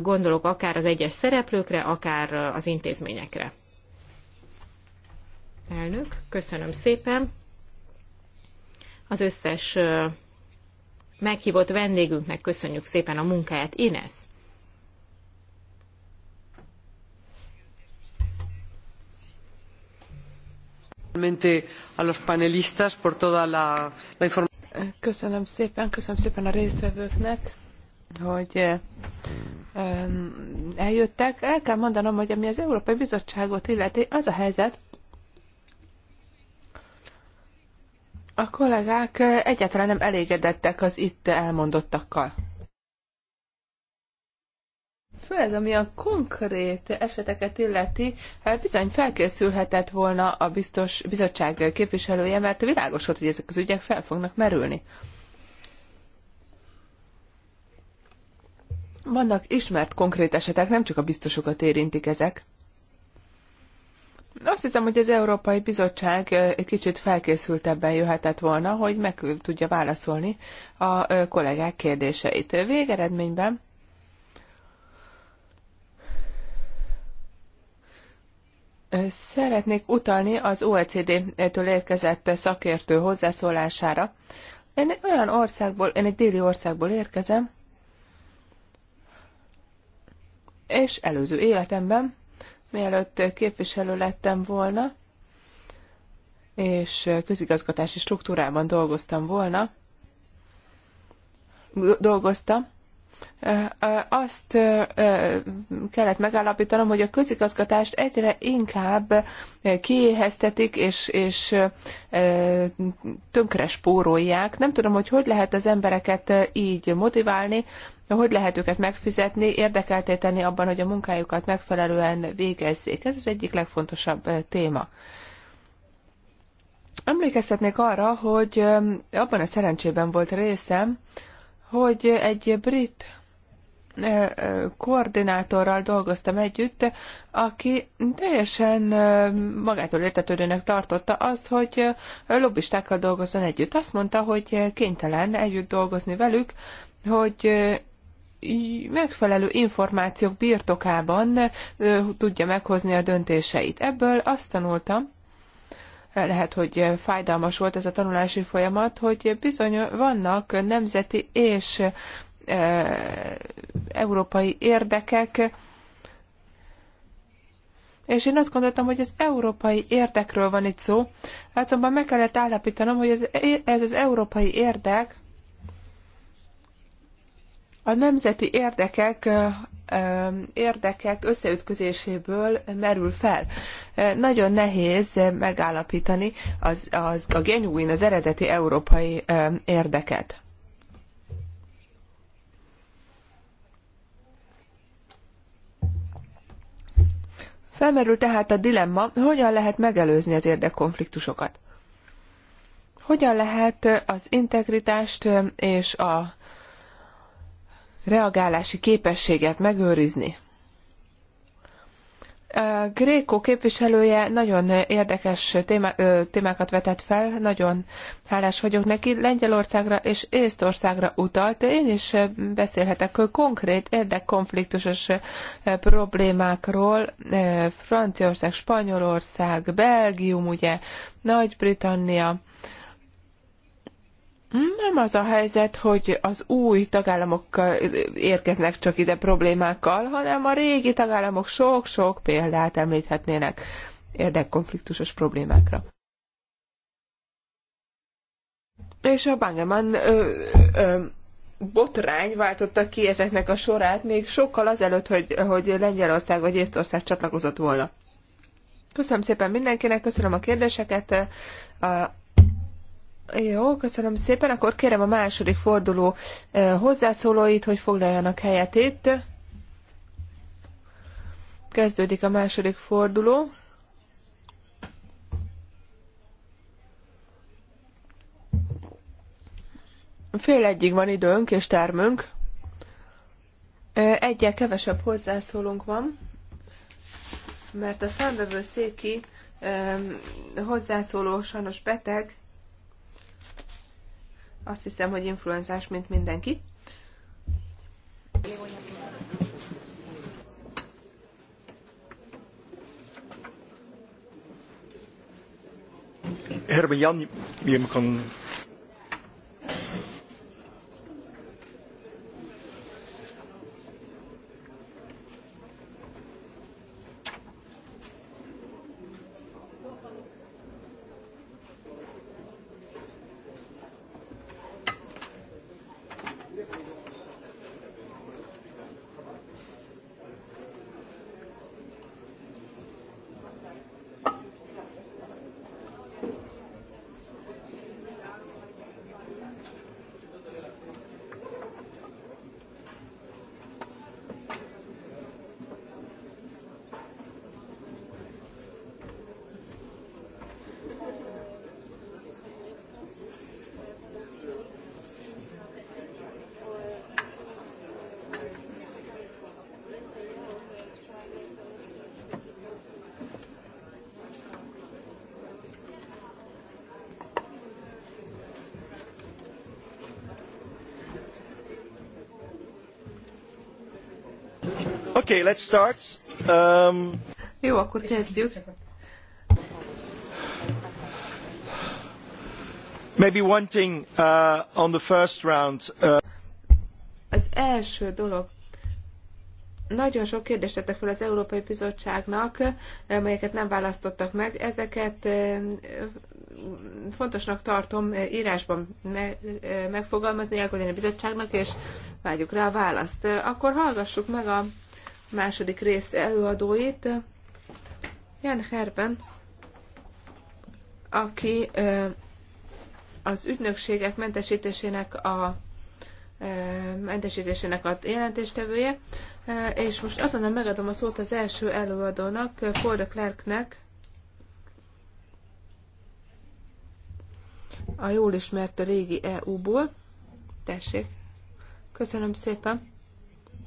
gondolok akár az egyes szereplőkre, akár az intézményekre. Elnök, köszönöm szépen. Az összes meghívott vendégünknek köszönjük szépen a munkáját. Ines. Köszönöm szépen, köszönöm szépen a résztvevőknek, hogy eh, eljöttek. El kell mondanom, hogy ami az Európai Bizottságot illeti, az a helyzet, a kollégák eh, egyáltalán nem elégedettek az itt elmondottakkal. Főleg ami a konkrét eseteket illeti, hát bizony felkészülhetett volna a biztos bizottság képviselője, mert világos volt, hogy ezek az ügyek fel fognak merülni. Vannak ismert konkrét esetek, nem csak a biztosokat érintik ezek. Azt hiszem, hogy az Európai Bizottság egy kicsit felkészültebben jöhetett volna, hogy meg tudja válaszolni a kollégák kérdéseit. Végeredményben Szeretnék utalni az OECD-től érkezett szakértő hozzászólására. Én egy olyan országból, én egy déli országból érkezem, és előző életemben, mielőtt képviselő lettem volna, és közigazgatási struktúrában dolgoztam volna, dolgoztam, azt kellett megállapítanom, hogy a közigazgatást egyre inkább kiéheztetik és, és tönkre spórolják. Nem tudom, hogy hogy lehet az embereket így motiválni, hogy lehet őket megfizetni, érdekelté tenni abban, hogy a munkájukat megfelelően végezzék. Ez az egyik legfontosabb téma. Emlékeztetnék arra, hogy abban a szerencsében volt részem, hogy egy brit koordinátorral dolgoztam együtt, aki teljesen magától értetődőnek tartotta azt, hogy lobbistákkal dolgozzon együtt. Azt mondta, hogy kénytelen együtt dolgozni velük, hogy megfelelő információk birtokában tudja meghozni a döntéseit. Ebből azt tanultam, lehet, hogy fájdalmas volt ez a tanulási folyamat, hogy bizony vannak nemzeti és e, európai érdekek, és én azt gondoltam, hogy az európai érdekről van itt szó, hát azonban szóval meg kellett állapítanom, hogy ez, ez az európai érdek a nemzeti érdekek e, érdekek összeütközéséből merül fel. Nagyon nehéz megállapítani az, az, a genuin, az eredeti európai érdeket. Felmerül tehát a dilemma, hogyan lehet megelőzni az érdekkonfliktusokat. Hogyan lehet az integritást és a reagálási képességet megőrizni. Gréko képviselője nagyon érdekes témá, témákat vetett fel, nagyon hálás vagyok neki. Lengyelországra és Észtországra utalt. Én is beszélhetek konkrét érdekkonfliktusos problémákról. Franciaország, Spanyolország, Belgium, ugye, Nagy-Britannia nem az a helyzet, hogy az új tagállamok érkeznek csak ide problémákkal, hanem a régi tagállamok sok-sok példát említhetnének érdekkonfliktusos problémákra. És a Bangeman botrány váltotta ki ezeknek a sorát még sokkal azelőtt, hogy, hogy Lengyelország vagy Észtország csatlakozott volna. Köszönöm szépen mindenkinek, köszönöm a kérdéseket. A, jó, köszönöm szépen. Akkor kérem a második forduló hozzászólóit, hogy foglaljanak helyet itt. Kezdődik a második forduló. Fél egyig van időnk és termünk. Egyel kevesebb hozzászólónk van, mert a széki hozzászóló sajnos beteg, azt hiszem, hogy influenzás, mint mindenki. Herben Jan, mi kan Okay, let's start. Um... Jó, akkor kezdjük. Maybe one thing uh, on the first round. Uh... Az első dolog, nagyon sok kérdést tettek fel az Európai Bizottságnak, amelyeket nem választottak meg. Ezeket fontosnak tartom írásban megfogalmazni, elküldeni a bizottságnak, és várjuk rá a választ. Akkor hallgassuk meg a második rész előadóit, Jan Herben, aki az ügynökségek mentesítésének a mentesítésének a jelentéstevője, és most azonnal megadom a szót az első előadónak, Kolda Clarknek, a jól ismert régi EU-ból. Tessék. Köszönöm szépen.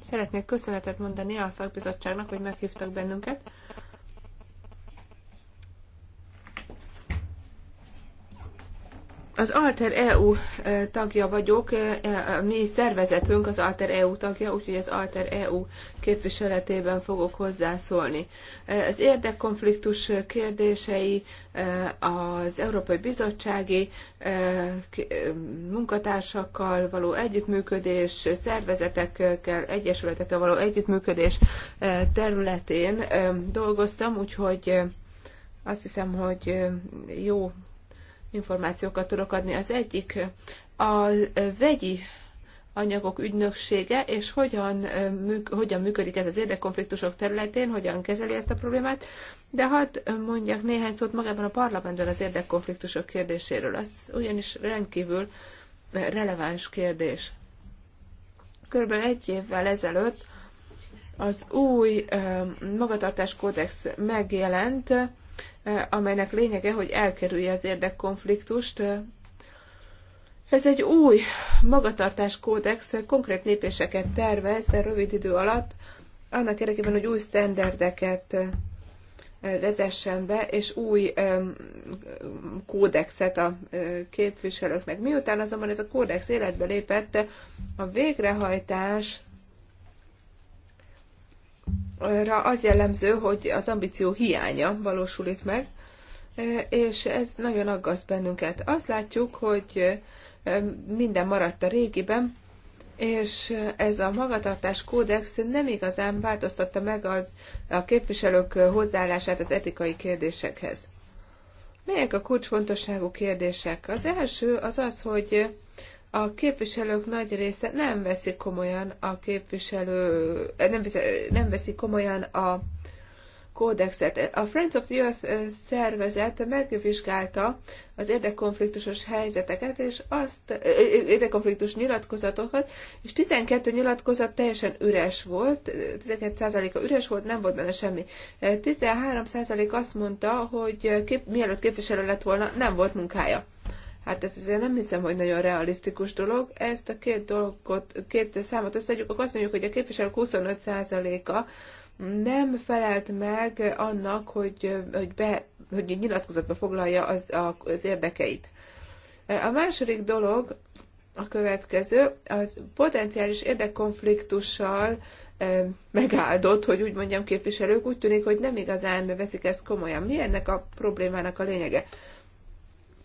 Szeretnék köszönetet mondani a szakbizottságnak, hogy meghívtak bennünket. Az Alter EU tagja vagyok, mi szervezetünk az Alter EU tagja, úgyhogy az Alter EU képviseletében fogok hozzászólni. Az érdekkonfliktus kérdései, az Európai Bizottsági munkatársakkal való együttműködés, szervezetekkel, egyesületekkel való együttműködés területén dolgoztam, úgyhogy azt hiszem, hogy jó információkat tudok adni. Az egyik a vegyi anyagok ügynöksége, és hogyan, hogyan működik ez az érdekkonfliktusok területén, hogyan kezeli ezt a problémát. De hadd mondjak néhány szót magában a parlamentben az érdekkonfliktusok kérdéséről. Az ugyanis rendkívül releváns kérdés. Körülbelül egy évvel ezelőtt az új magatartáskódex megjelent, amelynek lényege, hogy elkerülje az érdekkonfliktust. Ez egy új magatartáskódex, konkrét lépéseket tervez de rövid idő alatt, annak érdekében, hogy új sztenderdeket vezessen be, és új kódexet a képviselőknek. Miután azonban ez a kódex életbe lépett, a végrehajtás az jellemző, hogy az ambíció hiánya valósul itt meg, e, és ez nagyon aggaszt bennünket. Azt látjuk, hogy e, minden maradt a régiben, és ez a magatartás kódex nem igazán változtatta meg az, a képviselők hozzáállását az etikai kérdésekhez. Melyek a kulcsfontosságú kérdések? Az első az az, hogy a képviselők nagy része nem veszi komolyan a képviselő, nem, nem veszi komolyan a kódexet. A Friends of the Earth szervezet megvizsgálta az érdekkonfliktusos helyzeteket, és azt, érdekkonfliktus nyilatkozatokat, és 12 nyilatkozat teljesen üres volt, 12%-a üres volt, nem volt benne semmi. 13% azt mondta, hogy kép, mielőtt képviselő lett volna, nem volt munkája. Hát ez azért nem hiszem, hogy nagyon realisztikus dolog. Ezt a két dolgot, két számot összeadjuk, akkor azt mondjuk, hogy a képviselők 25%-a nem felelt meg annak, hogy, hogy, be, hogy nyilatkozatba foglalja az, az érdekeit. A második dolog a következő, az potenciális érdekkonfliktussal megáldott, hogy úgy mondjam, képviselők úgy tűnik, hogy nem igazán veszik ezt komolyan. Mi ennek a problémának a lényege?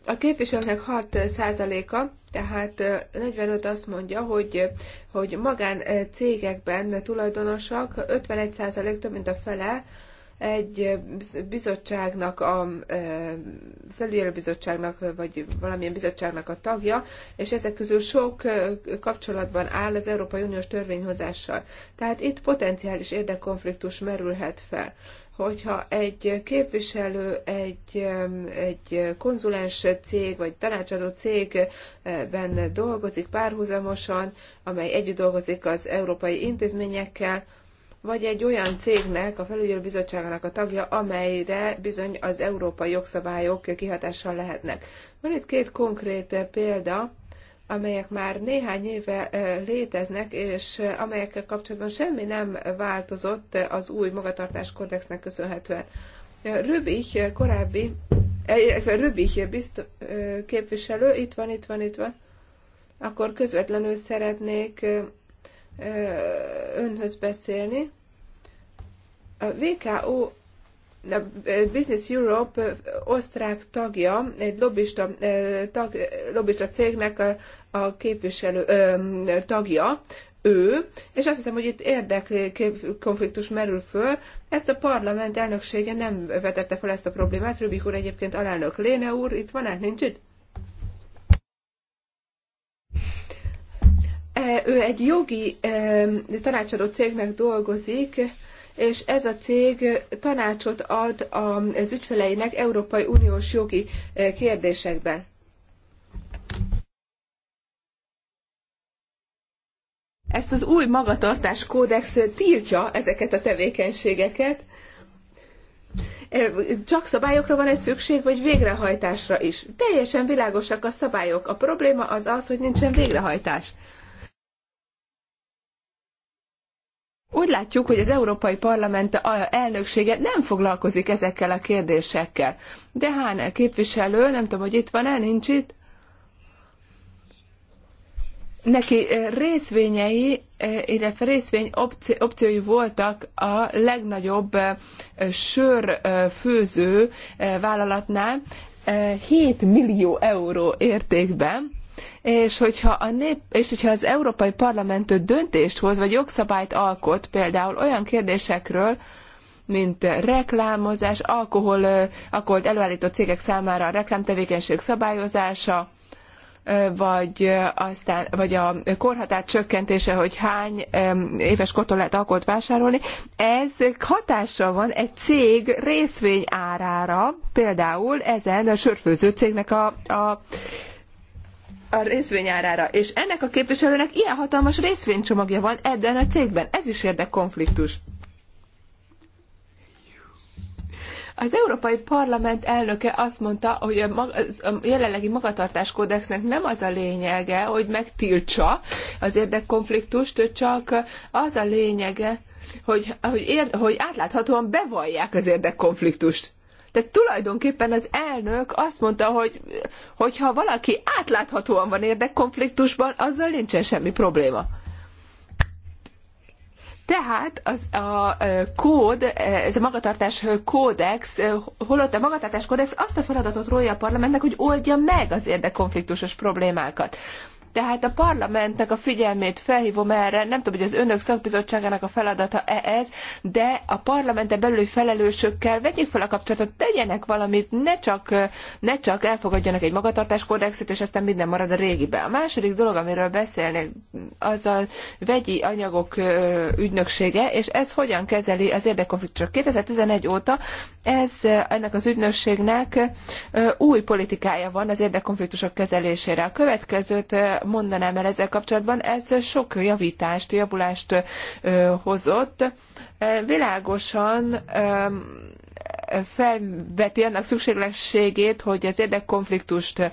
a képviselőnek 6 százaléka, tehát 45 azt mondja, hogy, hogy magán cégekben tulajdonosak, 51% több mint a fele egy bizottságnak, a felügyelőbizottságnak, vagy valamilyen bizottságnak a tagja, és ezek közül sok kapcsolatban áll az Európai Uniós törvényhozással. Tehát itt potenciális érdekkonfliktus merülhet fel hogyha egy képviselő egy, egy konzulens cég vagy tanácsadó cégben dolgozik párhuzamosan, amely együtt dolgozik az európai intézményekkel, vagy egy olyan cégnek, a felügyelőbizottságának a tagja, amelyre bizony az európai jogszabályok kihatással lehetnek. Van itt két konkrét példa, amelyek már néhány éve léteznek, és amelyekkel kapcsolatban semmi nem változott az új magatartás magatartáskódexnek köszönhetően. Rübich korábbi, illetve Rübich képviselő, itt van, itt van, itt van, akkor közvetlenül szeretnék önhöz beszélni. A VKO a Business Europe osztrák tagja, egy lobbista, tag, lobbista cégnek a, a képviselő ö, tagja, ő, és azt hiszem, hogy itt konfliktus merül föl. Ezt a parlament elnöksége nem vetette fel ezt a problémát. Rubik úr egyébként alelnök. Léne úr, itt van-e? Nincs itt? E, ő egy jogi tanácsadó cégnek dolgozik, és ez a cég tanácsot ad az ügyfeleinek Európai Uniós jogi kérdésekben. Ezt az új magatartás kódex tiltja ezeket a tevékenységeket. Csak szabályokra van-e szükség, vagy végrehajtásra is? Teljesen világosak a szabályok. A probléma az az, hogy nincsen végrehajtás. Úgy látjuk, hogy az Európai Parlament elnöksége nem foglalkozik ezekkel a kérdésekkel. De Hán képviselő, nem tudom, hogy itt van-e, nincs itt, neki eh, részvényei, eh, illetve részvény opciói voltak a legnagyobb eh, sörfőző vállalatnál 7 millió euró értékben, és hogyha, a nép, és hogyha az Európai Parlament döntést hoz, vagy jogszabályt alkot például olyan kérdésekről, mint reklámozás, alkohol, alkoholt előállító cégek számára a reklámtevékenység szabályozása, vagy, aztán, vagy a korhatár csökkentése, hogy hány éves kortól lehet alkoholt vásárolni, ez hatással van egy cég részvény árára, például ezen a sörfőző cégnek a, a a részvényárára, és ennek a képviselőnek ilyen hatalmas részvénycsomagja van ebben a cégben. Ez is konfliktus. Az Európai Parlament elnöke azt mondta, hogy a, maga, a jelenlegi magatartáskódexnek nem az a lényege, hogy megtiltsa az érdekkonfliktust, csak az a lényege, hogy, hogy, ér, hogy átláthatóan bevallják az érdekkonfliktust. Tehát tulajdonképpen az elnök azt mondta, hogy hogyha valaki átláthatóan van érdekkonfliktusban, azzal nincsen semmi probléma. Tehát az a kód, ez a magatartás kódex, holott a magatartás kódex azt a feladatot rója a parlamentnek, hogy oldja meg az érdekkonfliktusos problémákat. Tehát a parlamentnek a figyelmét felhívom erre, nem tudom, hogy az önök szakbizottságának a feladata -e ez, de a parlamenten belüli felelősökkel vegyék fel a kapcsolatot, tegyenek valamit, ne csak, ne csak elfogadjanak egy magatartáskódexet, és aztán minden marad a régibe. A második dolog, amiről beszélnék, az a vegyi anyagok ügynöksége, és ez hogyan kezeli az érdekkonfliktusok. 2011 óta ez ennek az ügynökségnek új politikája van az érdekkonfliktusok kezelésére. A következőt mondanám el ezzel kapcsolatban. Ez sok javítást, javulást hozott. Világosan felveti annak szükségességét, hogy az érdekkonfliktust,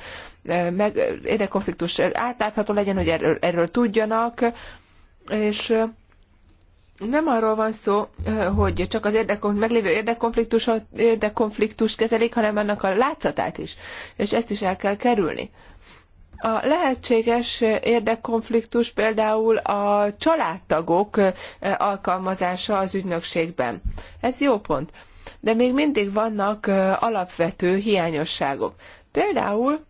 meg, érdekkonfliktus átlátható legyen, hogy erről, erről tudjanak, és nem arról van szó, hogy csak az érdekkonfliktus meglévő érdekkonfliktus, érdekkonfliktust kezelik, hanem annak a látszatát is, és ezt is el kell kerülni. A lehetséges érdekkonfliktus például a családtagok alkalmazása az ügynökségben. Ez jó pont. De még mindig vannak alapvető hiányosságok. Például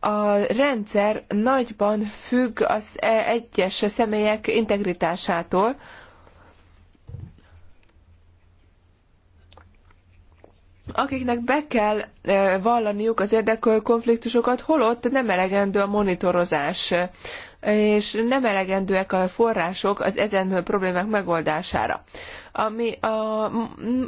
a rendszer nagyban függ az egyes személyek integritásától, akiknek be kell eh, vallaniuk az érdekkonfliktusokat, holott nem elegendő a monitorozás és nem elegendőek a források az ezen problémák megoldására. Ami a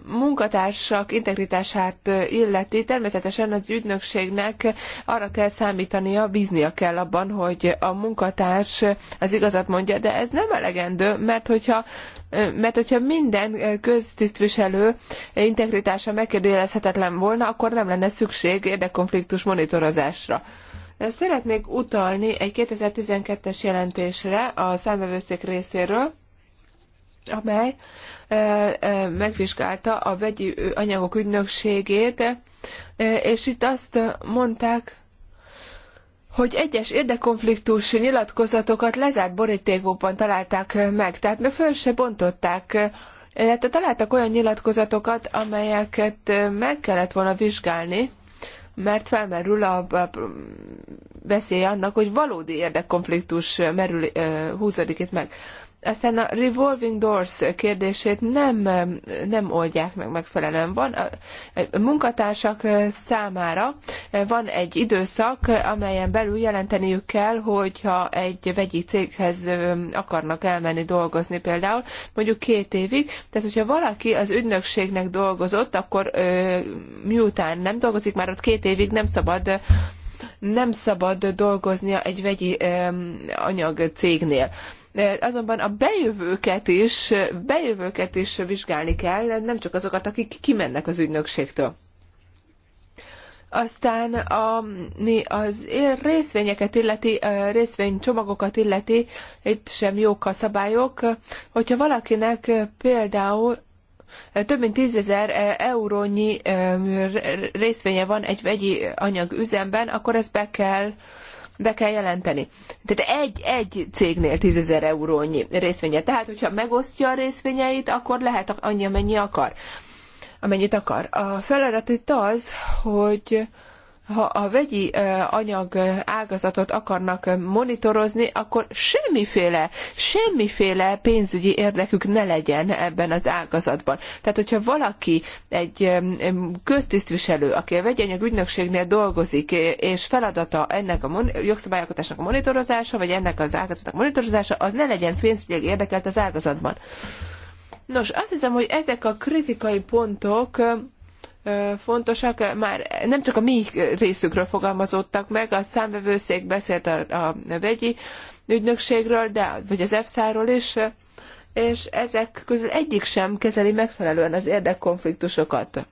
munkatársak integritását illeti, természetesen az ügynökségnek arra kell számítania, bíznia kell abban, hogy a munkatárs az igazat mondja, de ez nem elegendő, mert hogyha, mert hogyha minden köztisztviselő integritása megkérdőjelezhetetlen volna, akkor nem lenne szükség érdekkonfliktus monitorozásra. Szeretnék utalni egy 2012-es jelentésre a számvevőszék részéről, amely megvizsgálta a vegyi anyagok ügynökségét, és itt azt mondták, hogy egyes érdekkonfliktus nyilatkozatokat lezárt borítékokban találták meg, tehát mert föl se bontották, illetve találtak olyan nyilatkozatokat, amelyeket meg kellett volna vizsgálni, mert felmerül a, veszély annak, hogy valódi érdekkonfliktus merül, húzódik itt meg. Aztán a revolving doors kérdését nem, nem oldják meg megfelelően. Van a, a munkatársak számára van egy időszak, amelyen belül jelenteniük kell, hogyha egy vegyi céghez akarnak elmenni dolgozni például, mondjuk két évig. Tehát, hogyha valaki az ügynökségnek dolgozott, akkor miután nem dolgozik, már ott két évig nem szabad nem szabad dolgoznia egy vegyi anyag cégnél azonban a bejövőket is, bejövőket is vizsgálni kell, nem csak azokat, akik kimennek az ügynökségtől. Aztán a, mi az részvényeket illeti, részvénycsomagokat illeti, itt sem jók a szabályok. Hogyha valakinek például több mint tízezer eurónyi részvénye van egy vegyi anyag üzemben, akkor ezt be kell be kell jelenteni. Tehát egy, egy cégnél 10 ezer eurónyi részvénye. Tehát, hogyha megosztja a részvényeit, akkor lehet annyi, amennyi akar. Amennyit akar. A feladat itt az, hogy ha a vegyi anyag ágazatot akarnak monitorozni, akkor semmiféle, semmiféle pénzügyi érdekük ne legyen ebben az ágazatban. Tehát, hogyha valaki egy köztisztviselő, aki a vegyi anyag ügynökségnél dolgozik, és feladata ennek a jogszabályalkotásnak a monitorozása, vagy ennek az ágazatnak a monitorozása, az ne legyen pénzügyileg érdekelt az ágazatban. Nos, azt hiszem, hogy ezek a kritikai pontok fontosak, már nem csak a mi részükről fogalmazódtak meg, a számvevőszék beszélt a, a vegyi ügynökségről, de, vagy az EFSA-ról is, és ezek közül egyik sem kezeli megfelelően az érdekkonfliktusokat.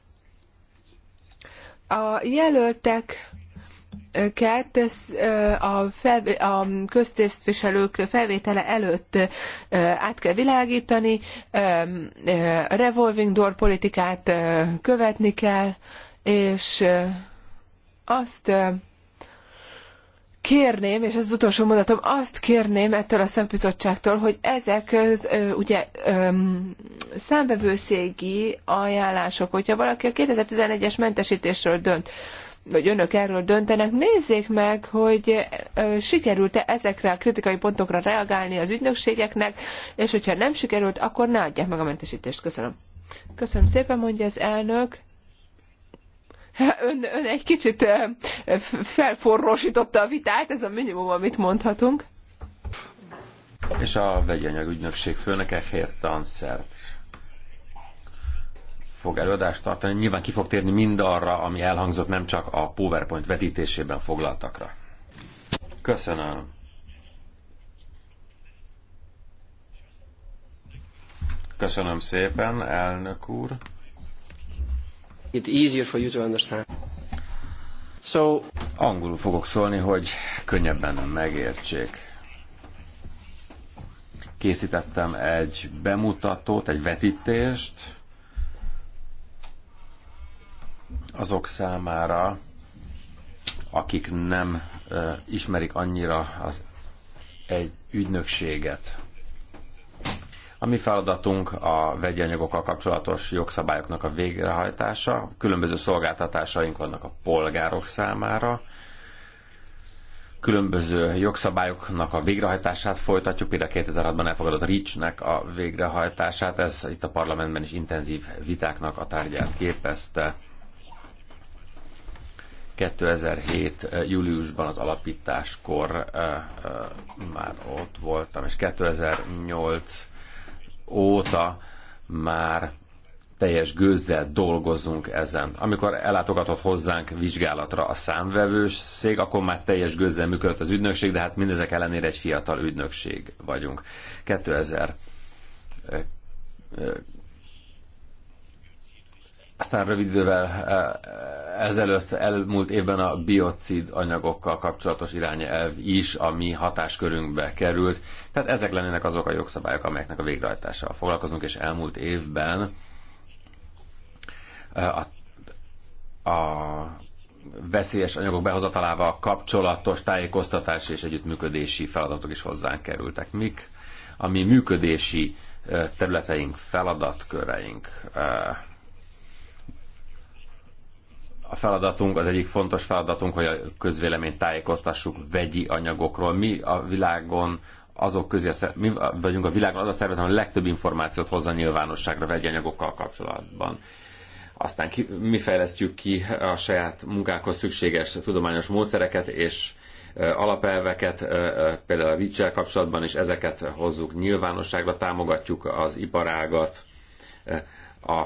A jelöltek őket a, a köztisztviselők felvétele előtt át kell világítani, revolving door politikát követni kell, és azt kérném, és ez az utolsó mondatom, azt kérném ettől a szakbizottságtól, hogy ezek ugye számbevőszégi ajánlások, hogyha valaki a 2011-es mentesítésről dönt, vagy önök erről döntenek, nézzék meg, hogy sikerült-e ezekre a kritikai pontokra reagálni az ügynökségeknek, és hogyha nem sikerült, akkor ne adják meg a mentesítést. Köszönöm. Köszönöm szépen, mondja az elnök. Ön, ön egy kicsit felforrósította a vitát, ez a minimum, amit mondhatunk. És a vegyanyag ügynökség főnöke Herr Tanszer fog előadást tartani, nyilván ki fog térni mindarra, ami elhangzott, nem csak a PowerPoint vetítésében foglaltakra. Köszönöm. Köszönöm szépen, elnök úr. It easier for you to understand. So... Angolul fogok szólni, hogy könnyebben megértsék. Készítettem egy bemutatót, egy vetítést, azok számára, akik nem ismerik annyira az egy ügynökséget. A mi feladatunk a vegyi anyagokkal kapcsolatos jogszabályoknak a végrehajtása, különböző szolgáltatásaink vannak a polgárok számára, különböző jogszabályoknak a végrehajtását folytatjuk, például 2006-ban elfogadott Ricsnek a végrehajtását, ez itt a parlamentben is intenzív vitáknak a tárgyát képezte. 2007. Eh, júliusban az alapításkor eh, eh, már ott voltam, és 2008 óta már teljes gőzzel dolgozunk ezen. Amikor ellátogatott hozzánk vizsgálatra a számvevőség, akkor már teljes gőzzel működött az ügynökség, de hát mindezek ellenére egy fiatal ügynökség vagyunk. 2000 aztán rövid idővel e, e, ezelőtt elmúlt évben a biocid anyagokkal kapcsolatos irányelv is a mi hatáskörünkbe került. Tehát ezek lennének azok a jogszabályok, amelyeknek a végrehajtással foglalkozunk, és elmúlt évben e, a, a veszélyes anyagok behozatalával kapcsolatos tájékoztatási és együttműködési feladatok is hozzánk kerültek. Mik a mi működési területeink, feladatköreink? a feladatunk, az egyik fontos feladatunk, hogy a közvéleményt tájékoztassuk vegyi anyagokról. Mi a világon azok közé, mi vagyunk a világon az a szervezet, amely a legtöbb információt hozza nyilvánosságra vegyi anyagokkal kapcsolatban. Aztán ki, mi fejlesztjük ki a saját munkákhoz szükséges tudományos módszereket és alapelveket, például a reach kapcsolatban, és ezeket hozzuk nyilvánosságra, támogatjuk az iparágat, a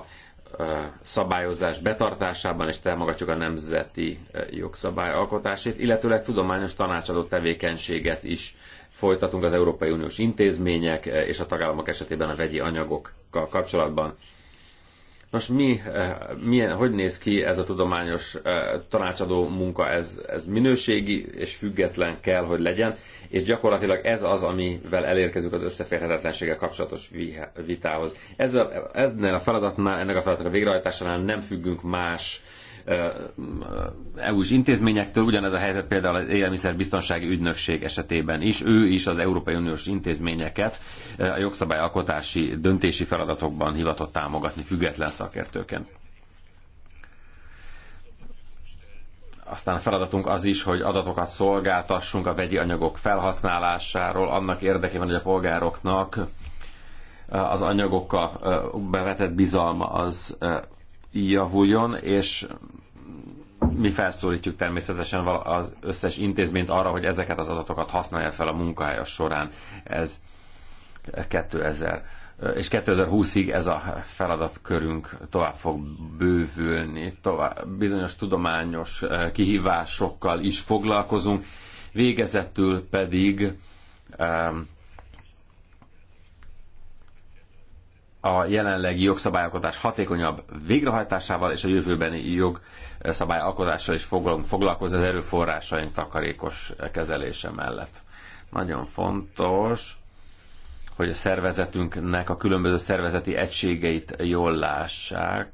szabályozás betartásában, és támogatjuk a nemzeti jogszabály alkotását, illetőleg tudományos tanácsadó tevékenységet is folytatunk az Európai Uniós intézmények és a tagállamok esetében a vegyi anyagokkal kapcsolatban. Nos, mi, eh, milyen, hogy néz ki ez a tudományos eh, tanácsadó munka? Ez, ez minőségi és független kell, hogy legyen, és gyakorlatilag ez az, amivel elérkezünk az összeférhetetlenséggel kapcsolatos vitához. Ezzel, ezzel a feladatnál, ennek a feladatnak a végrehajtásánál nem függünk más EU-s intézményektől. Ugyanez a helyzet például az élelmiszerbiztonsági ügynökség esetében is. Ő is az Európai Uniós intézményeket a jogszabályalkotási döntési feladatokban hivatott támogatni független szakértőken. aztán a feladatunk az is, hogy adatokat szolgáltassunk a vegyi anyagok felhasználásáról, annak érdekében, hogy a polgároknak az anyagokkal bevetett bizalma az javuljon, és mi felszólítjuk természetesen az összes intézményt arra, hogy ezeket az adatokat használja fel a munkahelye során. Ez 2000 és 2020-ig ez a feladatkörünk tovább fog bővülni, tovább, bizonyos tudományos eh, kihívásokkal is foglalkozunk, végezetül pedig um, a jelenlegi jogszabályalkotás hatékonyabb végrehajtásával és a jövőbeni jogszabályalkotással eh, is foglalkozni az erőforrásaink takarékos kezelése mellett. Nagyon fontos, hogy a szervezetünknek a különböző szervezeti egységeit jól lássák.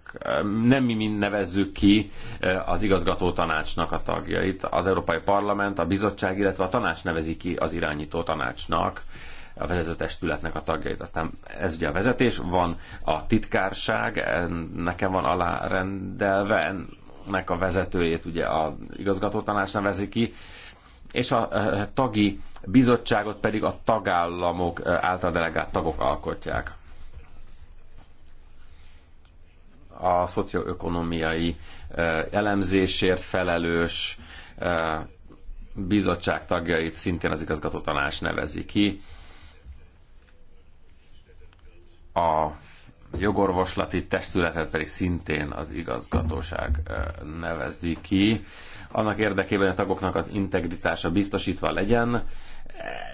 Nem mi mind nevezzük ki eh, az igazgató tanácsnak a tagjait. Az Európai Parlament, a bizottság, illetve a tanács nevezi ki az irányító tanácsnak a vezetőtestületnek a tagjait. Aztán ez ugye a vezetés, van a titkárság, nekem van alárendelve, ennek a vezetőjét ugye a igazgató tanács nevezi ki, és a eh, tagi bizottságot pedig a tagállamok eh, által delegált tagok alkotják. A szocioökonomiai eh, elemzésért felelős bizottság tagjait szintén az igazgató tanács nevezi ki, a jogorvoslati testületet pedig szintén az igazgatóság nevezi ki. Annak érdekében, hogy a tagoknak az integritása biztosítva legyen, e,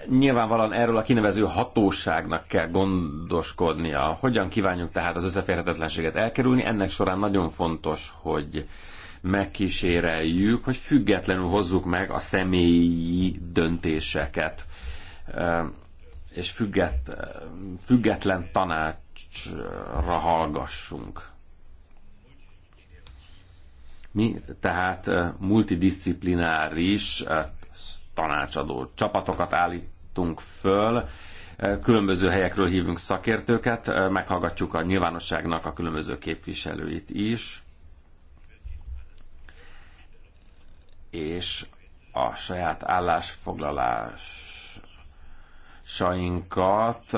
nyilvánvalóan erről a kinevező hatóságnak kell gondoskodnia. Hogyan kívánjuk tehát az összeférhetetlenséget elkerülni? Ennek során nagyon fontos, hogy megkíséreljük, hogy függetlenül hozzuk meg a személyi döntéseket e, és függet, független tanácsra hallgassunk. Mi tehát eh, multidisciplináris eh, tanácsadó csapatokat állítunk föl, eh, különböző helyekről hívunk szakértőket, meghallgatjuk a nyilvánosságnak a különböző képviselőit is, és a saját állásfoglalás forrásainkat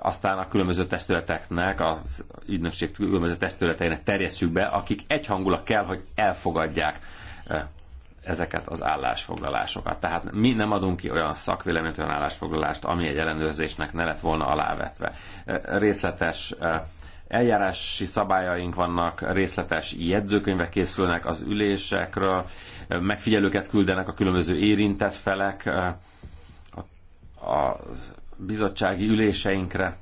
aztán a különböző testületeknek, az ügynökség különböző testületeinek terjesszük be, akik egyhangulag kell, hogy elfogadják eh, ezeket az állásfoglalásokat. Tehát mi nem adunk ki olyan szakvéleményt, olyan állásfoglalást, ami egy ellenőrzésnek ne lett volna alávetve. Eh, részletes eh, eljárási szabályaink vannak, részletes jegyzőkönyvek készülnek az ülésekről, megfigyelőket küldenek a különböző érintett felek, a bizottsági üléseinkre,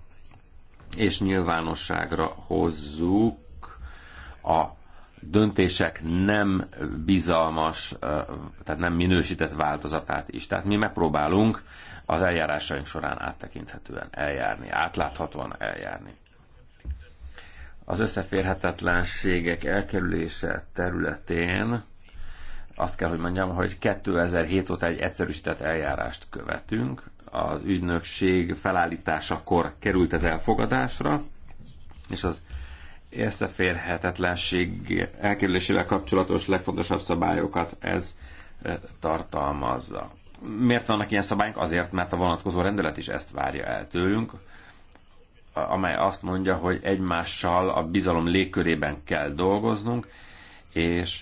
és nyilvánosságra hozzuk a döntések nem bizalmas, tehát nem minősített változatát is. Tehát mi megpróbálunk az eljárásaink során áttekinthetően eljárni, átláthatóan eljárni. Az összeférhetetlenségek elkerülése területén azt kell, hogy mondjam, hogy 2007 óta egy egyszerűsített eljárást követünk, az ügynökség felállításakor került ez elfogadásra, és az összeférhetetlenség elkerülésével kapcsolatos legfontosabb szabályokat ez e, tartalmazza. Miért vannak ilyen szabályok? Azért, mert a vonatkozó rendelet is ezt várja el tőlünk, amely azt mondja, hogy egymással a bizalom légkörében kell dolgoznunk, és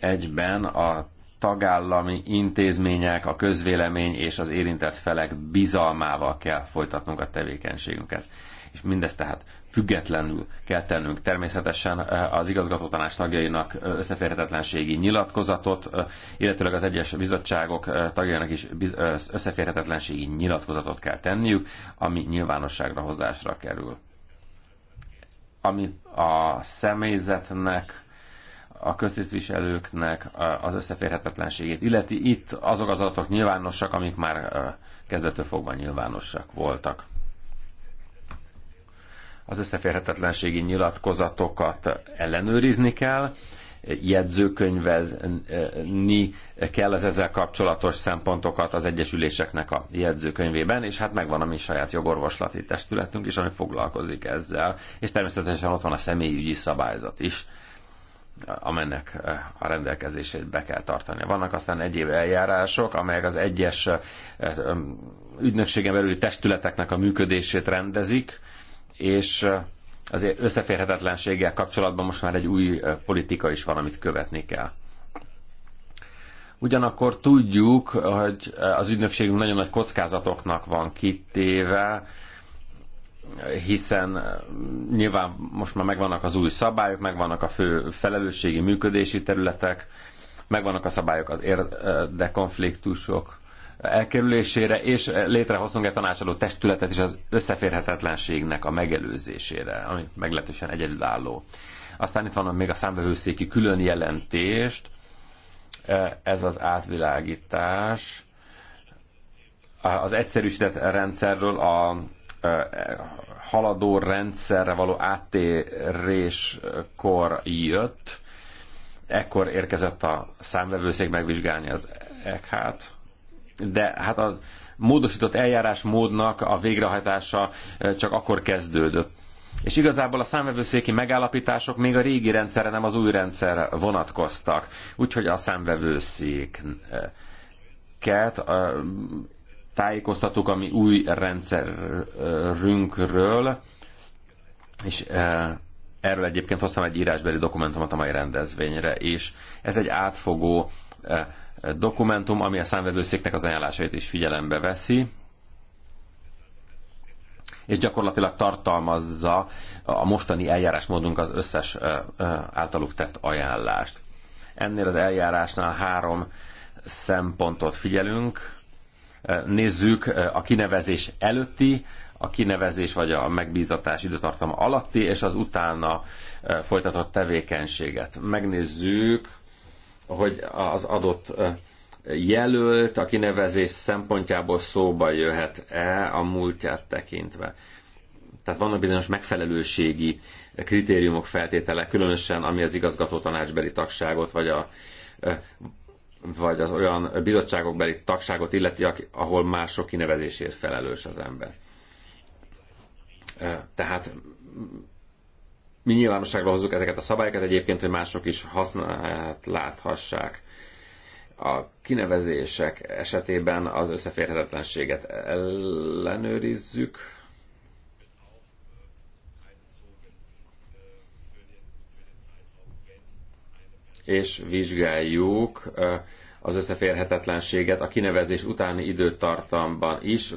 egyben a tagállami intézmények, a közvélemény és az érintett felek bizalmával kell folytatnunk a tevékenységünket. És mindezt tehát függetlenül kell tennünk. Természetesen eh, az igazgatótanás tagjainak eh, összeférhetetlenségi nyilatkozatot, eh, illetőleg az egyes bizottságok tagjainak is összeférhetetlenségi nyilatkozatot kell tenniük, ami nyilvánosságra hozásra kerül. Ami a személyzetnek a köztisztviselőknek az összeférhetetlenségét illeti. Itt azok az adatok nyilvánosak, amik már kezdetől fogva nyilvánosak voltak. Az összeférhetetlenségi nyilatkozatokat ellenőrizni kell, jegyzőkönyvezni kell az ezzel kapcsolatos szempontokat az egyesüléseknek a jegyzőkönyvében, és hát megvan a mi saját jogorvoslati testületünk is, ami foglalkozik ezzel, és természetesen ott van a személyügyi szabályzat is amennek eh, a rendelkezését be kell tartani. Vannak aztán egyéb eljárások, amelyek az egyes eh, eh, ügynökségen belüli testületeknek a működését rendezik, és az összeférhetetlenséggel kapcsolatban most már egy új politika is van, amit követni kell. Ugyanakkor tudjuk, hogy az ügynökségünk nagyon nagy kockázatoknak van kitéve, hiszen eh, nyilván most már megvannak az új szabályok, megvannak a fő felelősségi működési területek, megvannak a szabályok az érdekonfliktusok elkerülésére, és eh, létrehoztunk egy tanácsadó testületet is az összeférhetetlenségnek a megelőzésére, ami meglehetősen egyedülálló. Aztán itt van még a számbevőszéki külön jelentést, eh, ez az átvilágítás az egyszerűsített rendszerről a haladó rendszerre való áttéréskor jött, ekkor érkezett a számvevőszék megvizsgálni az ECH-t, de hát a módosított eljárásmódnak a végrehajtása csak akkor kezdődött. És igazából a számvevőszéki megállapítások még a régi rendszerre, nem az új rendszerre vonatkoztak. Úgyhogy a számvevőszék ket tájékoztatók a mi új rendszerünkről, és eh, erről egyébként hoztam egy írásbeli dokumentumot a mai rendezvényre, és ez egy átfogó eh, dokumentum, ami a számvevőszéknek az ajánlásait is figyelembe veszi, és gyakorlatilag tartalmazza a mostani eljárásmódunk az összes eh, általuk tett ajánlást. Ennél az eljárásnál három szempontot figyelünk, nézzük eh, a kinevezés előtti, a kinevezés vagy a megbízatás időtartama alatti, és az utána eh, folytatott tevékenységet. Megnézzük, hogy az adott eh, jelölt a kinevezés szempontjából szóba jöhet-e a múltját tekintve. Tehát vannak bizonyos megfelelőségi kritériumok, feltétele, különösen ami az igazgató tanácsbeli tagságot, vagy a vagy az olyan bizottságokbeli tagságot illeti, ahol mások kinevezésért felelős az ember. Eh, tehát mi nyilvánosságra hozzuk ezeket a szabályokat egyébként, hogy mások is használhat, láthassák. A kinevezések esetében az összeférhetetlenséget ellenőrizzük, és vizsgáljuk az összeférhetetlenséget a kinevezés utáni időtartamban is.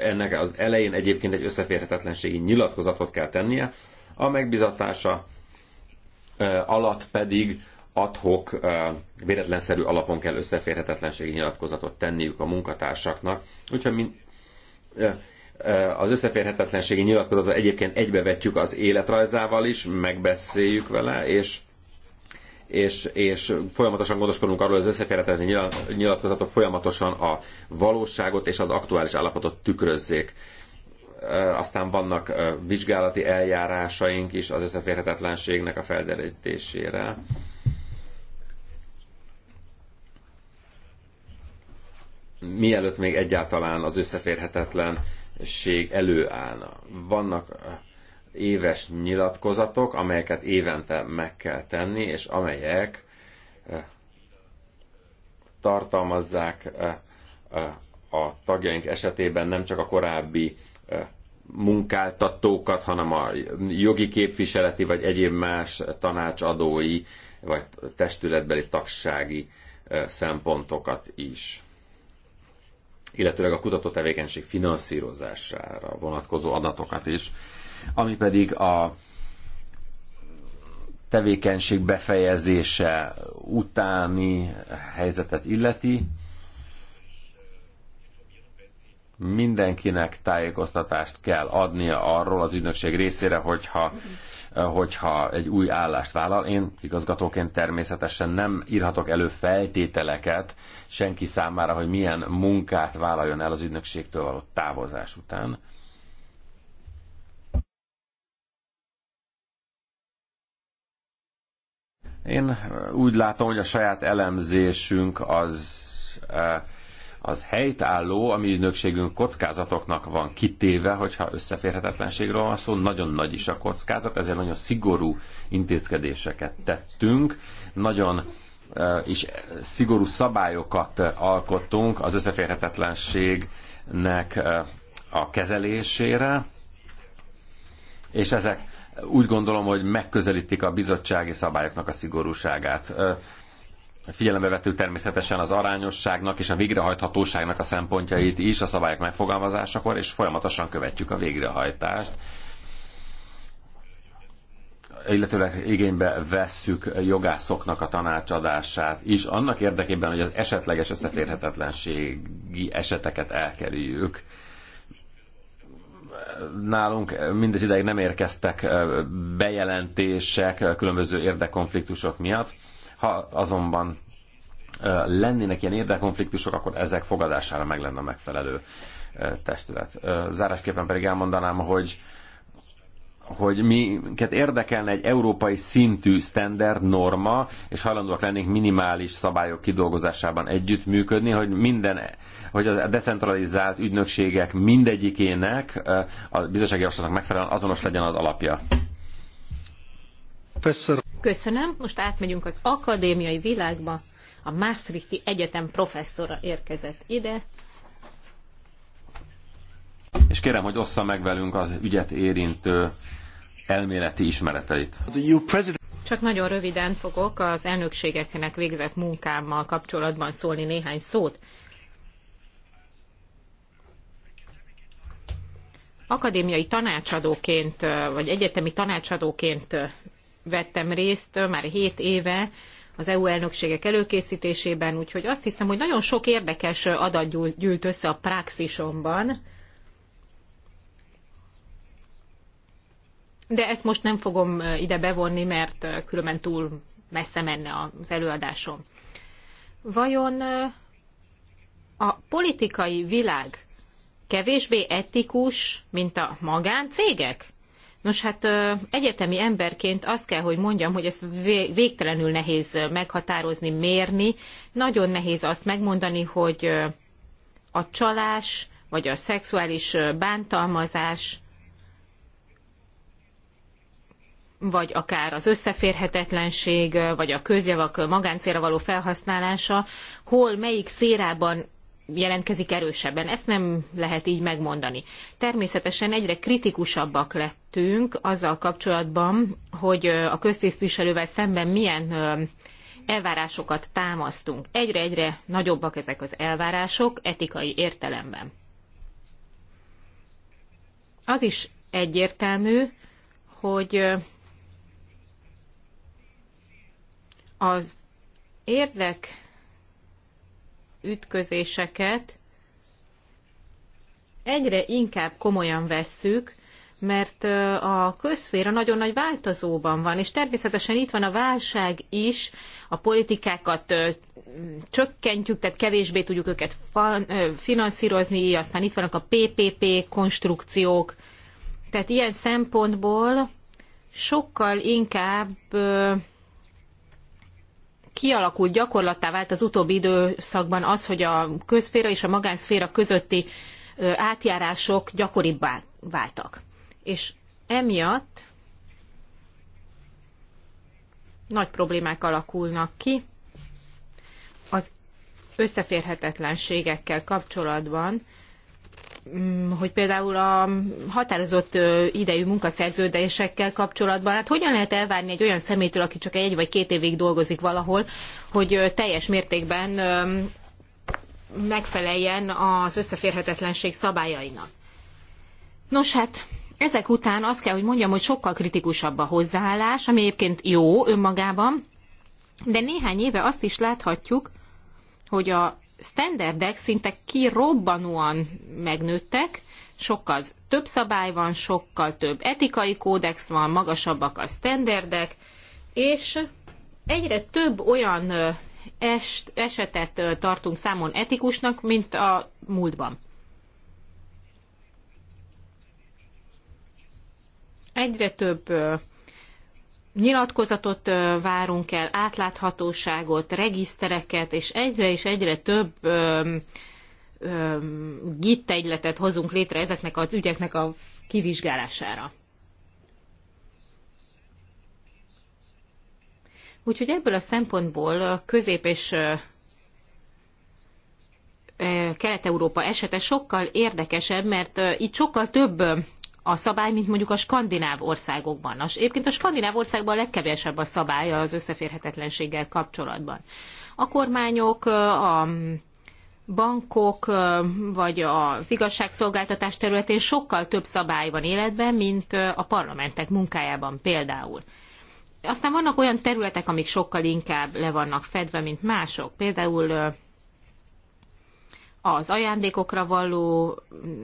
Ennek az elején egyébként egy összeférhetetlenségi nyilatkozatot kell tennie, a megbizatása alatt pedig adhok, véletlenszerű alapon kell összeférhetetlenségi nyilatkozatot tenniük a munkatársaknak. Úgyhogy min, az összeférhetetlenségi nyilatkozatot egyébként egybevetjük az életrajzával is, megbeszéljük vele, és és, és folyamatosan gondoskodunk arról, hogy az összeférhetetlen nyilatkozatok folyamatosan a valóságot és az aktuális állapotot tükrözzék. Aztán vannak vizsgálati eljárásaink is az összeférhetetlenségnek a felderítésére. Mielőtt még egyáltalán az összeférhetetlenség előállna. Vannak éves nyilatkozatok, amelyeket évente meg kell tenni, és amelyek eh, tartalmazzák eh, eh, a tagjaink esetében nem csak a korábbi munkáltatókat, hanem a jogi képviseleti vagy egyéb más tanácsadói vagy testületbeli tagsági szempontokat is illetőleg a kutatótevékenység finanszírozására vonatkozó adatokat is. Ami pedig a tevékenység befejezése utáni helyzetet illeti, mindenkinek tájékoztatást kell adnia arról az ügynökség részére, hogyha, hogyha egy új állást vállal. Én igazgatóként természetesen nem írhatok elő feltételeket senki számára, hogy milyen munkát vállaljon el az ügynökségtől való távozás után. Én úgy látom, hogy a saját elemzésünk az, az helytálló, a mi ügynökségünk kockázatoknak van kitéve, hogyha összeférhetetlenségről van szó, nagyon nagy is a kockázat, ezért nagyon szigorú intézkedéseket tettünk, nagyon is szigorú szabályokat alkottunk az összeférhetetlenségnek a kezelésére, és ezek úgy gondolom, hogy megközelítik a bizottsági szabályoknak a szigorúságát. Figyelembe vettük természetesen az arányosságnak és a végrehajthatóságnak a szempontjait is a szabályok megfogalmazásakor, és folyamatosan követjük a végrehajtást illetőleg igénybe vesszük jogászoknak a tanácsadását is, annak érdekében, hogy az esetleges összeférhetetlenségi eseteket elkerüljük nálunk mindez ideig nem érkeztek bejelentések különböző érdekkonfliktusok miatt. Ha azonban lennének ilyen érdekkonfliktusok, akkor ezek fogadására meg lenne a megfelelő testület. Zárásképpen pedig elmondanám, hogy hogy minket érdekelne egy európai szintű standard, norma, és hajlandóak lennénk minimális szabályok kidolgozásában együttműködni, hogy minden, hogy a decentralizált ügynökségek mindegyikének eh, a bizottsági javaslatnak megfelelően azonos legyen az alapja. Köszönöm. Most átmegyünk az akadémiai világba. A Maastrichti Egyetem professzora érkezett ide, és kérem, hogy ossza meg velünk az ügyet érintő elméleti ismereteit. Csak nagyon röviden fogok az elnökségeknek végzett munkámmal kapcsolatban szólni néhány szót. Akadémiai tanácsadóként, vagy egyetemi tanácsadóként vettem részt már 7 éve az EU elnökségek előkészítésében, úgyhogy azt hiszem, hogy nagyon sok érdekes adat gyűlt össze a praxisomban, de ezt most nem fogom ide bevonni, mert különben túl messze menne az előadásom. Vajon a politikai világ kevésbé etikus, mint a magáncégek? Nos hát egyetemi emberként azt kell, hogy mondjam, hogy ezt végtelenül nehéz meghatározni, mérni. Nagyon nehéz azt megmondani, hogy a csalás vagy a szexuális bántalmazás vagy akár az összeférhetetlenség, vagy a közjavak magáncélra való felhasználása, hol melyik szérában jelentkezik erősebben. Ezt nem lehet így megmondani. Természetesen egyre kritikusabbak lettünk azzal kapcsolatban, hogy a köztisztviselővel szemben milyen elvárásokat támasztunk. Egyre-egyre nagyobbak ezek az elvárások etikai értelemben. Az is egyértelmű, hogy az érdek ütközéseket egyre inkább komolyan vesszük, mert a közféra nagyon nagy változóban van, és természetesen itt van a válság is, a politikákat csökkentjük, tehát kevésbé tudjuk őket finanszírozni, aztán itt vannak a PPP konstrukciók, tehát ilyen szempontból sokkal inkább kialakult gyakorlattá vált az utóbbi időszakban az, hogy a közféra és a magánszféra közötti átjárások gyakoribbá váltak. És emiatt nagy problémák alakulnak ki az összeférhetetlenségekkel kapcsolatban, Mm, hogy például a határozott idejű munkaszerződésekkel kapcsolatban, hát hogyan lehet elvárni egy olyan szemétől, aki csak egy vagy két évig dolgozik valahol, hogy teljes mértékben megfeleljen az összeférhetetlenség szabályainak. Nos hát, ezek után azt kell, hogy mondjam, hogy sokkal kritikusabb a hozzáállás, ami egyébként jó önmagában, de néhány éve azt is láthatjuk, hogy a standardek szinte kirobbanóan megnőttek, sokkal több szabály van, sokkal több etikai kódex van, magasabbak a standardek, és egyre több olyan est, esetet tartunk számon etikusnak, mint a múltban. Egyre több nyilatkozatot várunk el, átláthatóságot, regisztereket, és egyre és egyre több gittegyletet hozunk létre ezeknek az ügyeknek a kivizsgálására. Úgyhogy ebből a szempontból Közép- és Kelet-Európa esete sokkal érdekesebb, mert itt sokkal több a szabály, mint mondjuk a skandináv országokban. Nos, egyébként a skandináv országban a legkevesebb a szabály az összeférhetetlenséggel kapcsolatban. A kormányok, a bankok vagy az igazságszolgáltatás területén sokkal több szabály van életben, mint a parlamentek munkájában például. Aztán vannak olyan területek, amik sokkal inkább le vannak fedve, mint mások. Például az ajándékokra való,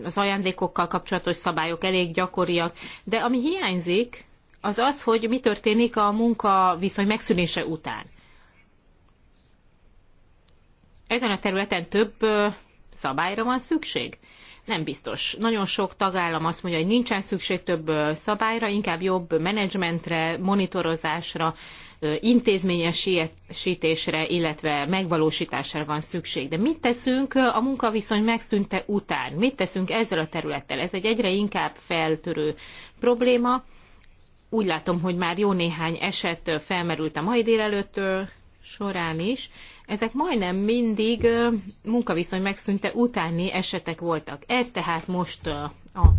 az ajándékokkal kapcsolatos szabályok elég gyakoriak, de ami hiányzik, az az, hogy mi történik a munka viszony megszűnése után. Ezen a területen több szabályra van szükség? Nem biztos. Nagyon sok tagállam azt mondja, hogy nincsen szükség több szabályra, inkább jobb menedzsmentre, monitorozásra, intézményesítésre, illetve megvalósításra van szükség. De mit teszünk a munkaviszony megszűnte után? Mit teszünk ezzel a területtel? Ez egy egyre inkább feltörő probléma. Úgy látom, hogy már jó néhány eset felmerült a mai délelőtt során is, ezek majdnem mindig munkaviszony megszűnte utáni esetek voltak. Ez tehát most a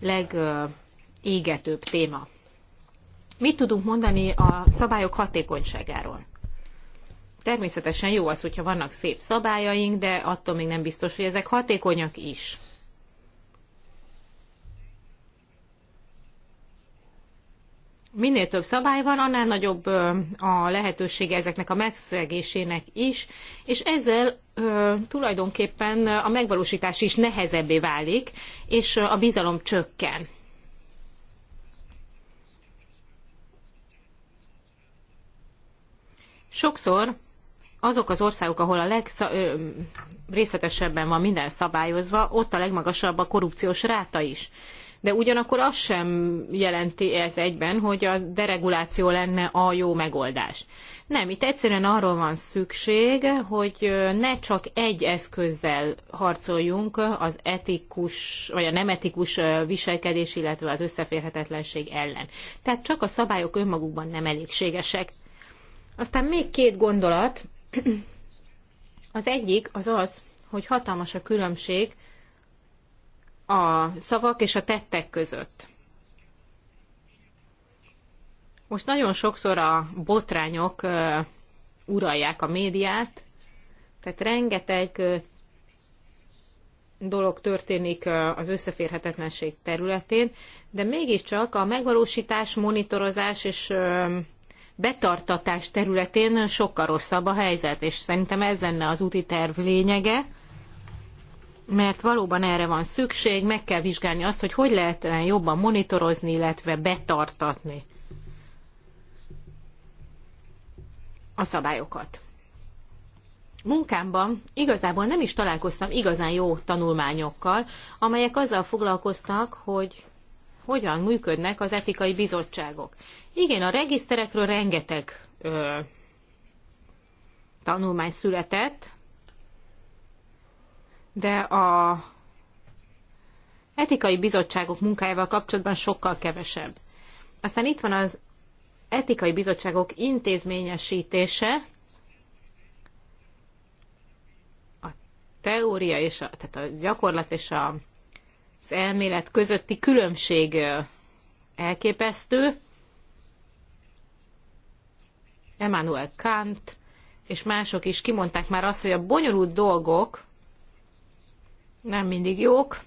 legégetőbb téma. Mit tudunk mondani a szabályok hatékonyságáról? Természetesen jó az, hogyha vannak szép szabályaink, de attól még nem biztos, hogy ezek hatékonyak is. minél több szabály van, annál nagyobb a lehetősége ezeknek a megszegésének is, és ezzel tulajdonképpen a megvalósítás is nehezebbé válik, és a bizalom csökken. Sokszor azok az országok, ahol a legrészletesebben van minden szabályozva, ott a legmagasabb a korrupciós ráta is de ugyanakkor az sem jelenti ez egyben, hogy a dereguláció lenne a jó megoldás. Nem, itt egyszerűen arról van szükség, hogy ne csak egy eszközzel harcoljunk az etikus, vagy a nem etikus viselkedés, illetve az összeférhetetlenség ellen. Tehát csak a szabályok önmagukban nem elégségesek. Aztán még két gondolat. Az egyik az az, hogy hatalmas a különbség a szavak és a tettek között. Most nagyon sokszor a botrányok uralják a médiát, tehát rengeteg dolog történik az összeférhetetlenség területén, de mégiscsak a megvalósítás, monitorozás és betartatás területén sokkal rosszabb a helyzet, és szerintem ez lenne az úti terv lényege, mert valóban erre van szükség, meg kell vizsgálni azt, hogy hogy lehet jobban monitorozni, illetve betartatni a szabályokat. Munkámban igazából nem is találkoztam igazán jó tanulmányokkal, amelyek azzal foglalkoztak, hogy hogyan működnek az etikai bizottságok. Igen, a regiszterekről rengeteg ö, tanulmány született, de a etikai bizottságok munkájával kapcsolatban sokkal kevesebb. Aztán itt van az etikai bizottságok intézményesítése, a teória és a, tehát a gyakorlat és a, az elmélet közötti különbség elképesztő. Emmanuel Kant és mások is kimondták már azt, hogy a bonyolult dolgok nem mindig jók,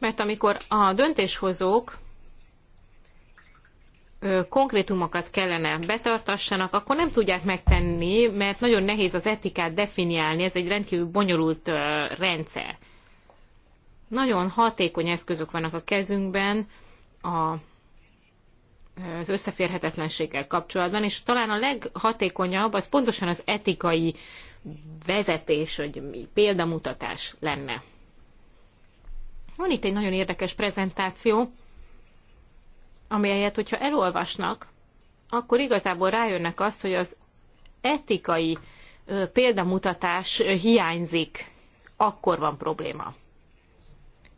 mert amikor a döntéshozók konkrétumokat kellene betartassanak, akkor nem tudják megtenni, mert nagyon nehéz az etikát definiálni, ez egy rendkívül bonyolult rendszer. Nagyon hatékony eszközök vannak a kezünkben a, az összeférhetetlenséggel kapcsolatban, és talán a leghatékonyabb az pontosan az etikai vezetés, vagy példamutatás lenne. Van itt egy nagyon érdekes prezentáció, amelyet, hogyha elolvasnak, akkor igazából rájönnek azt, hogy az etikai példamutatás hiányzik, akkor van probléma.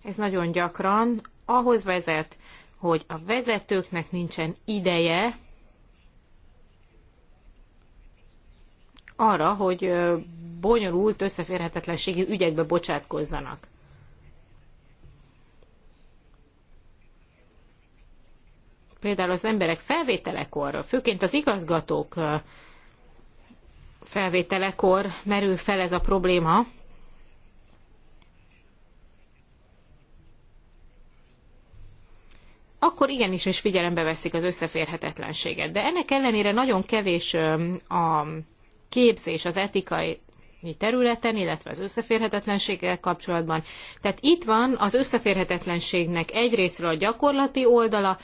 Ez nagyon gyakran ahhoz vezet, hogy a vezetőknek nincsen ideje arra, hogy bonyolult, összeférhetetlenségi ügyekbe bocsátkozzanak. Például az emberek felvételekor, főként az igazgatók felvételekor merül fel ez a probléma, akkor igenis is figyelembe veszik az összeférhetetlenséget. De ennek ellenére nagyon kevés a képzés az etikai területen, illetve az összeférhetetlenséggel kapcsolatban. Tehát itt van az összeférhetetlenségnek egyrésztről a gyakorlati oldala,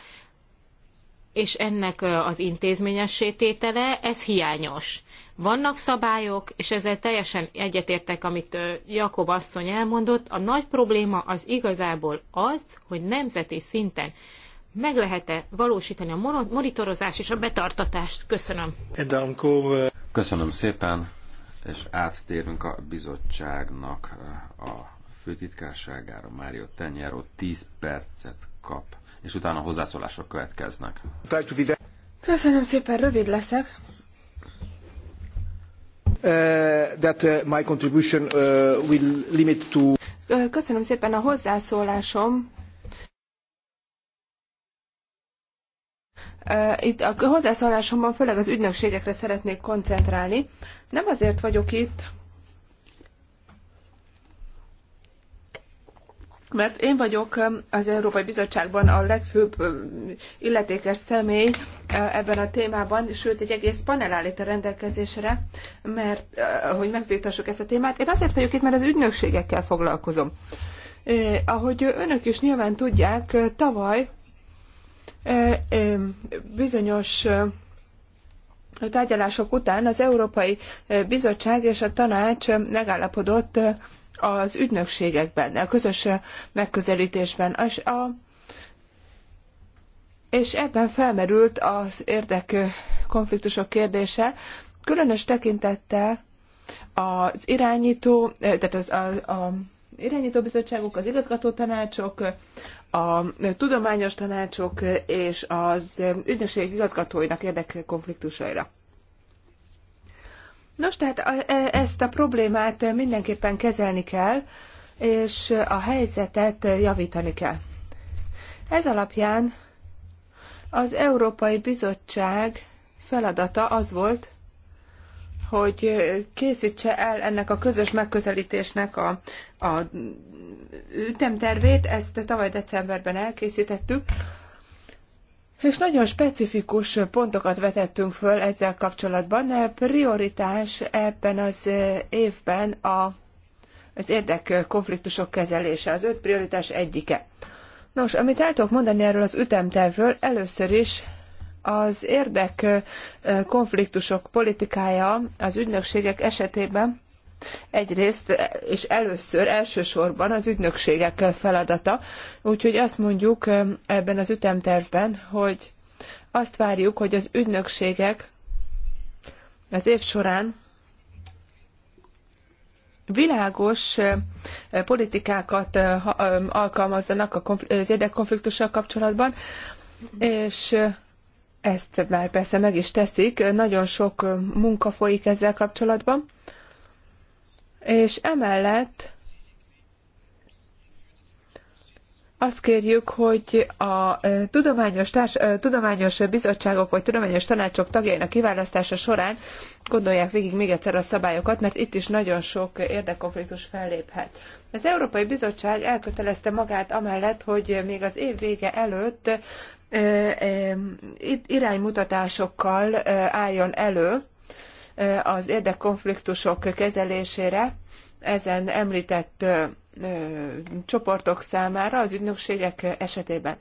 és ennek az intézményessé tétele, ez hiányos. Vannak szabályok, és ezzel teljesen egyetértek, amit Jakob asszony elmondott. A nagy probléma az igazából az, hogy nemzeti szinten meg lehet-e valósítani a monitorozás és a betartatást. Köszönöm. Köszönöm szépen, és áttérünk a bizottságnak eh, a főtitkárságára. Mário Tenyero 10 percet kap, és utána hozzászólások következnek. Köszönöm szépen, rövid leszek. Uh, that uh, my contribution uh, will limit to Köszönöm szépen a hozzászólásom. Itt a hozzászólásomban főleg az ügynökségekre szeretnék koncentrálni. Nem azért vagyok itt, mert én vagyok az Európai Bizottságban a legfőbb illetékes személy ebben a témában, sőt egy egész panel állít a rendelkezésre, mert hogy megvitassuk ezt a témát. Én azért vagyok itt, mert az ügynökségekkel foglalkozom. Ahogy önök is nyilván tudják, tavaly bizonyos tárgyalások után az Európai Bizottság és a Tanács megállapodott az ügynökségekben, a közös megközelítésben. És, a, és ebben felmerült az érdekkonfliktusok kérdése, különös tekintettel az irányító, tehát az, a, a bizottságok, az igazgató tanácsok, a tudományos tanácsok és az ügynökség igazgatóinak érdekkonfliktusaira. Nos, tehát e, ezt a problémát mindenképpen kezelni kell, és a helyzetet javítani kell. Ez alapján az Európai Bizottság feladata az volt, hogy készítse el ennek a közös megközelítésnek a, a ütemtervét. Ezt tavaly decemberben elkészítettük. És nagyon specifikus pontokat vetettünk föl ezzel kapcsolatban. Prioritás ebben az évben a, az érdekkonfliktusok kezelése, az öt prioritás egyike. Nos, amit el tudok mondani erről az ütemtervről, először is az érdek konfliktusok politikája az ügynökségek esetében egyrészt és először, elsősorban az ügynökségek feladata. Úgyhogy azt mondjuk ebben az ütemtervben, hogy azt várjuk, hogy az ügynökségek az év során világos politikákat alkalmazzanak az érdekkonfliktussal kapcsolatban, és ezt már persze meg is teszik, nagyon sok munka folyik ezzel kapcsolatban, és emellett azt kérjük, hogy a tudományos, társ, tudományos bizottságok vagy tudományos tanácsok tagjainak kiválasztása során gondolják végig még egyszer a szabályokat, mert itt is nagyon sok érdekkonfliktus felléphet. Az Európai Bizottság elkötelezte magát amellett, hogy még az év vége előtt iránymutatásokkal álljon elő az érdekkonfliktusok kezelésére ezen említett csoportok számára az ügynökségek esetében.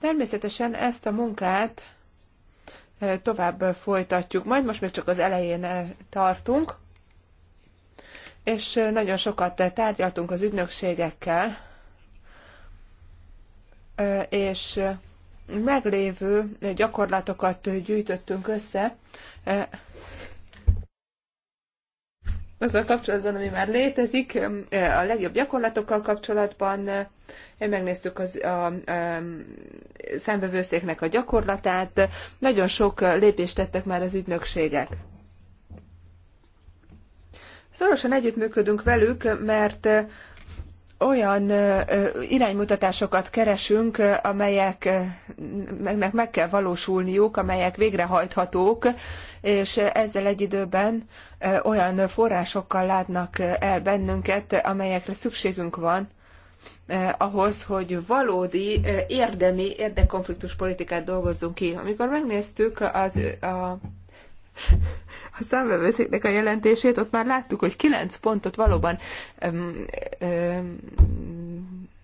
Természetesen ezt a munkát tovább folytatjuk. Majd most még csak az elején tartunk, és nagyon sokat tárgyaltunk az ügynökségekkel, és meglévő gyakorlatokat gyűjtöttünk össze, e, azzal kapcsolatban, ami már létezik, e, a legjobb gyakorlatokkal kapcsolatban e, megnéztük az, a, a számvevőszéknek a gyakorlatát, nagyon sok lépést tettek már az ügynökségek. Szorosan együttműködünk velük, mert olyan iránymutatásokat keresünk, amelyeknek meg kell valósulniuk, amelyek végrehajthatók, és ezzel egy időben olyan forrásokkal látnak el bennünket, amelyekre szükségünk van ahhoz, hogy valódi érdemi érdekkonfliktus politikát dolgozzunk ki. Amikor megnéztük az a a számvevőszéknek a jelentését, ott már láttuk, hogy kilenc pontot valóban öm, öm,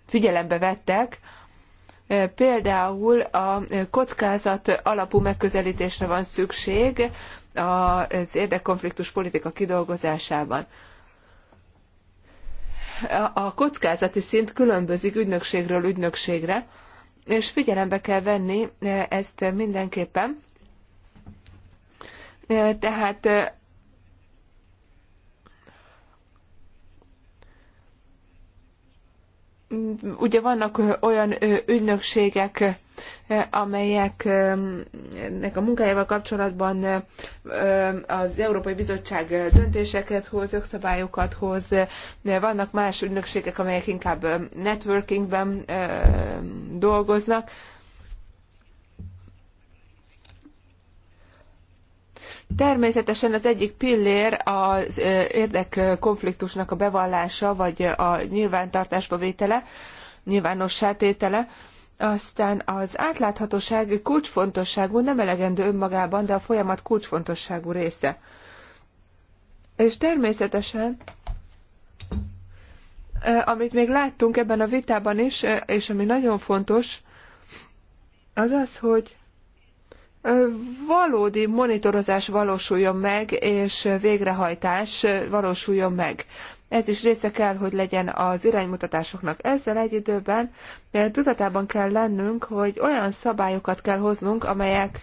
figyelembe vettek, Például a kockázat alapú megközelítésre van szükség az érdekkonfliktus politika kidolgozásában. A kockázati szint különbözik ügynökségről ügynökségre, és figyelembe kell venni ezt mindenképpen tehát ugye vannak olyan ügynökségek, amelyeknek a munkájával kapcsolatban az Európai Bizottság döntéseket hoz, jogszabályokat hoz, vannak más ügynökségek, amelyek inkább networkingben dolgoznak, Természetesen az egyik pillér az érdekkonfliktusnak a bevallása, vagy a nyilvántartásba vétele, nyilvánossá tétele. Aztán az átláthatóság kulcsfontosságú, nem elegendő önmagában, de a folyamat kulcsfontosságú része. És természetesen, amit még láttunk ebben a vitában is, és ami nagyon fontos, az az, hogy valódi monitorozás valósuljon meg, és végrehajtás valósuljon meg. Ez is része kell, hogy legyen az iránymutatásoknak. Ezzel egy időben tudatában kell lennünk, hogy olyan szabályokat kell hoznunk, amelyek,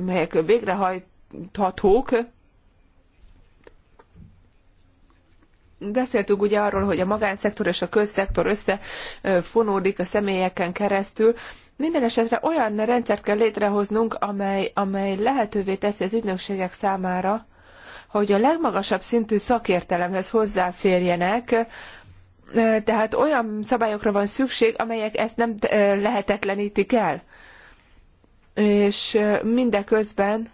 amelyek végrehajthatók, beszéltünk ugye arról, hogy a magánszektor és a közszektor összefonódik a személyeken keresztül, minden esetre olyan rendszert kell létrehoznunk, amely, amely lehetővé teszi az ügynökségek számára, hogy a legmagasabb szintű szakértelemhez hozzáférjenek, tehát olyan szabályokra van szükség, amelyek ezt nem lehetetlenítik el. És mindeközben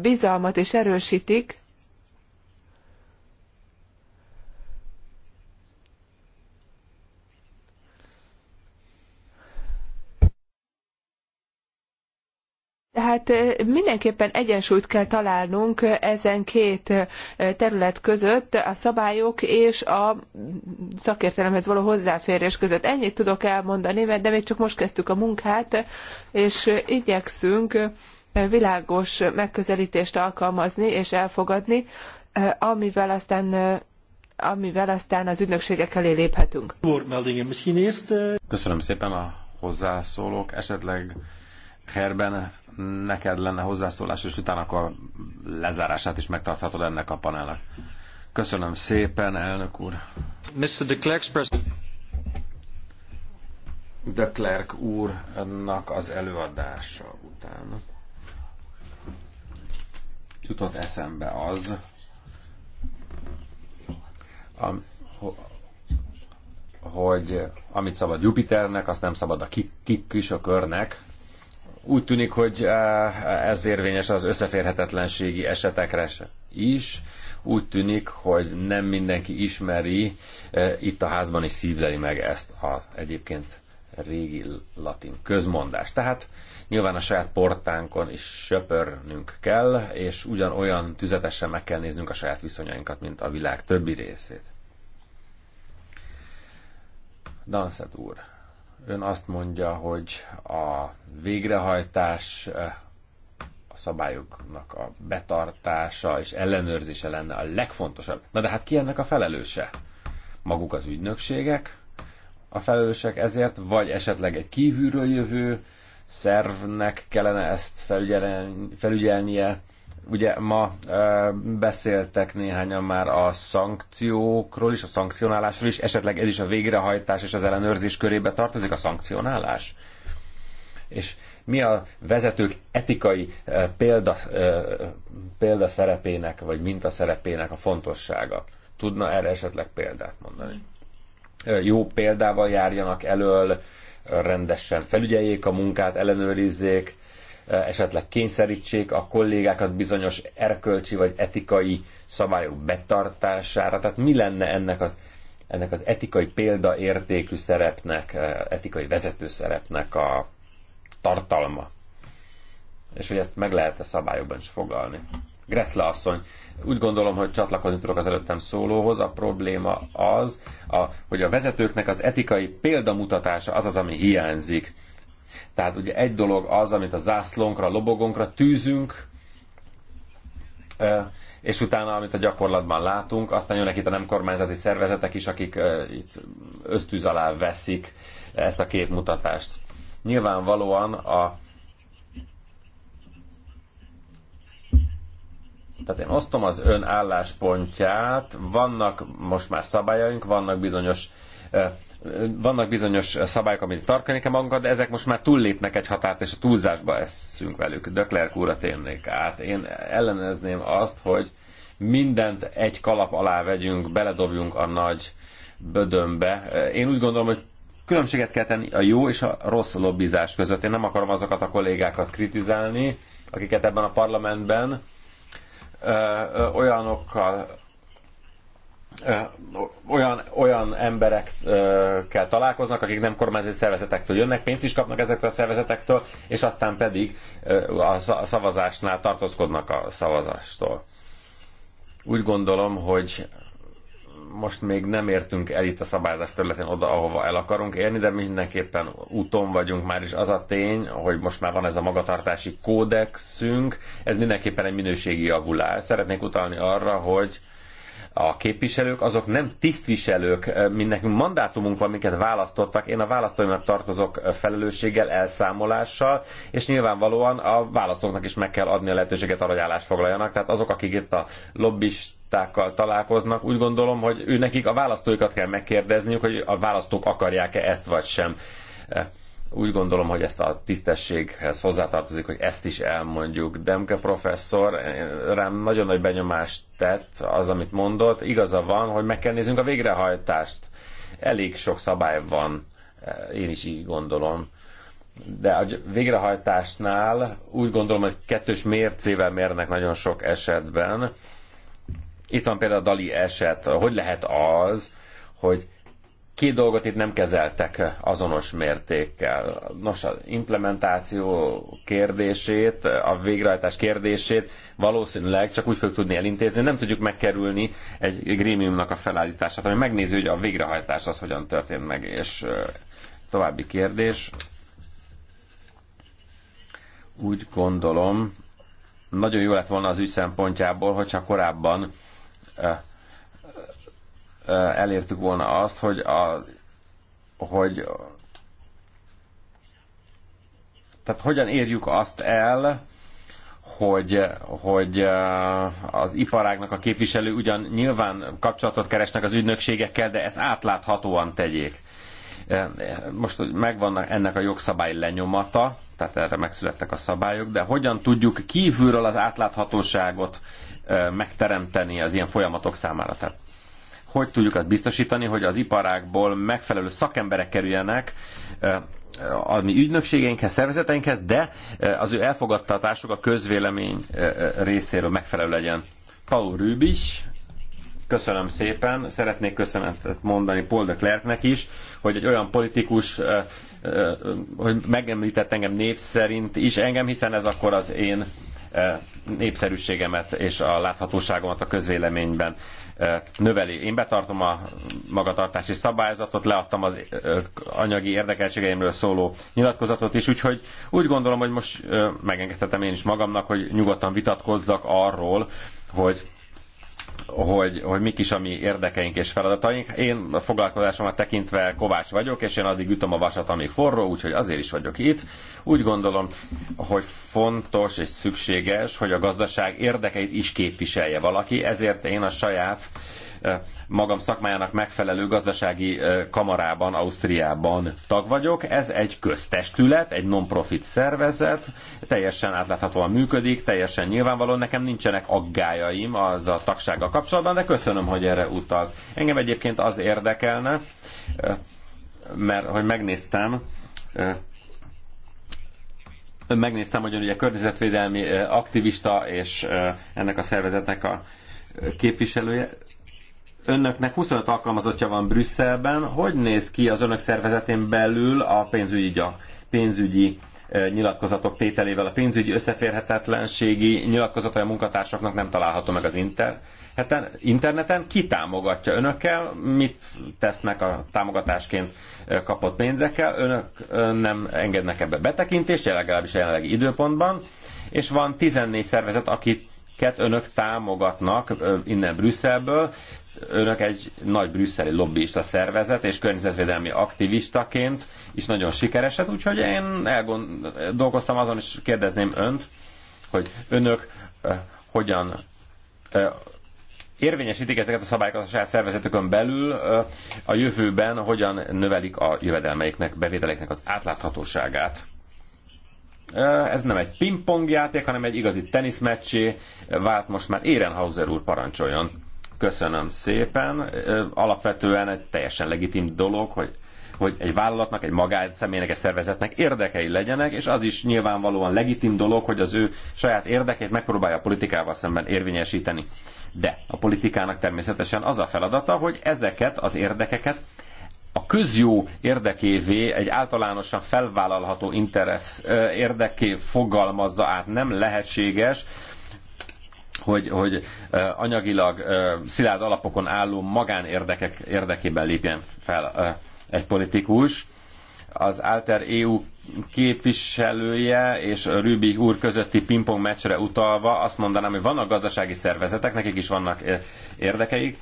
bizalmat is erősítik, Tehát mindenképpen egyensúlyt kell találnunk ezen két terület között, a szabályok és a szakértelemhez való hozzáférés között. Ennyit tudok elmondani, mert de még csak most kezdtük a munkát, és igyekszünk világos megközelítést alkalmazni és elfogadni, amivel aztán amivel aztán az ügynökségek elé léphetünk. Köszönöm szépen a hozzászólók. Esetleg Herben neked lenne hozzászólás, és utána akkor lezárását is megtarthatod ennek a panelnek. Köszönöm szépen, elnök úr. Mr. de Klerk's president. de Klerk úrnak az előadása után jutott eszembe az, am, hogy amit szabad Jupiternek, azt nem szabad a kik, kik is a körnek. Úgy tűnik, hogy ez érvényes az összeférhetetlenségi esetekre is. Úgy tűnik, hogy nem mindenki ismeri, e, itt a házban is szívleli meg ezt a egyébként régi latin közmondást. Tehát nyilván a saját portánkon is söpörnünk kell, és ugyanolyan tüzetesen meg kell néznünk a saját viszonyainkat, mint a világ többi részét. Danszed úr, Ön azt mondja, hogy a végrehajtás, eh, a szabályoknak a betartása és ellenőrzése lenne a legfontosabb. Na de hát ki ennek a felelőse? Maguk az ügynökségek a felelősek ezért, vagy esetleg egy kívülről jövő szervnek kellene ezt felügyelni, felügyelnie, Ugye ma e, beszéltek néhányan már a szankciókról is, a szankcionálásról is, esetleg ez is a végrehajtás és az ellenőrzés körébe tartozik a szankcionálás. És mi a vezetők etikai e, példa, e, példa szerepének, vagy minta szerepének a fontossága? Tudna erre esetleg példát mondani? Jó példával járjanak elől, rendesen felügyeljék a munkát, ellenőrizzék, esetleg kényszerítsék a kollégákat bizonyos erkölcsi vagy etikai szabályok betartására. Tehát mi lenne ennek az, ennek az etikai példaértékű szerepnek, eh, etikai vezető szerepnek a tartalma? És hogy ezt meg lehet-e szabályokban is fogalni? Gressle asszony, úgy gondolom, hogy csatlakozni tudok az előttem szólóhoz. A probléma az, a, hogy a vezetőknek az etikai példamutatása az az, ami hiányzik. Tehát ugye egy dolog az, amit a zászlónkra, a lobogónkra tűzünk, és utána, amit a gyakorlatban látunk, aztán jönnek itt a nem kormányzati szervezetek is, akik itt ösztűz alá veszik ezt a két mutatást. Nyilvánvalóan a Tehát én osztom az ön álláspontját, vannak most már szabályaink, vannak bizonyos vannak bizonyos szabályok, amit tartani kell magunkat, de ezek most már túllépnek egy határt, és a túlzásba eszünk velük. Döklerk úrra térnék át. Én ellenezném azt, hogy mindent egy kalap alá vegyünk, beledobjunk a nagy bödönbe. Én úgy gondolom, hogy különbséget kell tenni a jó és a rossz lobbizás között. Én nem akarom azokat a kollégákat kritizálni, akiket ebben a parlamentben ö, ö, olyanokkal olyan, olyan emberekkel találkoznak, akik nem kormányzati szervezetektől jönnek, pénzt is kapnak ezektől a szervezetektől, és aztán pedig a szavazásnál tartózkodnak a szavazástól. Úgy gondolom, hogy most még nem értünk el itt a szabályozás területén oda, ahova el akarunk érni, de mindenképpen úton vagyunk már is. Az a tény, hogy most már van ez a magatartási kódexünk, ez mindenképpen egy minőségi javulás. Szeretnék utalni arra, hogy a képviselők, azok nem tisztviselők, mint nekünk mandátumunk van, minket választottak. Én a választóimnak tartozok felelősséggel, elszámolással, és nyilvánvalóan a választóknak is meg kell adni a lehetőséget arra, hogy állást foglaljanak. Tehát azok, akik itt a lobbist találkoznak, úgy gondolom, hogy ő nekik a választóikat kell megkérdezniük, hogy a választók akarják-e ezt vagy sem. Úgy gondolom, hogy ezt a tisztességhez hozzátartozik, hogy ezt is elmondjuk. Demke professzor rám nagyon nagy benyomást tett az, amit mondott. Igaza van, hogy meg kell nézzünk a végrehajtást. Elég sok szabály van, e, én is így gondolom de a végrehajtásnál úgy gondolom, hogy kettős mércével mérnek nagyon sok esetben. Itt van például a Dali eset. Hogy lehet az, hogy Két dolgot itt nem kezeltek azonos mértékkel. Nos, az implementáció kérdését, a végrehajtás kérdését valószínűleg csak úgy fog tudni elintézni, nem tudjuk megkerülni egy grémiumnak a felállítását, ami megnézi, hogy a végrehajtás az hogyan történt meg, és további kérdés. Úgy gondolom, nagyon jó lett volna az ügy szempontjából, hogyha korábban Eh, elértük volna azt, hogy, a, hogy tehát hogyan érjük azt el, hogy, hogy eh, az iparágnak a képviselő ugyan nyilván kapcsolatot keresnek az ügynökségekkel, de ezt átláthatóan tegyék. Eh, most hogy megvan ennek a jogszabály lenyomata, tehát erre megszülettek a szabályok, de hogyan tudjuk kívülről az átláthatóságot megteremteni az ilyen folyamatok számára? Tehát hogy tudjuk azt biztosítani, hogy az iparákból megfelelő szakemberek kerüljenek a mi ügynökségeinkhez, szervezeteinkhez, de az ő elfogadtatásuk a közvélemény részéről megfelelő legyen. Paul Rübis, köszönöm szépen. Szeretnék köszönetet mondani Paul de Klerknek is, hogy egy olyan politikus, hogy megemlített engem név szerint is engem, hiszen ez akkor az én népszerűségemet és a láthatóságomat a közvéleményben növeli. Én betartom a magatartási szabályzatot, leadtam az anyagi érdekeltségeimről szóló nyilatkozatot is, úgyhogy úgy gondolom, hogy most megengedhetem én is magamnak, hogy nyugodtan vitatkozzak arról, hogy hogy, hogy mik is a mi érdekeink és feladataink. Én a foglalkozásomat tekintve kovács vagyok, és én addig ütöm a vasat, amíg forró, úgyhogy azért is vagyok itt. Úgy gondolom, hogy fontos és szükséges, hogy a gazdaság érdekeit is képviselje valaki, ezért én a saját magam szakmájának megfelelő gazdasági kamarában, Ausztriában tag vagyok. Ez egy köztestület, egy non-profit szervezet, teljesen átláthatóan működik, teljesen nyilvánvaló. nekem nincsenek aggájaim az a tagsággal kapcsolatban, de köszönöm, hogy erre utal. Engem egyébként az érdekelne, mert hogy megnéztem, megnéztem, hogy ugye környezetvédelmi aktivista és ennek a szervezetnek a képviselője önöknek 25 alkalmazottja van Brüsszelben. Hogy néz ki az önök szervezetén belül a pénzügyi, a pénzügyi nyilatkozatok tételével. A pénzügyi összeférhetetlenségi nyilatkozata a munkatársaknak nem található meg az interneten. interneten. Ki támogatja önökkel? Mit tesznek a támogatásként kapott pénzekkel? Önök nem engednek ebbe betekintést, legalábbis a jelenlegi időpontban. És van 14 szervezet, akit akiket önök támogatnak innen Brüsszelből önök egy nagy brüsszeli lobbista szervezet, és környezetvédelmi aktivistaként is nagyon sikereset, úgyhogy én dolgoztam azon, és kérdezném önt, hogy önök eh, hogyan eh, érvényesítik ezeket a szabályokat a saját szervezetükön belül, eh, a jövőben hogyan növelik a jövedelmeiknek, bevételeiknek az átláthatóságát. Ez nem egy pingpong játék, hanem egy igazi teniszmeccsé vált most már Érenhauser úr parancsoljon. Köszönöm szépen. Alapvetően egy teljesen legitim dolog, hogy hogy egy vállalatnak, egy magánszemélynek, egy szervezetnek érdekei legyenek, és az is nyilvánvalóan legitim dolog, hogy az ő saját érdekét megpróbálja a politikával szemben érvényesíteni. De a politikának természetesen az a feladata, hogy ezeket az érdekeket a közjó érdekévé egy általánosan felvállalható interesz érdeké fogalmazza át. Nem lehetséges, hogy, hogy anyagilag szilárd alapokon álló magánérdekek érdekében lépjen fel egy politikus. Az Alter EU képviselője és Rübi úr közötti pingpong meccsre utalva azt mondanám, hogy vannak gazdasági szervezetek, nekik is vannak érdekeik,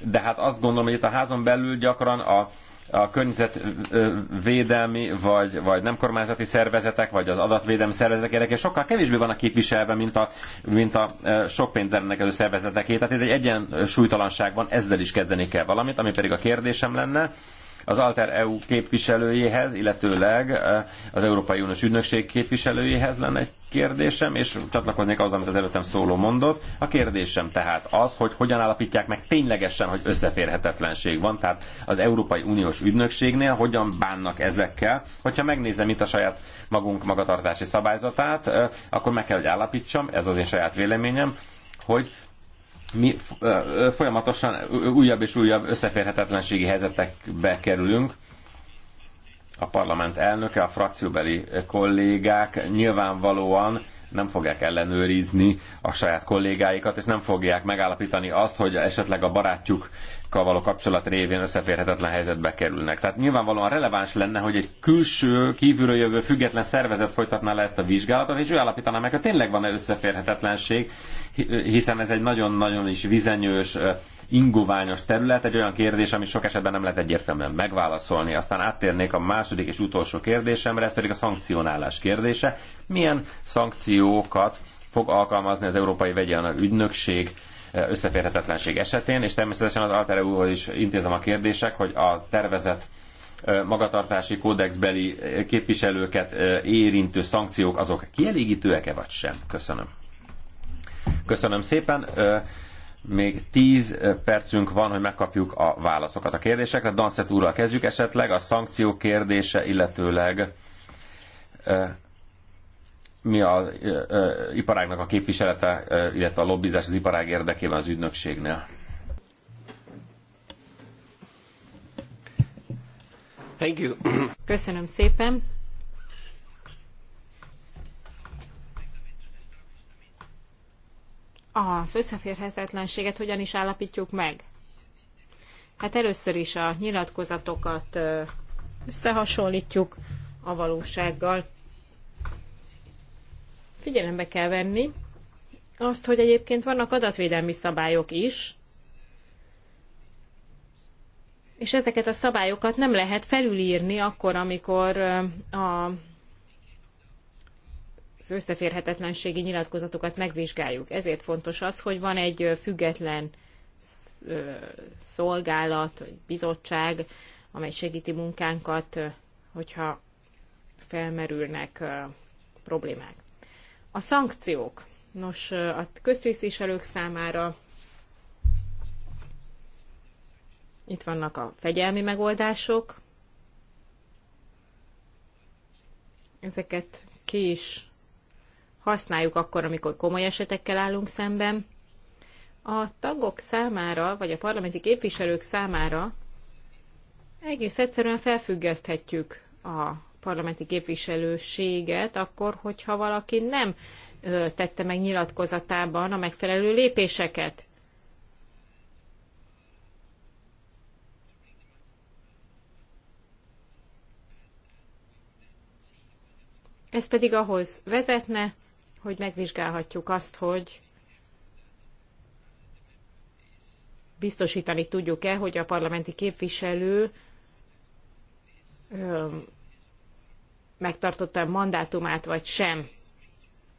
de hát azt gondolom, hogy itt a házon belül gyakran a a környezetvédelmi, vagy, vagy nem kormányzati szervezetek, vagy az adatvédelmi szervezetek érdekei sokkal kevésbé vannak képviselve, mint a, mint a e, sok pénzzel rendelkező szervezeteké. Tehát itt egy egyensúlytalanság van, ezzel is kezdeni kell valamit, ami pedig a kérdésem lenne, az Alter EU képviselőjéhez, illetőleg eh, az Európai Uniós Ügynökség képviselőjéhez lenne egy kérdésem, és csatlakoznék az, amit az előttem szóló mondott. A kérdésem tehát az, hogy hogyan állapítják meg ténylegesen, hogy összeférhetetlenség van, tehát az Európai Uniós ügynökségnél hogyan bánnak ezekkel. Hogyha megnézem itt a saját magunk magatartási szabályzatát, eh, akkor meg kell, hogy állapítsam, ez az én saját véleményem, hogy mi folyamatosan újabb és újabb összeférhetetlenségi helyzetekbe kerülünk. A parlament elnöke, a frakcióbeli kollégák nyilvánvalóan nem fogják ellenőrizni a saját kollégáikat, és nem fogják megállapítani azt, hogy esetleg a barátjukkal való kapcsolat révén összeférhetetlen helyzetbe kerülnek. Tehát nyilvánvalóan releváns lenne, hogy egy külső, kívülről jövő független szervezet folytatná le ezt a vizsgálatot, és ő állapítaná meg, hogy tényleg van-e összeférhetetlenség, hiszen ez egy nagyon-nagyon is vizenyős ingoványos terület, egy olyan kérdés, amit sok esetben nem lehet egyértelműen megválaszolni. Aztán áttérnék a második és utolsó kérdésemre, ez pedig a szankcionálás kérdése. Milyen szankciókat fog alkalmazni az Európai Vegyi Ügynökség eh, összeférhetetlenség esetén, és természetesen az Altereúhoz is intézem a kérdések, hogy a tervezett eh, magatartási kódexbeli eh, képviselőket érintő szankciók azok kielégítőek-e vagy sem? Köszönöm. Köszönöm szépen még 10 eh, percünk van, hogy megkapjuk a válaszokat a kérdésekre. Danszett úrral kezdjük esetleg, a szankció kérdése, illetőleg eh, mi az eh, iparágnak a képviselete, illetve a lobbizás az iparág érdekében az ügynökségnél? Thank you. Köszönöm szépen. az összeférhetetlenséget hogyan is állapítjuk meg? Hát először is a nyilatkozatokat összehasonlítjuk a valósággal. Figyelembe kell venni azt, hogy egyébként vannak adatvédelmi szabályok is, és ezeket a szabályokat nem lehet felülírni akkor, amikor a az összeférhetetlenségi nyilatkozatokat megvizsgáljuk. Ezért fontos az, hogy van egy független szolgálat, vagy bizottság, amely segíti munkánkat, hogyha felmerülnek problémák. A szankciók. Nos, a köztisztviselők számára itt vannak a fegyelmi megoldások. Ezeket ki is használjuk akkor, amikor komoly esetekkel állunk szemben. A tagok számára, vagy a parlamenti képviselők számára egész egyszerűen felfüggeszthetjük a parlamenti képviselőséget, akkor, hogyha valaki nem tette meg nyilatkozatában a megfelelő lépéseket. Ez pedig ahhoz vezetne, hogy megvizsgálhatjuk azt, hogy biztosítani tudjuk-e, hogy a parlamenti képviselő megtartotta a mandátumát, vagy sem.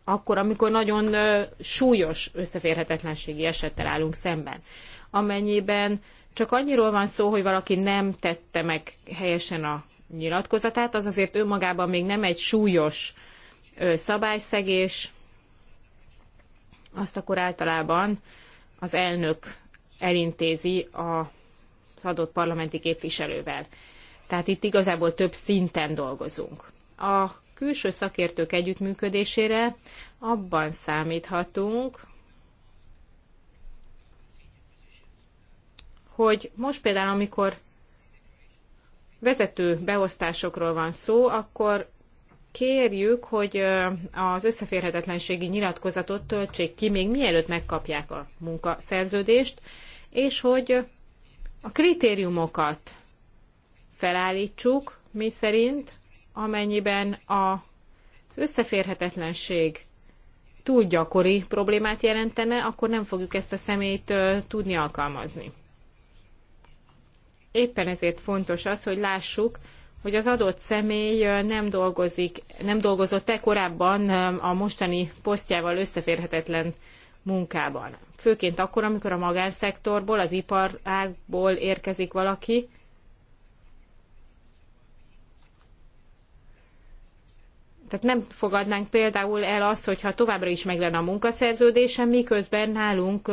Akkor, amikor nagyon súlyos összeférhetetlenségi esettel állunk szemben. Amennyiben csak annyiról van szó, hogy valaki nem tette meg helyesen a nyilatkozatát, az azért önmagában még nem egy súlyos szabályszegés, azt akkor általában az elnök elintézi az adott parlamenti képviselővel. Tehát itt igazából több szinten dolgozunk. A külső szakértők együttműködésére abban számíthatunk, hogy most például, amikor vezető beosztásokról van szó, akkor kérjük, hogy az összeférhetetlenségi nyilatkozatot töltsék ki, még mielőtt megkapják a munkaszerződést, és hogy a kritériumokat felállítsuk, mi szerint, amennyiben a összeférhetetlenség túl gyakori problémát jelentene, akkor nem fogjuk ezt a személyt tudni alkalmazni. Éppen ezért fontos az, hogy lássuk, hogy az adott személy nem, dolgozik, nem dolgozott-e korábban a mostani posztjával összeférhetetlen munkában. Főként akkor, amikor a magánszektorból, az iparágból érkezik valaki, tehát nem fogadnánk például el azt, hogyha továbbra is meg lenne a munkaszerződése, miközben nálunk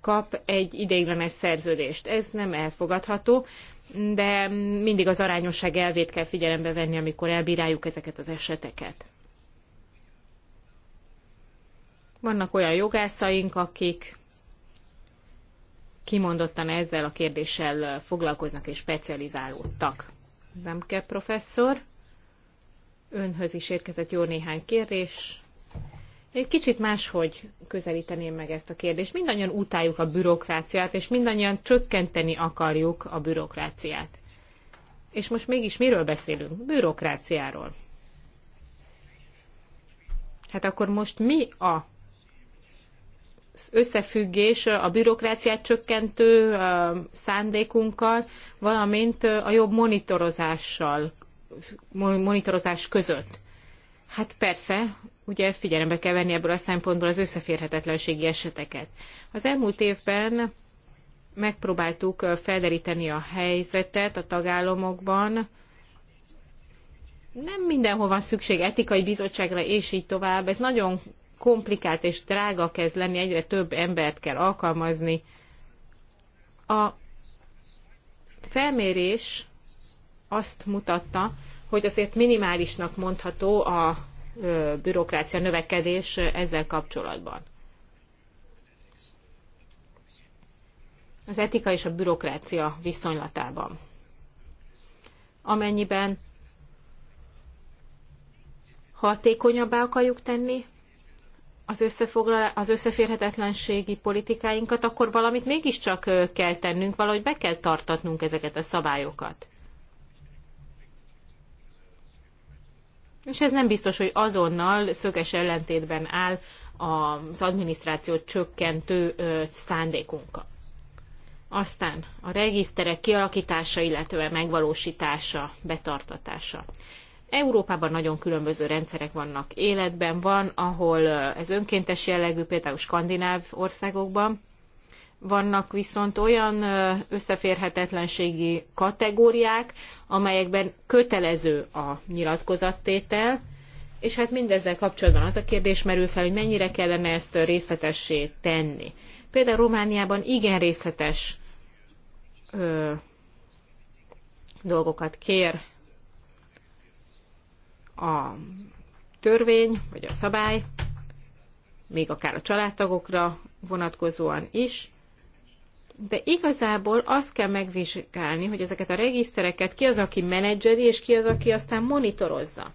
kap egy ideiglenes szerződést. Ez nem elfogadható de mindig az arányosság elvét kell figyelembe venni, amikor elbíráljuk ezeket az eseteket. Vannak olyan jogászaink, akik kimondottan ezzel a kérdéssel foglalkoznak és specializálódtak. Nem kell professzor, önhöz is érkezett jó néhány kérdés, egy kicsit máshogy közelíteném meg ezt a kérdést. Mindannyian utáljuk a bürokráciát, és mindannyian csökkenteni akarjuk a bürokráciát. És most mégis miről beszélünk? Bürokráciáról. Hát akkor most mi a összefüggés a bürokráciát csökkentő szándékunkkal, valamint a jobb monitorozással, monitorozás között. Hát persze, ugye figyelembe kell venni ebből a szempontból az összeférhetetlenségi eseteket. Az elmúlt évben megpróbáltuk felderíteni a helyzetet a tagállamokban, nem mindenhol van szükség etikai bizottságra, és így tovább. Ez nagyon komplikált és drága kezd lenni, egyre több embert kell alkalmazni. A felmérés azt mutatta, hogy azért minimálisnak mondható a bürokrácia növekedés ezzel kapcsolatban. Az etika és a bürokrácia viszonylatában. Amennyiben hatékonyabbá akarjuk tenni az, az összeférhetetlenségi politikáinkat, akkor valamit mégiscsak kell tennünk, valahogy be kell tartatnunk ezeket a szabályokat. És ez nem biztos, hogy azonnal szöges ellentétben áll az adminisztrációt csökkentő szándékunkkal. Aztán a regiszterek kialakítása, illetve megvalósítása, betartatása. Európában nagyon különböző rendszerek vannak életben, van, ahol ez önkéntes jellegű, például skandináv országokban, vannak viszont olyan összeférhetetlenségi kategóriák, amelyekben kötelező a nyilatkozattétel, és hát mindezzel kapcsolatban az a kérdés merül fel, hogy mennyire kellene ezt részletessé tenni. Például Romániában igen részletes ö, dolgokat kér a törvény vagy a szabály, még akár a családtagokra vonatkozóan is, de igazából azt kell megvizsgálni, hogy ezeket a regisztereket ki az, aki menedzseri, és ki az, aki aztán monitorozza.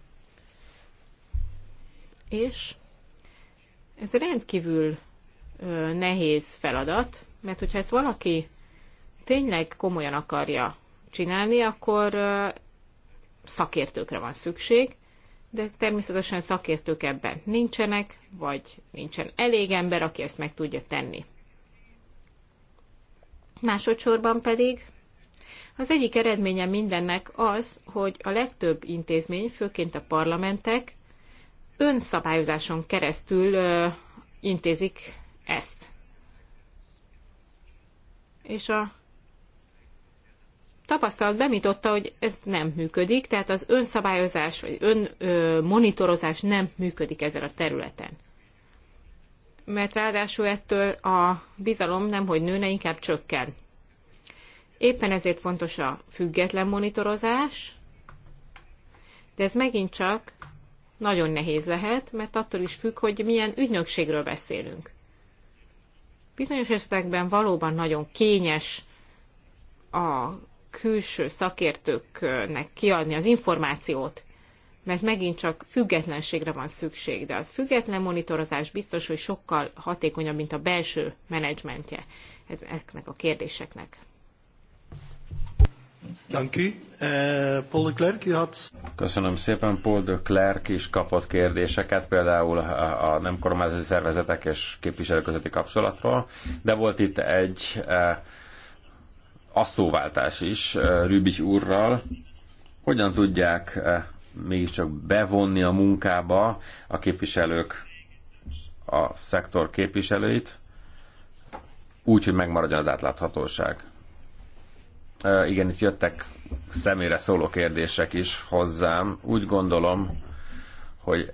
És ez rendkívül ö, nehéz feladat, mert hogyha ezt valaki tényleg komolyan akarja csinálni, akkor ö, szakértőkre van szükség, de természetesen szakértők ebben nincsenek, vagy nincsen elég ember, aki ezt meg tudja tenni. Másodszorban pedig az egyik eredménye mindennek az, hogy a legtöbb intézmény, főként a parlamentek, önszabályozáson keresztül ö, intézik ezt. És a tapasztalat bemította, hogy ez nem működik, tehát az önszabályozás vagy önmonitorozás nem működik ezen a területen mert ráadásul ettől a bizalom nem, hogy nőne, inkább csökken. Éppen ezért fontos a független monitorozás, de ez megint csak nagyon nehéz lehet, mert attól is függ, hogy milyen ügynökségről beszélünk. Bizonyos esetekben valóban nagyon kényes a külső szakértőknek kiadni az információt, mert megint csak függetlenségre van szükség, de az független monitorozás biztos, hogy sokkal hatékonyabb, mint a belső menedzsmentje ezeknek a kérdéseknek. Uh, Köszönöm szépen, Paul de Klerk is kapott kérdéseket, például a nem kormányzati szervezetek és képviselők közötti kapcsolatról, de volt itt egy uh, asszóváltás is uh, Rübis úrral. Hogyan tudják mégiscsak bevonni a munkába a képviselők, a szektor képviselőit, úgy, hogy megmaradjon az átláthatóság. Igen, itt jöttek személyre szóló kérdések is hozzám. Úgy gondolom, hogy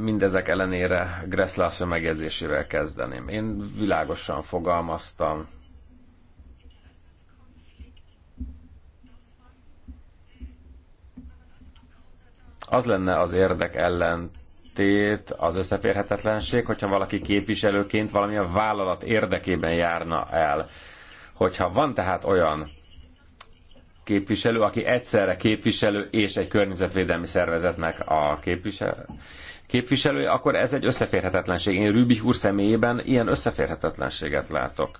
mindezek ellenére Gresslászó megjegyzésével kezdeném. Én világosan fogalmaztam, az lenne az érdek ellentét, az összeférhetetlenség, hogyha valaki képviselőként valamilyen vállalat érdekében járna el. Hogyha van tehát olyan képviselő, aki egyszerre képviselő és egy környezetvédelmi szervezetnek a képviselő, képviselője, akkor ez egy összeférhetetlenség. Én Rübi úr személyében ilyen összeférhetetlenséget látok.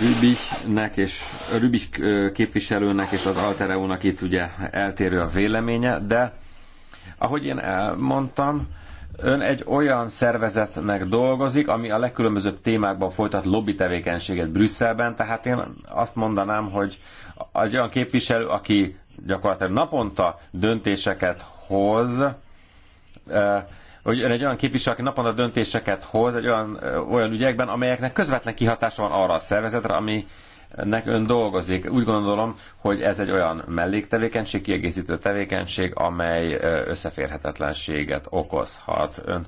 Rübichnek és Rübich képviselőnek és az Altereónak itt ugye eltérő a véleménye, de ahogy én elmondtam, ön egy olyan szervezetnek dolgozik, ami a legkülönbözőbb témákban folytat lobby tevékenységet Brüsszelben, tehát én azt mondanám, hogy egy olyan képviselő, aki gyakorlatilag naponta döntéseket hoz, hogy ön egy olyan képviselő, aki naponta döntéseket hoz egy olyan, olyan ügyekben, amelyeknek közvetlen kihatása van arra a szervezetre, ami nek ön dolgozik. Úgy gondolom, hogy ez egy olyan melléktevékenység, kiegészítő tevékenység, amely összeférhetetlenséget okozhat. Ön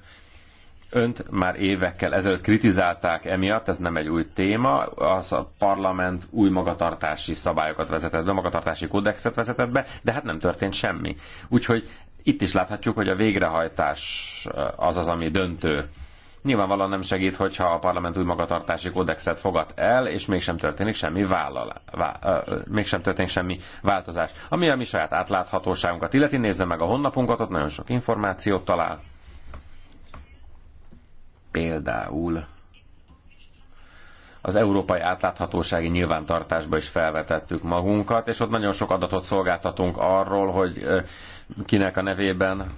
önt már évekkel ezelőtt kritizálták emiatt, ez nem egy új téma, az a parlament új magatartási szabályokat vezetett be, magatartási kódexet vezetett be, de hát nem történt semmi. Úgyhogy itt is láthatjuk, hogy a végrehajtás eh, az az, ami döntő. Nyilvánvalóan nem segít, hogyha a parlament új magatartási kódexet fogad el, és mégsem történik semmi, vállal, vá, ö, eh, eh, mégsem történik semmi változás. Ami a mi saját átláthatóságunkat illeti, nézze meg a honlapunkat, ott nagyon sok információt talál. Például az európai átláthatósági nyilvántartásba is felvetettük magunkat, és ott nagyon sok adatot szolgáltatunk arról, hogy kinek a nevében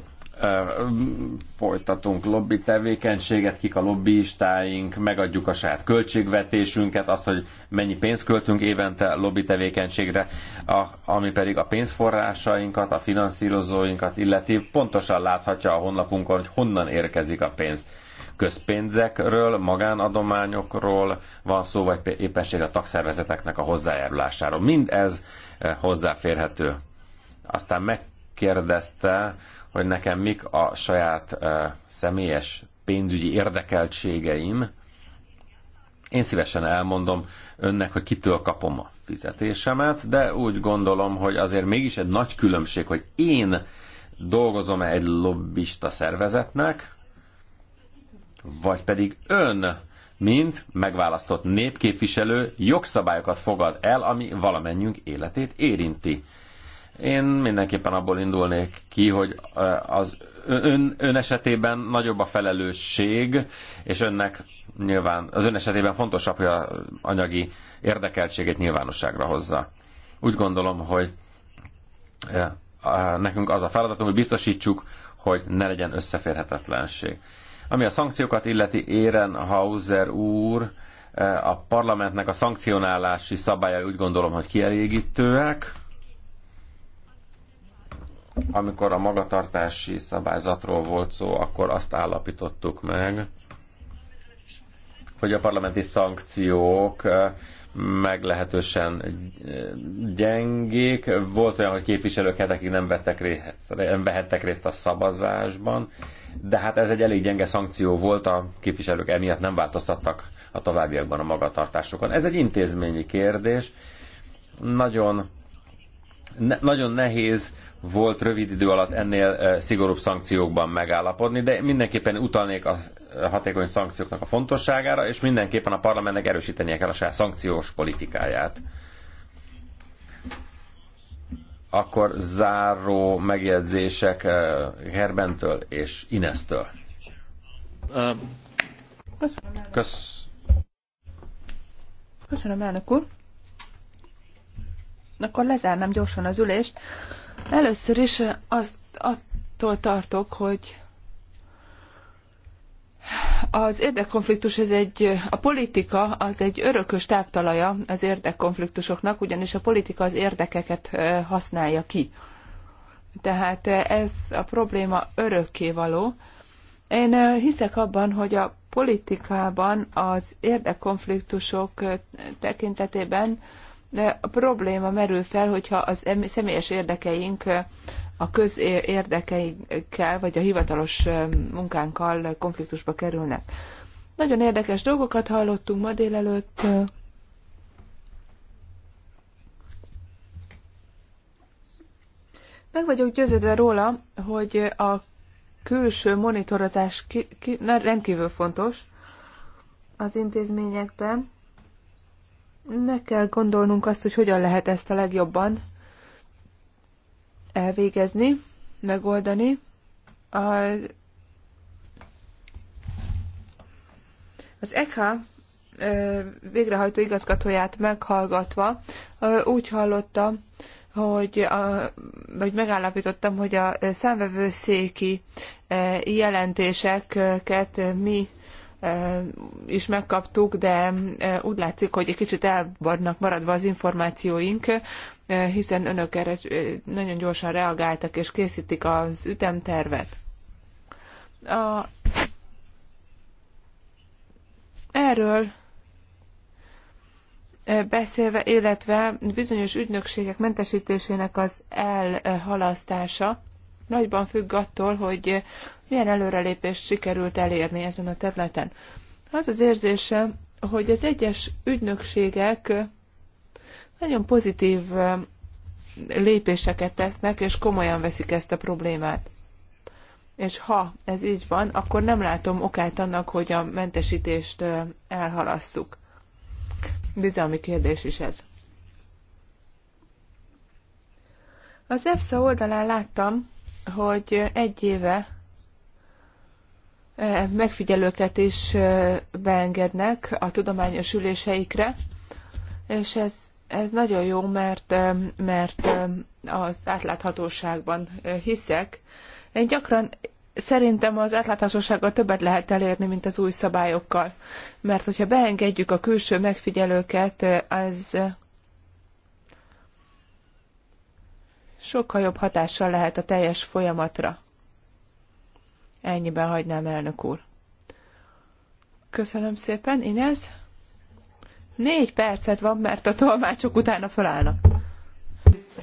folytatunk lobby tevékenységet, kik a lobbyistáink, megadjuk a saját költségvetésünket, azt, hogy mennyi pénzt költünk évente lobby tevékenységre, a, ami pedig a pénzforrásainkat, a finanszírozóinkat illeti, pontosan láthatja a honlapunkon, hogy honnan érkezik a pénz közpénzekről, magánadományokról van szó, vagy éppenség a tagszervezeteknek a hozzájárulásáról. Mind ez eh, hozzáférhető. Aztán megkérdezte, hogy nekem mik a saját eh, személyes pénzügyi érdekeltségeim. Én szívesen elmondom önnek, hogy kitől kapom a fizetésemet, de úgy gondolom, hogy azért mégis egy nagy különbség, hogy én dolgozom -e egy lobbista szervezetnek, vagy pedig ön, mint megválasztott népképviselő jogszabályokat fogad el, ami valamennyünk életét érinti. Én mindenképpen abból indulnék ki, hogy eh, az ön, ön esetében nagyobb a felelősség, és önnek nyilván, az ön esetében fontosabb, hogy a anyagi érdekeltségét nyilvánosságra hozza. Úgy gondolom, hogy eh, nekünk az a feladatunk, hogy biztosítsuk, hogy ne legyen összeférhetetlenség. Ami a szankciókat illeti, Ehrenhauser úr, eh, a parlamentnek a szankcionálási szabályai úgy gondolom, hogy kielégítőek. Amikor a magatartási szabályzatról volt szó, akkor azt állapítottuk meg, hogy a parlamenti szankciók eh, meglehetősen gyengék. Volt olyan, hogy képviselők hetekig nem, vettek részt, nem vehettek részt a szavazásban, de hát ez egy elég gyenge szankció volt, a képviselők emiatt nem változtattak a továbbiakban a magatartásokon. Ez egy intézményi kérdés. Nagyon, ne, nagyon nehéz volt rövid idő alatt ennél eh, szigorúbb szankciókban megállapodni, de mindenképpen utalnék a hatékony szankcióknak a fontosságára, és mindenképpen a parlamentnek erősítenie kell a saját szankciós politikáját. Akkor záró megjegyzések eh, Herbentől és Inesztől. Um, Köszönöm. Kösz... Köszönöm, elnök úr. Akkor lezárnám gyorsan az ülést. Először is eh, azt attól tartok, hogy az érdekkonfliktus ez egy, eh, a politika az egy örökös táptalaja az érdekkonfliktusoknak, ugyanis a politika az érdekeket eh, használja ki. Tehát ez a probléma való. Én hiszek abban, hogy a politikában az érdekkonfliktusok tekintetében de a probléma merül fel, hogyha az személyes érdekeink a közérdekeinkkel, vagy a hivatalos munkánkkal konfliktusba kerülnek. Nagyon érdekes dolgokat hallottunk ma délelőtt. Meg vagyok győződve róla, hogy a külső monitorozás ki, ki, na, rendkívül fontos az intézményekben, meg kell gondolnunk azt, hogy hogyan lehet ezt a legjobban elvégezni, megoldani. A, az ECHA végrehajtó igazgatóját meghallgatva úgy hallotta, hogy, a, hogy megállapítottam, hogy a számvevőszéki jelentéseket mi is megkaptuk, de úgy látszik, hogy egy kicsit el vannak maradva az információink, hiszen önök erre nagyon gyorsan reagáltak és készítik az ütemtervet. A... Erről beszélve, illetve bizonyos ügynökségek mentesítésének az elhalasztása nagyban függ attól, hogy milyen előrelépést sikerült elérni ezen a területen. Az az érzése, hogy az egyes ügynökségek nagyon pozitív um, lépéseket tesznek, és komolyan veszik ezt a problémát. És ha ez így van, akkor nem látom okát annak, hogy a mentesítést uh, elhalasszuk. Bizalmi kérdés is ez. Az EFSA oldalán láttam, hogy egy éve megfigyelőket is beengednek a tudományos üléseikre, és ez, ez nagyon jó, mert, mert az átláthatóságban hiszek. Én gyakran szerintem az átláthatósággal többet lehet elérni, mint az új szabályokkal. Mert hogyha beengedjük a külső megfigyelőket, az sokkal jobb hatással lehet a teljes folyamatra. Ennyiben hagynám, elnök úr. Köszönöm szépen, Inez. Négy percet van, mert a tolmácsok utána felállnak.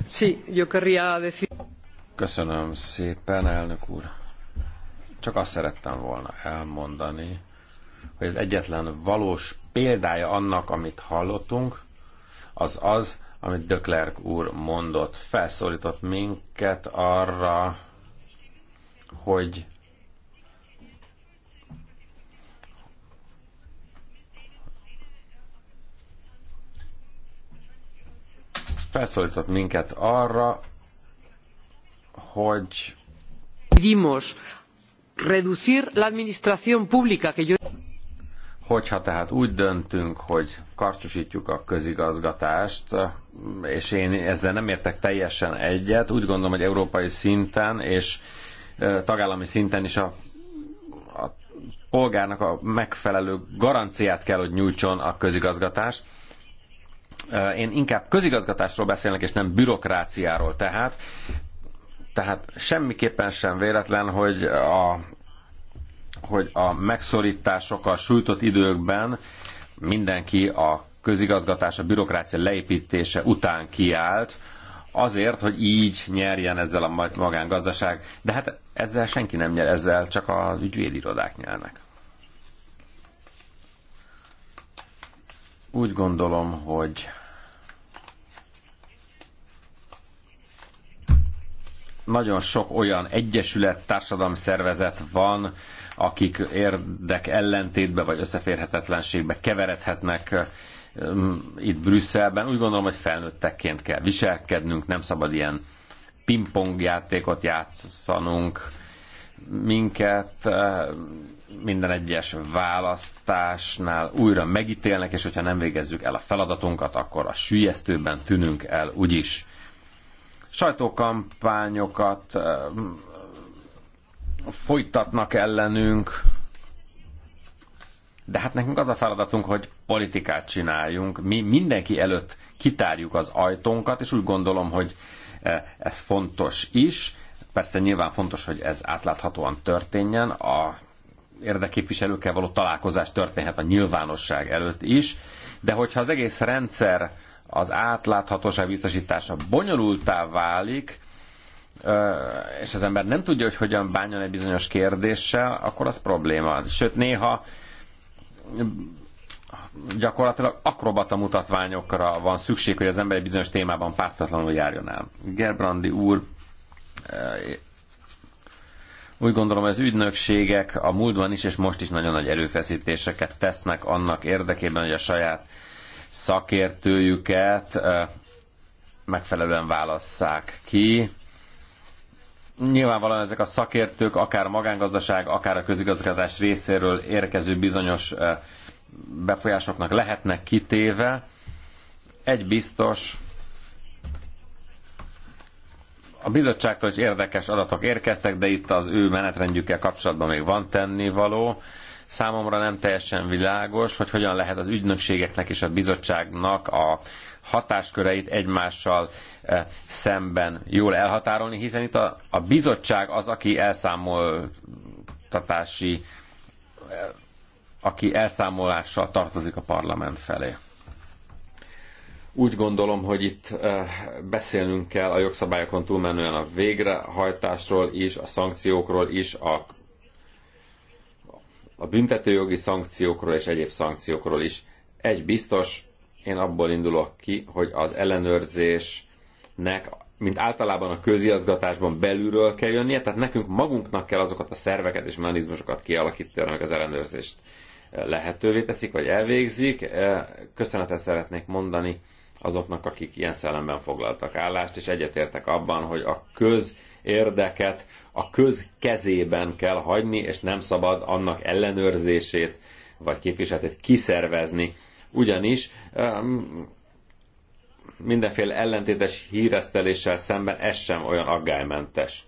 Sí, yo querría decir... Köszönöm szépen, elnök úr. Csak azt szerettem volna elmondani, hogy az egyetlen valós példája annak, amit hallottunk, az az, amit Döklerk úr mondott. Felszólított minket arra, hogy felszólított minket arra, hogy pedimos reducir la administración pública que yo Hogyha tehát úgy döntünk, hogy karcsúsítjuk a közigazgatást, és én ezzel nem értek teljesen egyet, úgy gondolom, hogy európai szinten és tagállami szinten is a, a polgárnak a megfelelő garanciát kell, hogy nyújtson a közigazgatás én inkább közigazgatásról beszélnek, és nem bürokráciáról tehát. Tehát semmiképpen sem véletlen, hogy a, hogy a megszorításokkal sújtott időkben mindenki a közigazgatás, a bürokrácia leépítése után kiállt, azért, hogy így nyerjen ezzel a magángazdaság. De hát ezzel senki nem nyer, ezzel csak az ügyvédirodák nyernek. Úgy gondolom, hogy nagyon sok olyan egyesület, társadalmi szervezet van, akik érdek ellentétbe vagy összeférhetetlenségbe keveredhetnek um, itt Brüsszelben. Úgy gondolom, hogy felnőttekként kell viselkednünk, nem szabad ilyen pingpong játékot játszanunk, minket eh, minden egyes választásnál újra megítélnek, és hogyha nem végezzük el a feladatunkat, akkor a sülyeztőben tűnünk el úgyis. Sajtókampányokat eh, folytatnak ellenünk, de hát nekünk az a feladatunk, hogy politikát csináljunk. Mi mindenki előtt kitárjuk az ajtónkat, és úgy gondolom, hogy eh, ez fontos is Persze nyilván fontos, hogy ez átláthatóan történjen, a érdeképviselőkkel való találkozás történhet a nyilvánosság előtt is, de hogyha az egész rendszer az átláthatóság biztosítása bonyolultá válik, és az ember nem tudja, hogy hogyan bánjon egy bizonyos kérdéssel, akkor az probléma. Sőt, néha gyakorlatilag akrobata mutatványokra van szükség, hogy az ember egy bizonyos témában pártatlanul járjon el. Gerbrandi úr úgy gondolom az ügynökségek a múltban is és most is nagyon nagy erőfeszítéseket tesznek annak érdekében, hogy a saját szakértőjüket megfelelően válasszák ki. Nyilvánvalóan ezek a szakértők akár a magángazdaság, akár a közigazgatás részéről érkező bizonyos befolyásoknak lehetnek kitéve. Egy biztos, a bizottságtól is érdekes adatok érkeztek, de itt az ő menetrendjükkel kapcsolatban még van tennivaló. Számomra nem teljesen világos, hogy hogyan lehet az ügynökségeknek és a bizottságnak a hatásköreit egymással eh, szemben jól elhatárolni, hiszen itt a, a bizottság az, aki elszámoltatási, eh, aki elszámolással tartozik a parlament felé. Úgy gondolom, hogy itt eh, beszélnünk kell a jogszabályokon túlmenően a végrehajtásról is, a szankciókról is, a, a büntetőjogi szankciókról és egyéb szankciókról is. Egy biztos, én abból indulok ki, hogy az ellenőrzésnek, mint általában a közigazgatásban belülről kell jönnie, tehát nekünk magunknak kell azokat a szerveket és mechanizmusokat kialakítani, amik az ellenőrzést eh, lehetővé teszik, vagy elvégzik. Eh, köszönetet szeretnék mondani azoknak, akik ilyen szellemben foglaltak állást, és egyetértek abban, hogy a köz érdeket a köz kezében kell hagyni, és nem szabad annak ellenőrzését vagy képviseletét kiszervezni. Ugyanis um, mindenféle ellentétes híreszteléssel szemben ez sem olyan aggálymentes.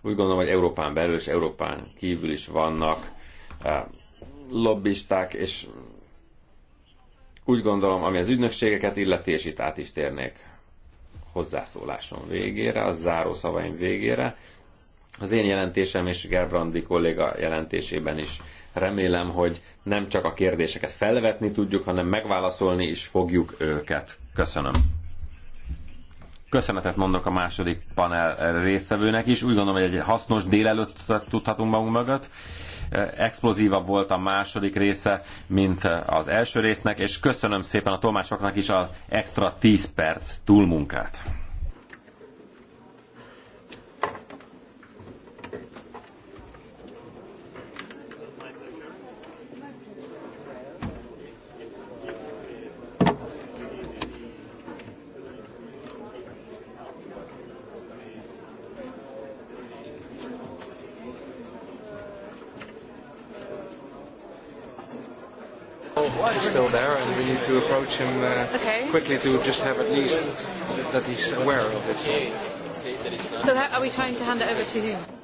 Úgy gondolom, hogy Európán belül és Európán kívül is vannak uh, lobbisták, és úgy gondolom, ami az ügynökségeket illeti, és itt át is térnék hozzászólásom végére, a záró szavaim végére. Az én jelentésem és Gerbrandi kolléga jelentésében is remélem, hogy nem csak a kérdéseket felvetni tudjuk, hanem megválaszolni is fogjuk őket. Köszönöm. Köszönetet mondok a második panel résztvevőnek is. Úgy gondolom, hogy egy hasznos délelőtt tudhatunk magunk mögött explozívabb volt a második része, mint az első résznek, és köszönöm szépen a tolmácsoknak is az extra 10 perc túlmunkát. there, and we need to approach him uh, okay. quickly to just have at least that he's aware of it. So so how, are we trying to hand it over to whom?